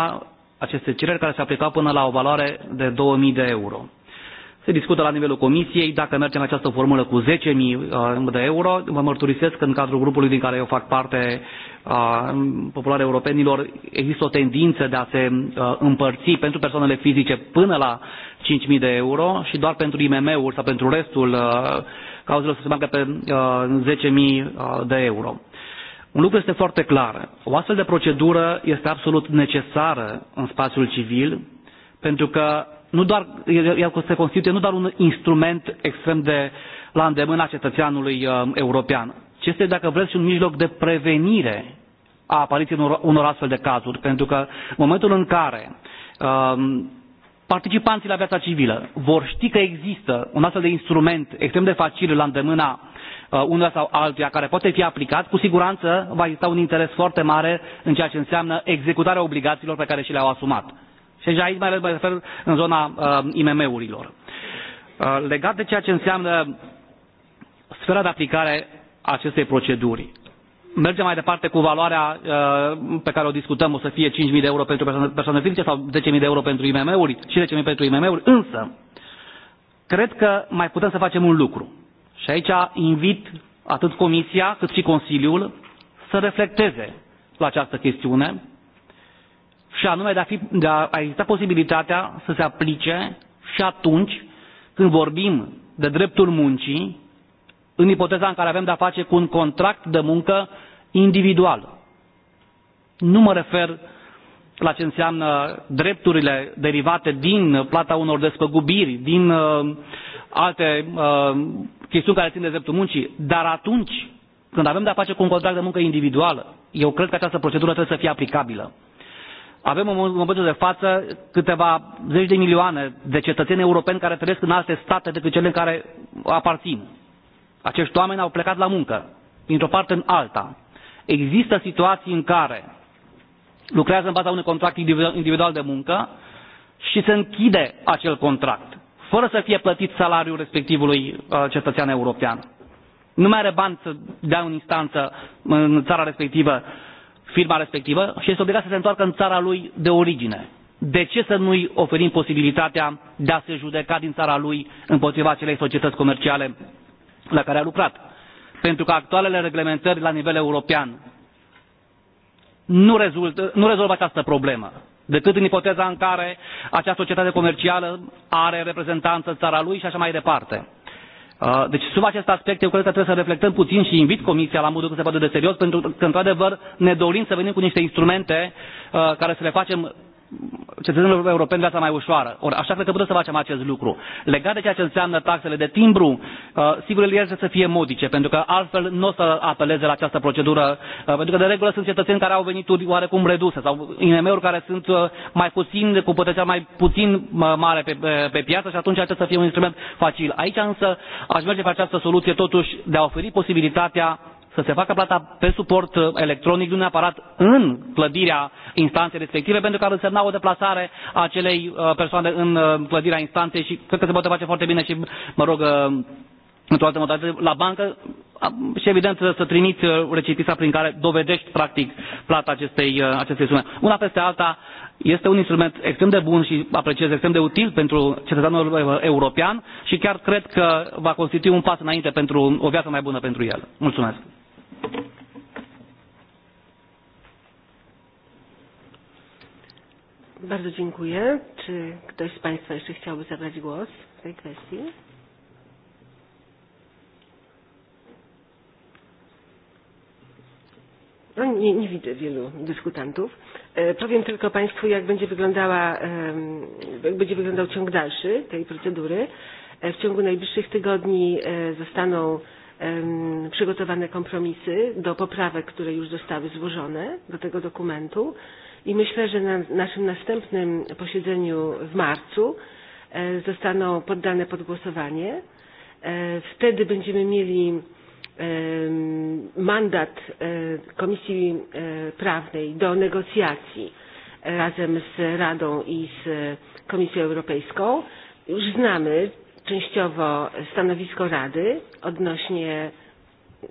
aceste cereri care se aplicau până la o valoare de 2000 de euro se discută la nivelul comisiei dacă mergem această formulă cu 10.000 uh, de euro. Vă mărturisesc că în cadrul grupului din care eu fac parte, uh, populare europenilor, există o tendință de a se uh, împărți pentru persoanele fizice până la 5.000 de euro și doar pentru IMM-uri sau pentru restul cauzelor să se meargă pe 10.000 de euro. Un lucru este foarte clar. O astfel de procedură este absolut necesară în spațiul civil pentru că nu doar, el se constituie nu doar un instrument extrem de la îndemâna cetățeanului uh, european, ci este, dacă vreți, un mijloc de prevenire a apariției unor, unor astfel de cazuri, pentru că în momentul în care uh, participanții la viața civilă vor ști că există un astfel de instrument extrem de facil la îndemâna uh, unuia sau altuia care poate fi aplicat, cu siguranță va exista un interes foarte mare în ceea ce înseamnă executarea obligațiilor pe care și le-au asumat. Și aici mai ales mă refer în zona uh, IMM-urilor. Uh, legat de ceea ce înseamnă sfera de aplicare a acestei proceduri, mergem mai departe cu valoarea uh, pe care o discutăm, o să fie 5.000 de euro pentru persoane, persoane fizice sau 10.000 de euro pentru IMM-uri și 10.000 pentru IMM-uri, însă cred că mai putem să facem un lucru. Și aici invit atât Comisia cât și Consiliul să reflecteze la această chestiune și anume de a, fi, de a exista posibilitatea să se aplice și atunci când vorbim de dreptul muncii, în ipoteza în care avem de-a face cu un contract de muncă individual. Nu mă refer la ce înseamnă drepturile derivate din plata unor despăgubiri, din uh, alte uh, chestiuni care țin de dreptul muncii, dar atunci când avem de-a face cu un contract de muncă individual, eu cred că această procedură trebuie să fie aplicabilă. Avem în momentul de față câteva zeci de milioane de cetățeni europeni care trăiesc în alte state decât cele în care aparțin. Acești oameni au plecat la muncă, dintr-o parte în alta. Există situații în care lucrează în baza unui contract individual de muncă și se închide acel contract, fără să fie plătit salariul respectivului uh, cetățean european. Nu mai are bani să dea în instanță în țara respectivă firma respectivă și este obligat să se întoarcă în țara lui de origine. De ce să nu-i oferim posibilitatea de a se judeca din țara lui împotriva acelei societăți comerciale la care a lucrat? Pentru că actualele reglementări la nivel european nu, rezultă, nu rezolvă această problemă, decât în ipoteza în care acea societate comercială are reprezentanță în țara lui și așa mai departe. Uh, deci sub acest aspect eu cred că trebuie să reflectăm puțin și invit Comisia la modul că se poate de serios pentru că într-adevăr ne dorim să venim cu niște instrumente uh, care să le facem cetățenilor europeni viața mai ușoară. Or, așa cred că putem să facem acest lucru. Legat de ceea ce înseamnă taxele de timbru, uh, sigur el să fie modice, pentru că altfel nu o să apeleze la această procedură, uh, pentru că de regulă sunt cetățeni care au venituri oarecum reduse sau IMM-uri care sunt uh, mai puțin, cu potențial mai puțin mare pe, pe piață și atunci acesta să fie un instrument facil. Aici însă aș merge pe această soluție totuși de a oferi posibilitatea să se facă plata pe suport uh, electronic, nu neapărat în clădirea instanței respective, pentru că ar însemna o deplasare a acelei uh, persoane în uh, clădirea instanței și cred că se poate face foarte bine și, mă rog, într-o altă modalitate, la bancă și evident să trimiți recitisa prin care dovedești practic plata acestei, acestei sume. Una peste alta este un instrument extrem de bun și apreciez extrem de util pentru cetățeanul european și chiar cred că va constitui un pas înainte pentru o viață mai bună pentru el. Mulțumesc! Bardzo dziękuję. Czy ktoś z Państwa jeszcze chciałby zabrać głos w tej kwestii? No, nie, nie widzę wielu dyskutantów. E, powiem tylko Państwu, jak będzie, wyglądała, e, jak będzie wyglądał ciąg dalszy tej procedury. E, w ciągu najbliższych tygodni e, zostaną przygotowane kompromisy do poprawek, które już zostały złożone do tego dokumentu i myślę, że na naszym następnym posiedzeniu w marcu e, zostaną poddane pod głosowanie. E, wtedy będziemy mieli mandat e, Komisji Prawnej do negocjacji razem z Radą i z Komisją Europejską. Już znamy częściowo stanowisko Rady odnośnie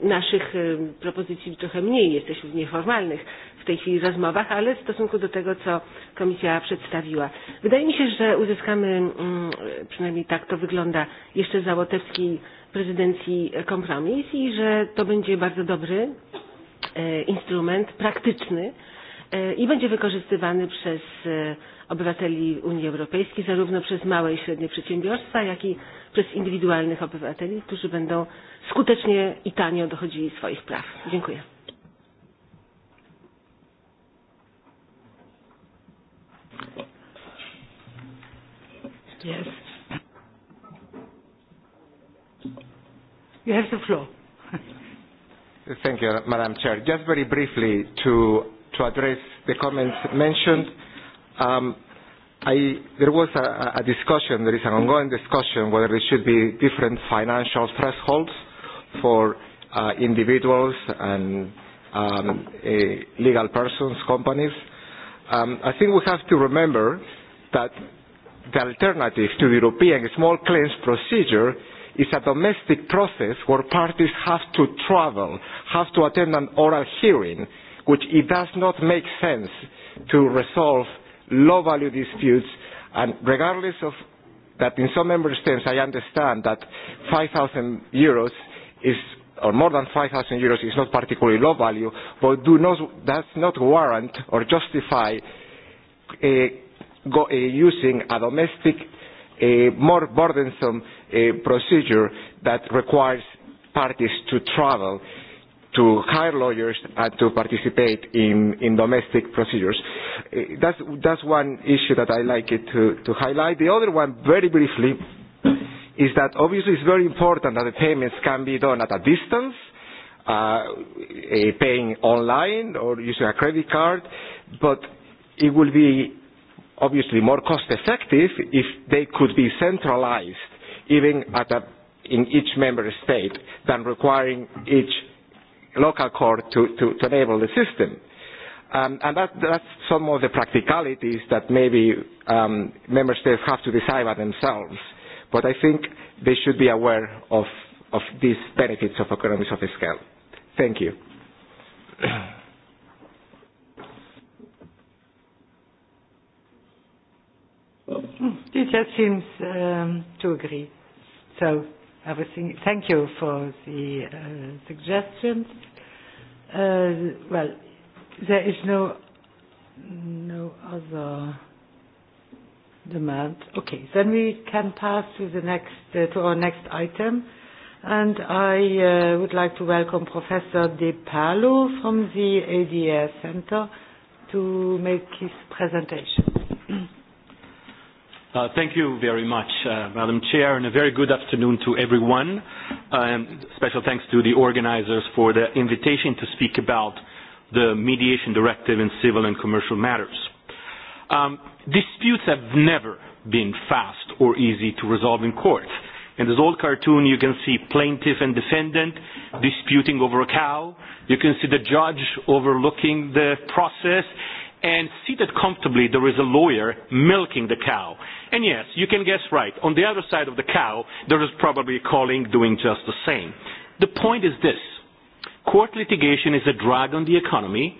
naszych propozycji trochę mniej, jesteśmy w nieformalnych w tej chwili rozmowach, ale w stosunku do tego, co Komisja przedstawiła. Wydaje mi się, że uzyskamy, mm, przynajmniej tak to wygląda, jeszcze za łotewskiej prezydencji kompromis i że to będzie bardzo dobry instrument, praktyczny i będzie wykorzystywany przez obywateli Unii Europejskiej, zarówno przez małe i średnie przedsiębiorstwa, jak i przez indywidualnych obywateli, którzy będą skutecznie i tanio dochodzili swoich praw. Dziękuję. Yes. You have the floor. Thank you, Madam Chair. Just very briefly to, to address the comments mentioned Um, I, there was a, a discussion, there is an ongoing discussion whether there should be different financial thresholds for uh, individuals and um, uh, legal persons, companies. Um, I think we have to remember that the alternative to the European small claims procedure is a domestic process where parties have to travel, have to attend an oral hearing, which it does not make sense to resolve low value disputes and regardless of that in some member states I understand that 5,000 euros is or more than 5,000 euros is not particularly low value, but do not, does not warrant or justify uh, go, uh, using a domestic, uh, more burdensome uh, procedure that requires parties to travel to hire lawyers and to participate in, in domestic procedures. Eh, that's, that's one issue that I like it to, to highlight. The other one, very briefly, is that obviously it's very important that the payments can be done at a distance, uh, eh, paying online or using a credit card, but it will be obviously more cost effective if they could be centralized even at a in each member state than requiring each local court to, to, to enable the system. Um, and that, that's some of the practicalities that maybe um, member states have to decide by themselves. But I think they should be aware of, of these benefits of economies of scale. Thank you. It just seems um, to agree. So everything. Thank you for the uh, suggestions. Uh, well, there is no no other demand. Okay, then we can pass to the next uh, to our next item. And I uh, would like to welcome Professor De Palo from the ADS Center to make his presentation. Uh, thank you very much, uh, Madam Chair, and a very good afternoon to everyone. Um, special thanks to the organizers for the invitation to speak about the Mediation Directive in Civil and Commercial Matters. Um, disputes have never been fast or easy to resolve in court. In this old cartoon, you can see plaintiff and defendant disputing over a cow. You can see the judge overlooking the process and seated comfortably there is a lawyer milking the cow. And yes, you can guess right, on the other side of the cow there is probably a colleague doing just the same. The point is this, court litigation is a drag on the economy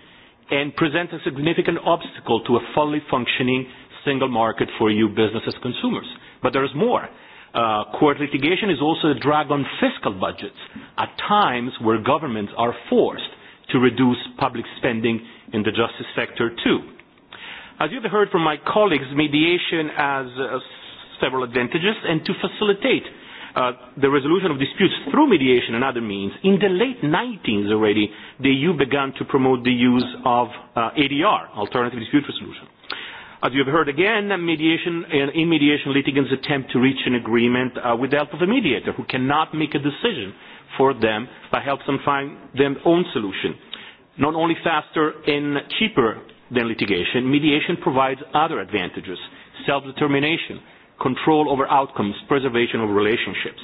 and presents a significant obstacle to a fully functioning single market for EU businesses and consumers. But there is more. Uh, court litigation is also a drag on fiscal budgets at times where governments are forced to reduce public spending in the justice sector too. As you've heard from my colleagues, mediation has uh, several advantages and to facilitate uh, the resolution of disputes through mediation and other means. In the late 1990s already, the EU began to promote the use of uh, ADR, Alternative Dispute Resolution. As you have heard again, mediation, in mediation, litigants attempt to reach an agreement uh, with the help of a mediator who cannot make a decision for them but helps them find their own solution Not only faster and cheaper than litigation, mediation provides other advantages, self-determination, control over outcomes, preservation of relationships.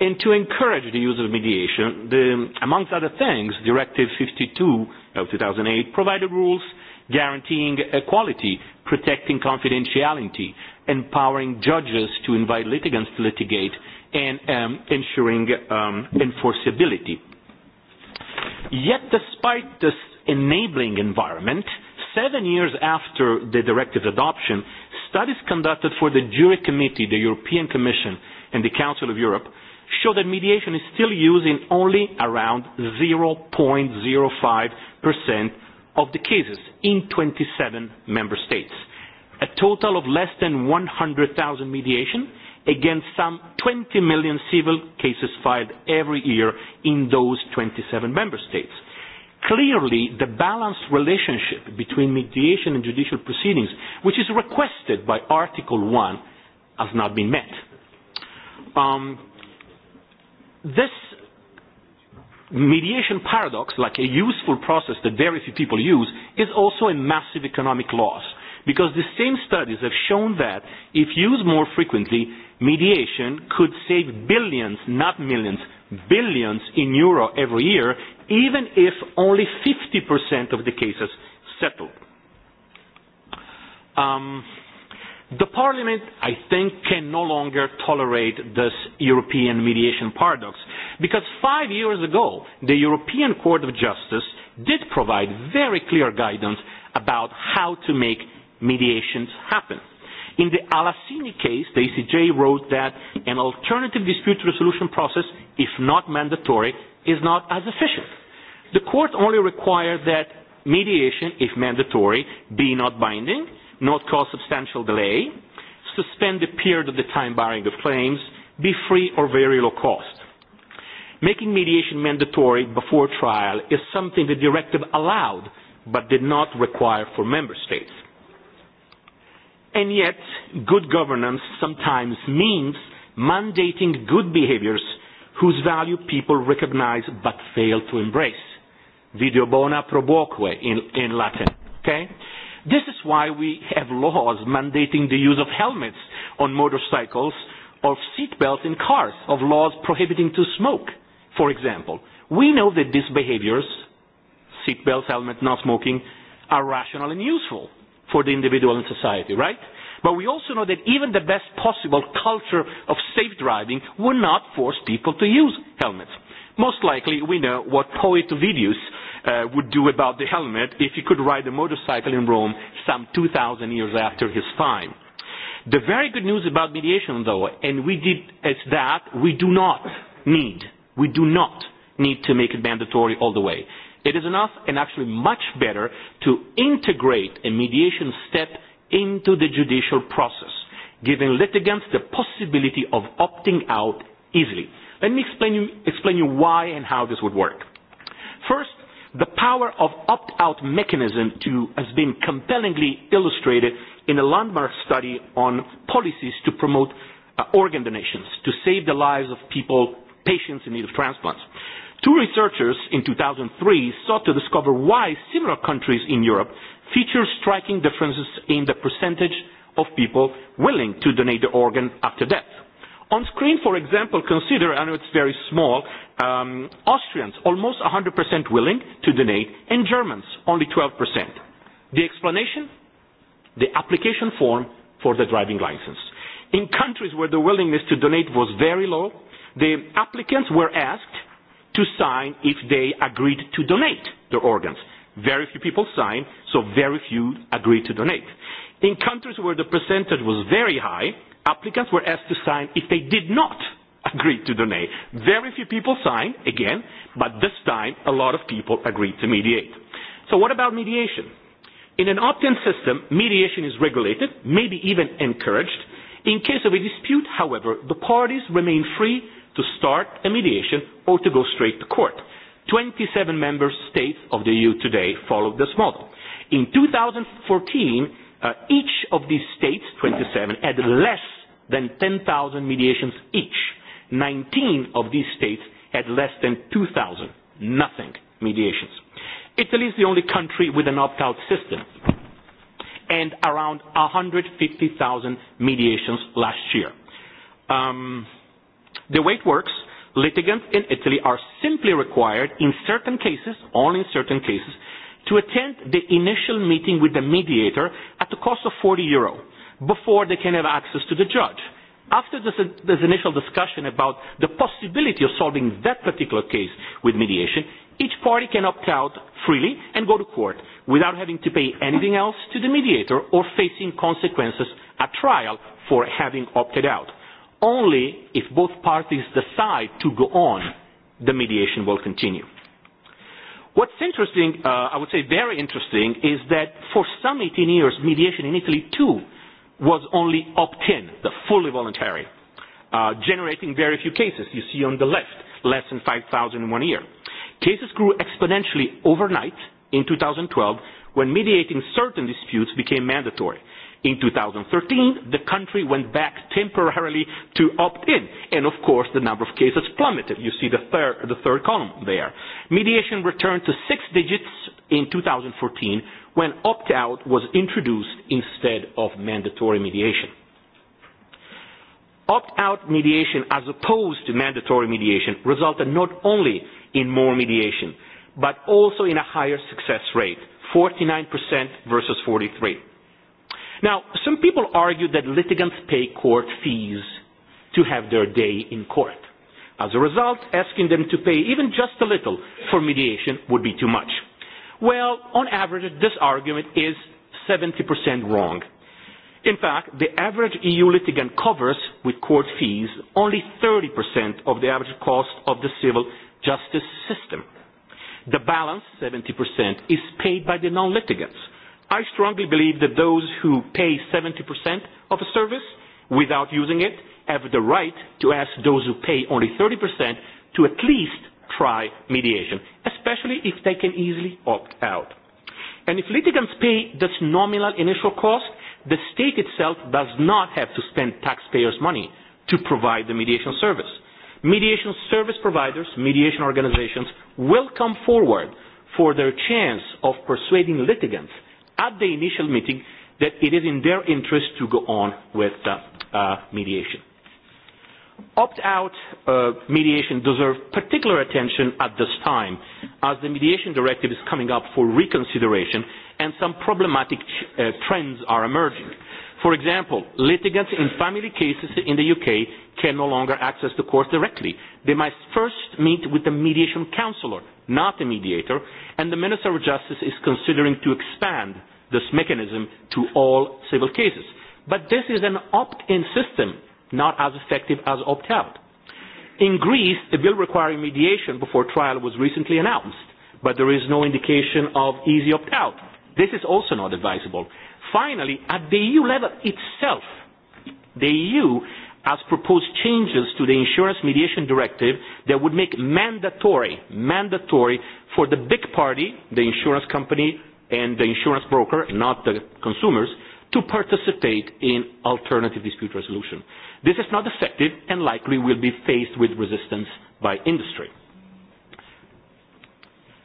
And to encourage the use of mediation, the, amongst other things, Directive 52 of 2008 provided rules guaranteeing equality, protecting confidentiality, empowering judges to invite litigants to litigate, and um, ensuring um, enforceability. Yet despite this enabling environment, seven years after the directive's adoption, studies conducted for the jury committee, the European Commission, and the Council of Europe show that mediation is still used in only around 0.05% of the cases in 27 member states. A total of less than 100,000 mediation against some 20 million civil cases filed every year in those 27 member states. Clearly, the balanced relationship between mediation and judicial proceedings, which is requested by Article 1, has not been met. Um, this mediation paradox, like a useful process that very few people use, is also a massive economic loss Because the same studies have shown that if used more frequently, mediation could save billions, not millions, billions in euro every year, even if only 50% of the cases settled. Um, the Parliament, I think, can no longer tolerate this European mediation paradox because five years ago, the European Court of Justice did provide very clear guidance about how to make mediations happen. In the Alassini case, the ECJ wrote that an alternative dispute resolution process, if not mandatory, is not as efficient. The court only required that mediation, if mandatory, be not binding, not cause substantial delay, suspend the period of the time barring of claims, be free or very low cost. Making mediation mandatory before trial is something the directive allowed but did not require for member states. And yet, good governance sometimes means mandating good behaviors whose value people recognize but fail to embrace. Video bona proboque in, in Latin. Okay? This is why we have laws mandating the use of helmets on motorcycles or seatbelts in cars, of laws prohibiting to smoke, for example. We know that these behaviors, seatbelts, helmets not smoking, are rational and useful for the individual and society, right? But we also know that even the best possible culture of safe driving will not force people to use helmets. Most likely, we know what poet Ovidius uh, would do about the helmet if he could ride a motorcycle in Rome some 2,000 years after his time. The very good news about mediation, though, and we did is that we do not need, we do not need to make it mandatory all the way. It is enough and actually much better to integrate a mediation step into the judicial process, giving litigants the possibility of opting out easily. Let me explain you, explain you why and how this would work. First, the power of opt-out mechanism to, has been compellingly illustrated in a landmark study on policies to promote uh, organ donations, to save the lives of people, patients in need of transplants. Two researchers in 2003 sought to discover why similar countries in Europe feature striking differences in the percentage of people willing to donate the organ after death. On screen, for example, consider, I know it's very small, um, Austrians, almost 100% willing to donate, and Germans, only 12%. The explanation? The application form for the driving license. In countries where the willingness to donate was very low, the applicants were asked to sign if they agreed to donate their organs. Very few people signed, so very few agreed to donate. In countries where the percentage was very high, applicants were asked to sign if they did not agreed to donate. Very few people signed, again, but this time a lot of people agreed to mediate. So what about mediation? In an opt-in system, mediation is regulated, maybe even encouraged. In case of a dispute, however, the parties remain free to start a mediation or to go straight to court. 27 member states of the EU today follow this model. In 2014, uh, each of these states, 27, had less than 10,000 mediations each. 19 of these states had less than 2,000, nothing, mediations. Italy is the only country with an opt-out system and around 150,000 mediations last year. Um, The way it works, litigants in Italy are simply required in certain cases, only in certain cases, to attend the initial meeting with the mediator at the cost of 40 euro before they can have access to the judge. After this, this initial discussion about the possibility of solving that particular case with mediation, each party can opt out freely and go to court without having to pay anything else to the mediator or facing consequences at trial for having opted out. Only if both parties decide to go on, the mediation will continue. What's interesting, uh, I would say very interesting, is that for some 18 years, mediation in Italy too was only opt-in, the fully voluntary, uh, generating very few cases. You see on the left, less than 5,000 in one year. Cases grew exponentially overnight in 2012 when mediating certain disputes became mandatory. In 2013, the country went back temporarily to opt-in, and of course the number of cases plummeted. You see the third, the third column there. Mediation returned to six digits in 2014 when opt-out was introduced instead of mandatory mediation. Opt-out mediation as opposed to mandatory mediation resulted not only in more mediation, but also in a higher success rate, 49% versus 43. Now, some people argue that litigants pay court fees to have their day in court. As a result, asking them to pay even just a little for mediation would be too much. Well, on average, this argument is 70% wrong. In fact, the average EU litigant covers with court fees only 30% of the average cost of the civil justice system. The balance, 70%, is paid by the non-litigants I strongly believe that those who pay 70% of a service without using it have the right to ask those who pay only 30% to at least try mediation, especially if they can easily opt out. And if litigants pay this nominal initial cost, the state itself does not have to spend taxpayers' money to provide the mediation service. Mediation service providers, mediation organizations, will come forward for their chance of persuading litigants at the initial meeting that it is in their interest to go on with uh, uh, mediation. Opt-out uh, mediation deserves particular attention at this time as the mediation directive is coming up for reconsideration and some problematic uh, trends are emerging. For example, litigants in family cases in the UK can no longer access the court directly. They must first meet with the mediation counsellor, not a mediator, and the Minister of Justice is considering to expand this mechanism to all civil cases. But this is an opt-in system, not as effective as opt-out. In Greece, a bill requiring mediation before trial was recently announced, but there is no indication of easy opt-out. This is also not advisable. Finally, at the EU level itself, the EU has proposed changes to the Insurance Mediation Directive that would make mandatory, mandatory for the big party, the insurance company, and the insurance broker, not the consumers, to participate in alternative dispute resolution. This is not effective and likely will be faced with resistance by industry.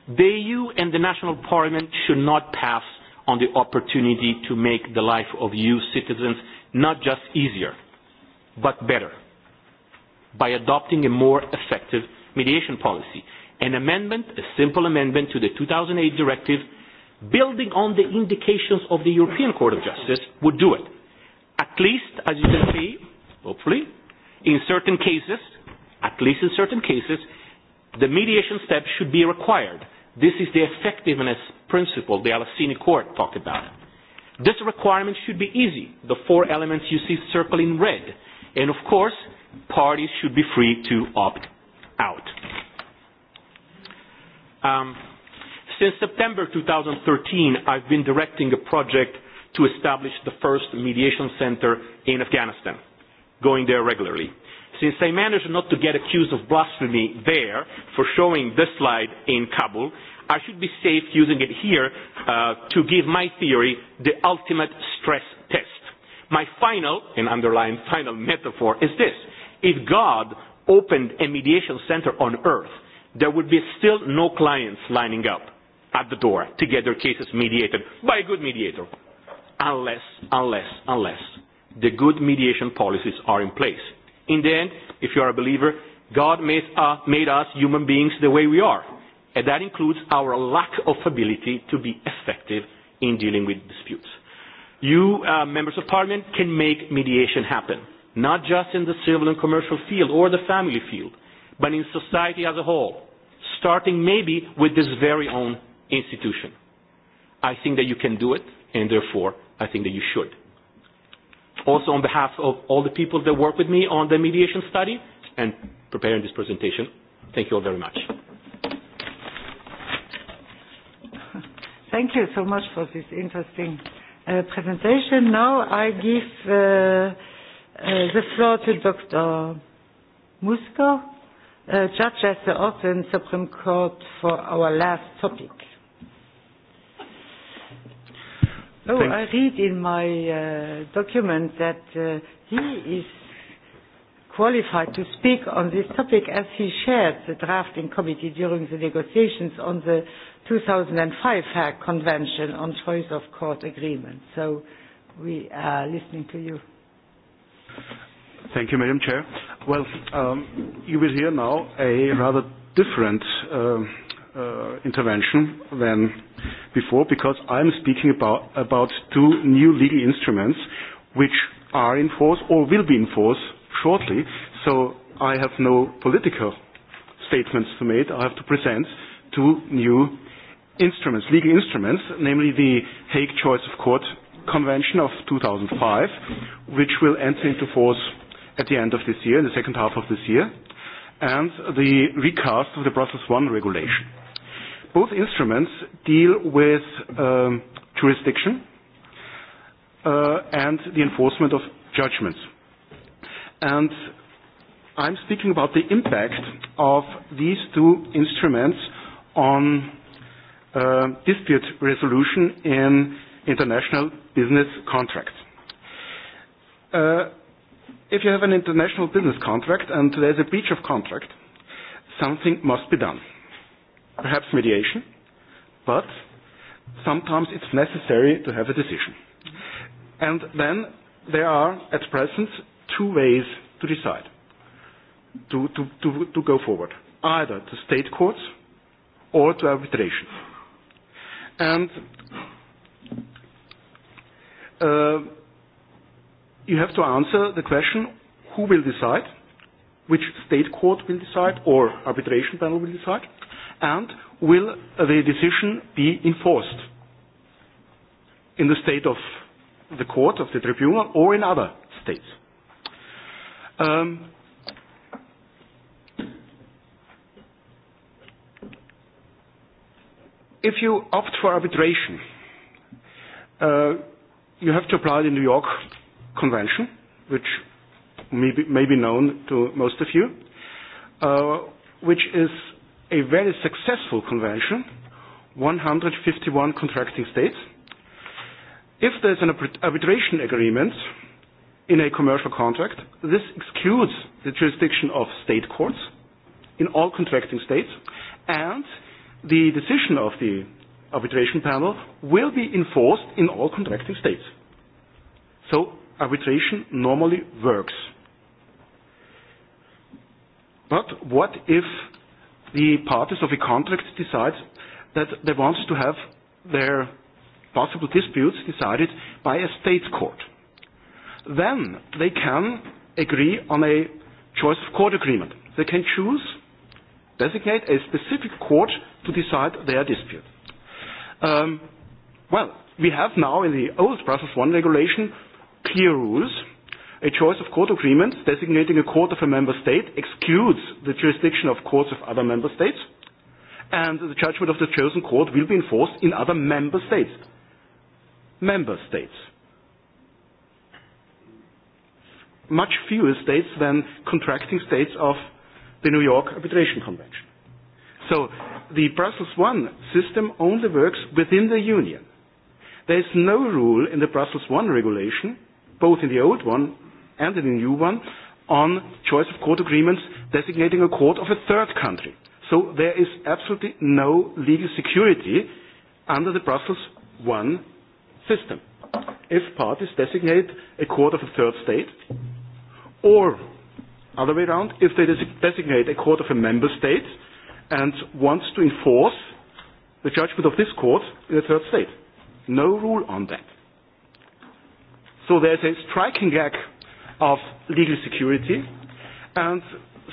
The EU and the national parliament should not pass on the opportunity to make the life of EU citizens not just easier, but better by adopting a more effective mediation policy. An amendment, a simple amendment to the 2008 directive building on the indications of the European Court of Justice, would do it. At least, as you can see, hopefully, in certain cases, at least in certain cases, the mediation step should be required. This is the effectiveness principle the Alassini Court talked about. This requirement should be easy, the four elements you see circled in red. And of course, parties should be free to opt out. Um, Since September 2013, I've been directing a project to establish the first mediation center in Afghanistan, going there regularly. Since I managed not to get accused of blasphemy there for showing this slide in Kabul, I should be safe using it here uh, to give my theory the ultimate stress test. My final, and underlined final metaphor is this. If God opened a mediation center on earth, there would be still no clients lining up at the door to get their cases mediated by a good mediator. Unless, unless, unless the good mediation policies are in place. In the end, if you are a believer, God made, uh, made us human beings the way we are. And that includes our lack of ability to be effective in dealing with disputes. You, uh, members of parliament, can make mediation happen, not just in the civil and commercial field or the family field, but in society as a whole, starting maybe with this very own institution. I think that you can do it, and therefore, I think that you should. Also, on behalf of all the people that work with me on the mediation study and preparing this presentation, thank you all very much. Thank you so much for this interesting uh, presentation. Now I give uh, uh, the floor to Dr. Musko, uh, Judge at the Austrian Supreme Court, for our last topic. Oh, Thanks. I read in my uh, document that uh, he is qualified to speak on this topic as he shared the drafting committee during the negotiations on the 2005 Hague Convention on Choice of Court Agreement. So we are listening to you. Thank you, Madam Chair. Well, um, you will hear now a rather different uh uh, intervention than before because I'm speaking about, about two new legal instruments which are in force or will be in force shortly. So I have no political statements to make. I have to present two new instruments, legal instruments, namely the Hague Choice of Court Convention of 2005, which will enter into force at the end of this year, in the second half of this year, and the recast of the Brussels I regulation both instruments deal with um, jurisdiction uh, and the enforcement of judgments. And I'm speaking about the impact of these two instruments on uh, dispute resolution in international business contracts. Uh, if you have an international business contract and there's a breach of contract, something must be done perhaps mediation, but sometimes it's necessary to have a decision. And then there are at present two ways to decide, to, to, to, to go forward, either to state courts or to arbitration. And uh, you have to answer the question who will decide, which state court will decide or arbitration panel will decide, and will the decision be enforced in the state of the court, of the tribunal, or in other states? Um, if you opt for arbitration, uh, you have to apply the New York Convention, which may be, may be known to most of you, uh, which is a very successful convention, 151 contracting states. If there's an arbitration agreement in a commercial contract, this excludes the jurisdiction of state courts in all contracting states, and the decision of the arbitration panel will be enforced in all contracting states. So arbitration normally works. But what if the parties of a contract decide that they want to have their possible disputes decided by a state court. Then they can agree on a choice of court agreement. They can choose, designate a specific court to decide their dispute. Um, well, we have now in the old Brussels 1 regulation clear rules A choice of court agreement designating a court of a member state excludes the jurisdiction of courts of other member states, and the judgment of the chosen court will be enforced in other member states. Member states. Much fewer states than contracting states of the New York Arbitration Convention. So the Brussels I system only works within the Union. There is no rule in the Brussels I regulation, both in the old one and in the new one on choice of court agreements designating a court of a third country. So there is absolutely no legal security under the Brussels one system. If parties designate a court of a third state, or other way around, if they designate a court of a member state and wants to enforce the judgment of this court in a third state. No rule on that. So there's a striking gag of legal security. And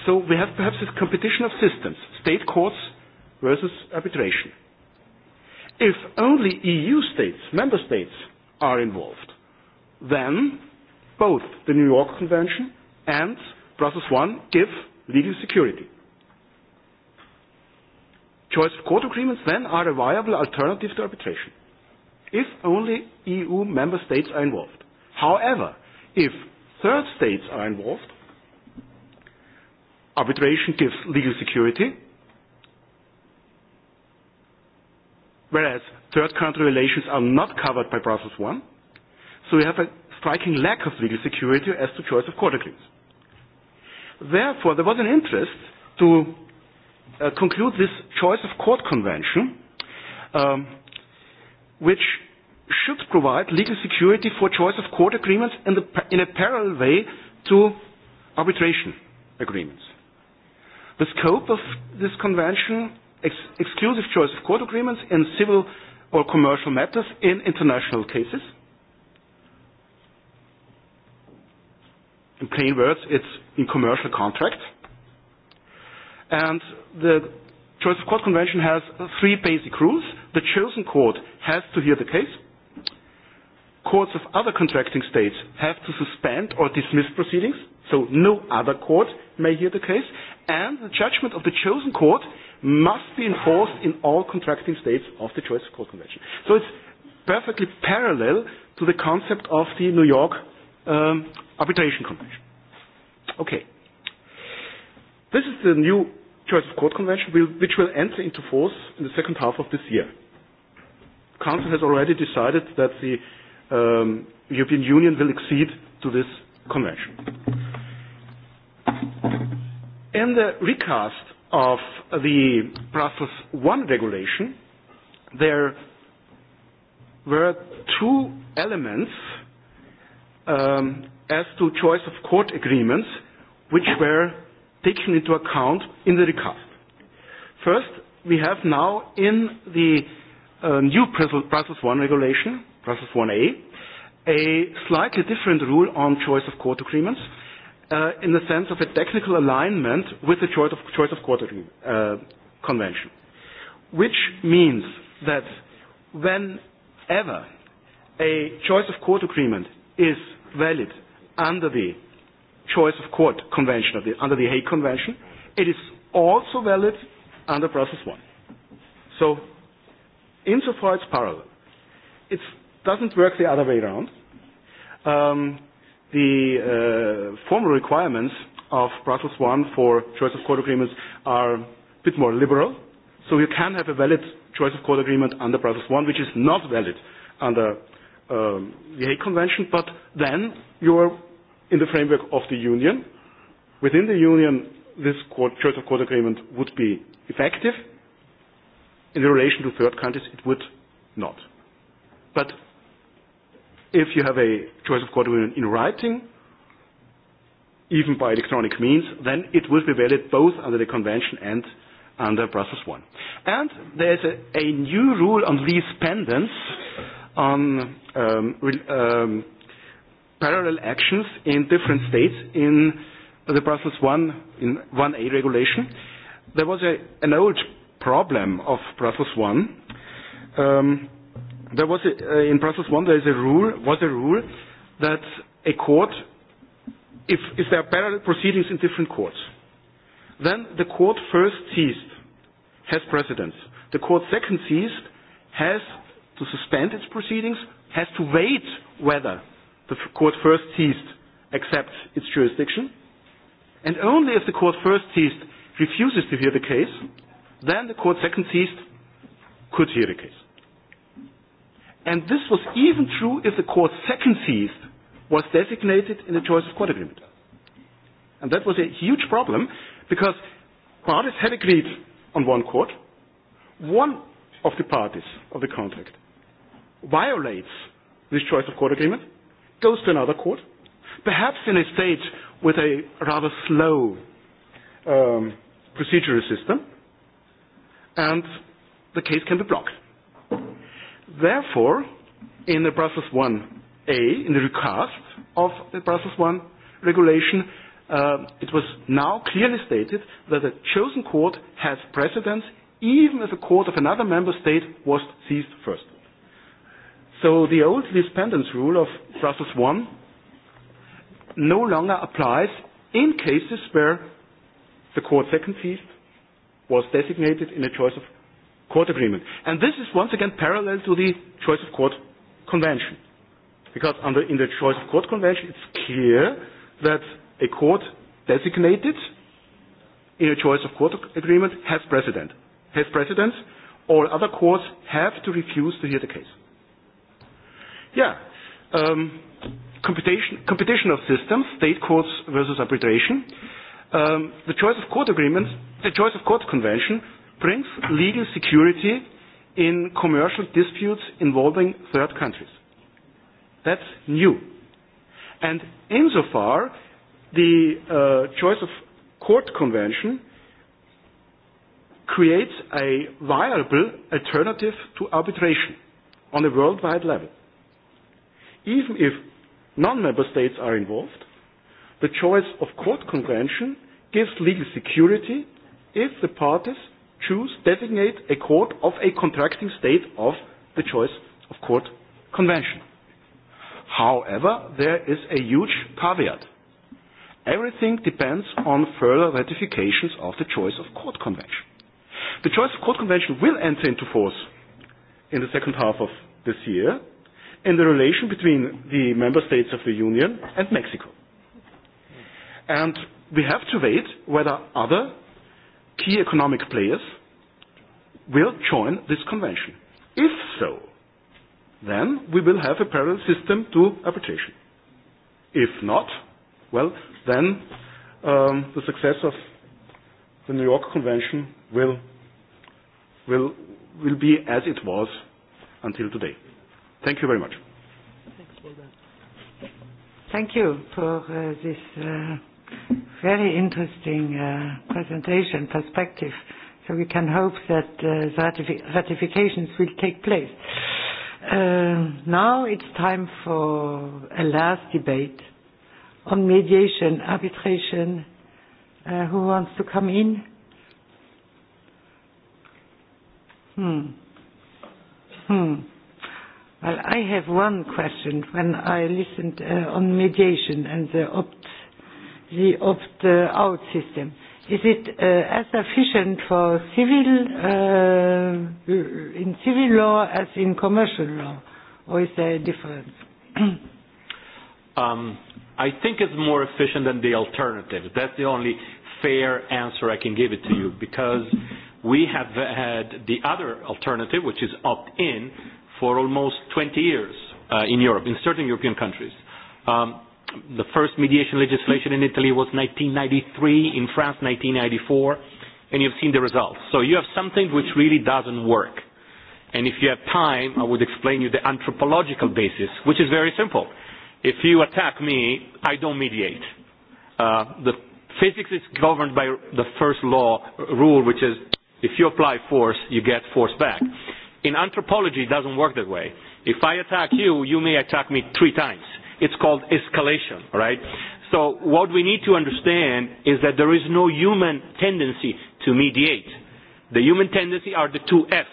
so we have perhaps this competition of systems, state courts versus arbitration. If only EU states, member states, are involved, then both the New York Convention and Brussels I give legal security. Choice of court agreements then are a viable alternative to arbitration, if only EU member states are involved. However, if third states are involved. Arbitration gives legal security, whereas third country relations are not covered by Brussels I. So we have a striking lack of legal security as to choice of court agreements. Therefore, there was an interest to uh, conclude this choice of court convention, um, which should provide legal security for choice of court agreements in, the, in a parallel way to arbitration agreements. The scope of this convention, ex exclusive choice of court agreements in civil or commercial matters in international cases. In plain words, it's in commercial contract. And the Choice of Court Convention has three basic rules. The chosen court has to hear the case courts of other contracting states have to suspend or dismiss proceedings, so no other court may hear the case, and the judgment of the chosen court must be enforced in all contracting states of the Choice of Court Convention. So it's perfectly parallel to the concept of the New York um, Arbitration Convention. Okay. This is the new Choice of Court Convention, which will enter into force in the second half of this year. Council has already decided that the um, European Union will accede to this convention. In the recast of the Brussels I regulation, there were two elements um, as to choice of court agreements which were taken into account in the recast. First, we have now in the uh, new Brussels I regulation Process 1A, a slightly different rule on choice of court agreements uh, in the sense of a technical alignment with the choice of, choice of court agreement, uh, convention, which means that whenever a choice of court agreement is valid under the choice of court convention, of the, under the Hague Convention, it is also valid under Process 1. So, insofar it's parallel, it's doesn't work the other way around. Um, the uh, formal requirements of Brussels I for choice of court agreements are a bit more liberal. So you can have a valid choice of court agreement under Brussels I, which is not valid under um, the Hague Convention, but then you're in the framework of the Union. Within the Union, this court, choice of court agreement would be effective. In relation to third countries, it would not. But if you have a choice of court agreement in writing, even by electronic means, then it will be valid both under the Convention and under Brussels I. And there's a, a new rule on lease pendants on um, um, parallel actions in different states in the Brussels 1, in 1A regulation. There was a, an old problem of Brussels 1 um, there was a, uh, in Brussels one there is a rule was a rule that a court if if there are parallel proceedings in different courts then the court first seized has precedence the court second seized has to suspend its proceedings has to wait whether the court first seized accepts its jurisdiction and only if the court first seized refuses to hear the case then the court second seized could hear the case And this was even true if the court's second seized was designated in the choice of court agreement. And that was a huge problem because parties had agreed on one court. One of the parties of the contract violates this choice of court agreement, goes to another court, perhaps in a state with a rather slow um, procedural system, and the case can be blocked. Therefore, in the Brussels 1A, in the recast of the Brussels 1 regulation, uh, it was now clearly stated that a chosen court has precedence even if a court of another member state was seized first. So the old lease rule of Brussels 1 no longer applies in cases where the court second seized was designated in a choice of court agreement. And this is once again parallel to the choice of court convention. Because under, in the choice of court convention, it's clear that a court designated in a choice of court agreement has precedent. Has precedence. All other courts have to refuse to hear the case. Yeah. Um, competition, competition of systems, state courts versus arbitration. Um, the choice of court agreement, the choice of court convention brings legal security in commercial disputes involving third countries. That's new. And insofar, the uh, choice of court convention creates a viable alternative to arbitration on a worldwide level. Even if non-member states are involved, the choice of court convention gives legal security if the parties choose, designate a court of a contracting state of the choice of court convention. However, there is a huge caveat. Everything depends on further ratifications of the choice of court convention. The choice of court convention will enter into force in the second half of this year in the relation between the member states of the Union and Mexico. And we have to wait whether other key economic players will join this convention. If so, then we will have a parallel system to arbitration. If not, well, then um, the success of the New York Convention will, will, will be as it was until today. Thank you very much. Thank you for uh, this. Uh very interesting uh, presentation perspective. So we can hope that uh, ratifi ratifications will take place. Uh, now it's time for a last debate on mediation, arbitration. Uh, who wants to come in? Hmm. Hmm. Well, I have one question. When I listened uh, on mediation and the opt the opt-out system. Is it uh, as efficient for civil, uh, in civil law as in commercial law, or is there a difference? um, I think it's more efficient than the alternative. That's the only fair answer I can give it to you because we have had the other alternative, which is opt-in, for almost 20 years uh, in Europe, in certain European countries. Um, the first mediation legislation in Italy was 1993, in France 1994, and you've seen the results. So you have something which really doesn't work. And if you have time, I would explain you the anthropological basis, which is very simple. If you attack me, I don't mediate. Uh, the physics is governed by the first law uh, rule, which is if you apply force, you get force back. In anthropology, it doesn't work that way. If I attack you, you may attack me three times It's called escalation, right? So what we need to understand is that there is no human tendency to mediate. The human tendency are the two F,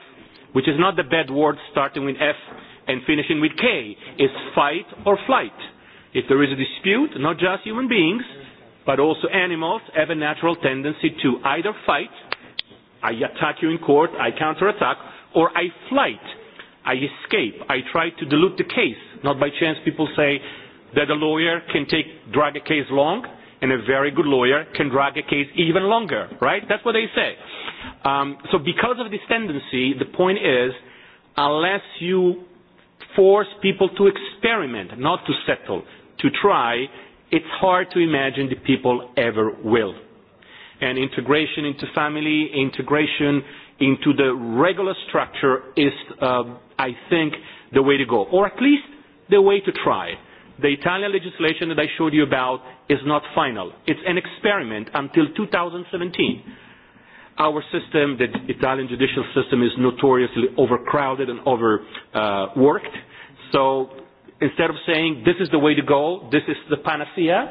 which is not the bad word starting with F and finishing with K. It's fight or flight. If there is a dispute, not just human beings, but also animals have a natural tendency to either fight, I attack you in court, I counterattack, or I flight, I escape, I try to dilute the case. Not by chance people say that a lawyer can take, drag a case long, and a very good lawyer can drag a case even longer, right? That's what they say. Um, so because of this tendency, the point is, unless you force people to experiment, not to settle, to try, it's hard to imagine the people ever will. And integration into family, integration into the regular structure is, uh, I think, the way to go, or at least the way to try the Italian legislation that I showed you about is not final. It's an experiment until 2017. Our system, the Italian judicial system, is notoriously overcrowded and overworked. Uh, so instead of saying this is the way to go, this is the panacea,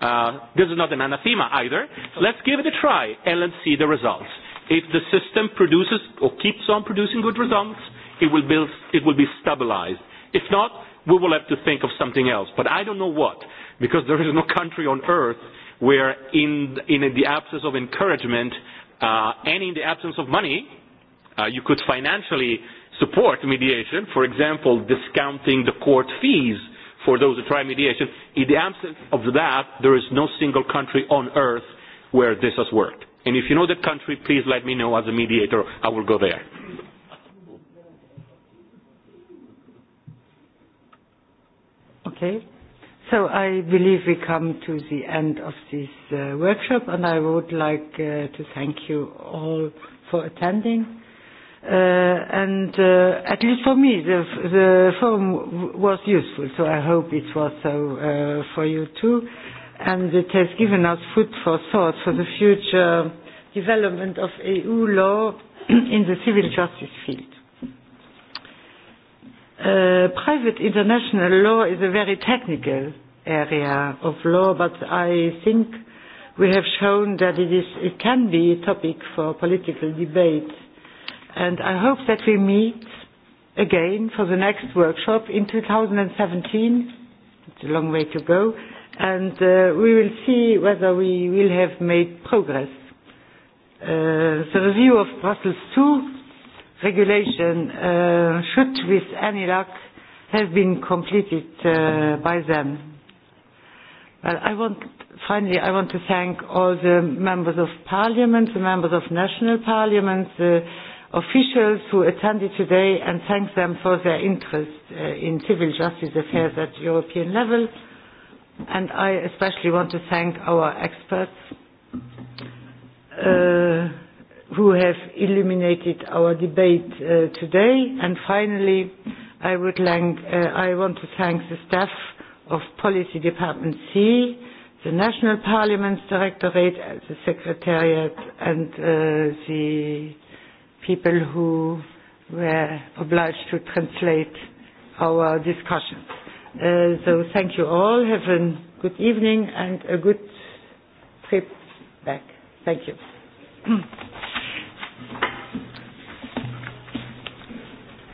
uh, this is not an anathema either, let's give it a try and let's see the results. If the system produces or keeps on producing good results, it will, build, it will be stabilized. If not, we will have to think of something else. But I don't know what, because there is no country on earth where in, in the absence of encouragement uh, and in the absence of money, uh, you could financially support mediation, for example, discounting the court fees for those who try mediation. In the absence of that, there is no single country on earth where this has worked. And if you know that country, please let me know as a mediator. I will go there. Okay. So I believe we come to the end of this uh, workshop and I would like uh, to thank you all for attending. Uh, and uh, at least for me, the, the forum was useful, so I hope it was so uh, for you too. And it has given us food for thought for the future development of EU law in the civil justice field. Uh, private international law is a very technical area of law, but I think we have shown that it, is, it can be a topic for political debate. And I hope that we meet again for the next workshop in 2017. It's a long way to go. And uh, we will see whether we will have made progress. Uh, the review of Brussels II regulation uh, should, with any luck, have been completed uh, by them. Well, I want, finally, I want to thank all the members of parliament, the members of national parliaments, the officials who attended today, and thank them for their interest uh, in civil justice affairs at European level. And I especially want to thank our experts. Uh, who have illuminated our debate uh, today. And finally, I would like, uh, I want to thank the staff of Policy Department C, the National Parliament's Directorate, the Secretariat, and uh, the people who were obliged to translate our discussions. Uh, so thank you all. Have a good evening and a good trip back. Thank you.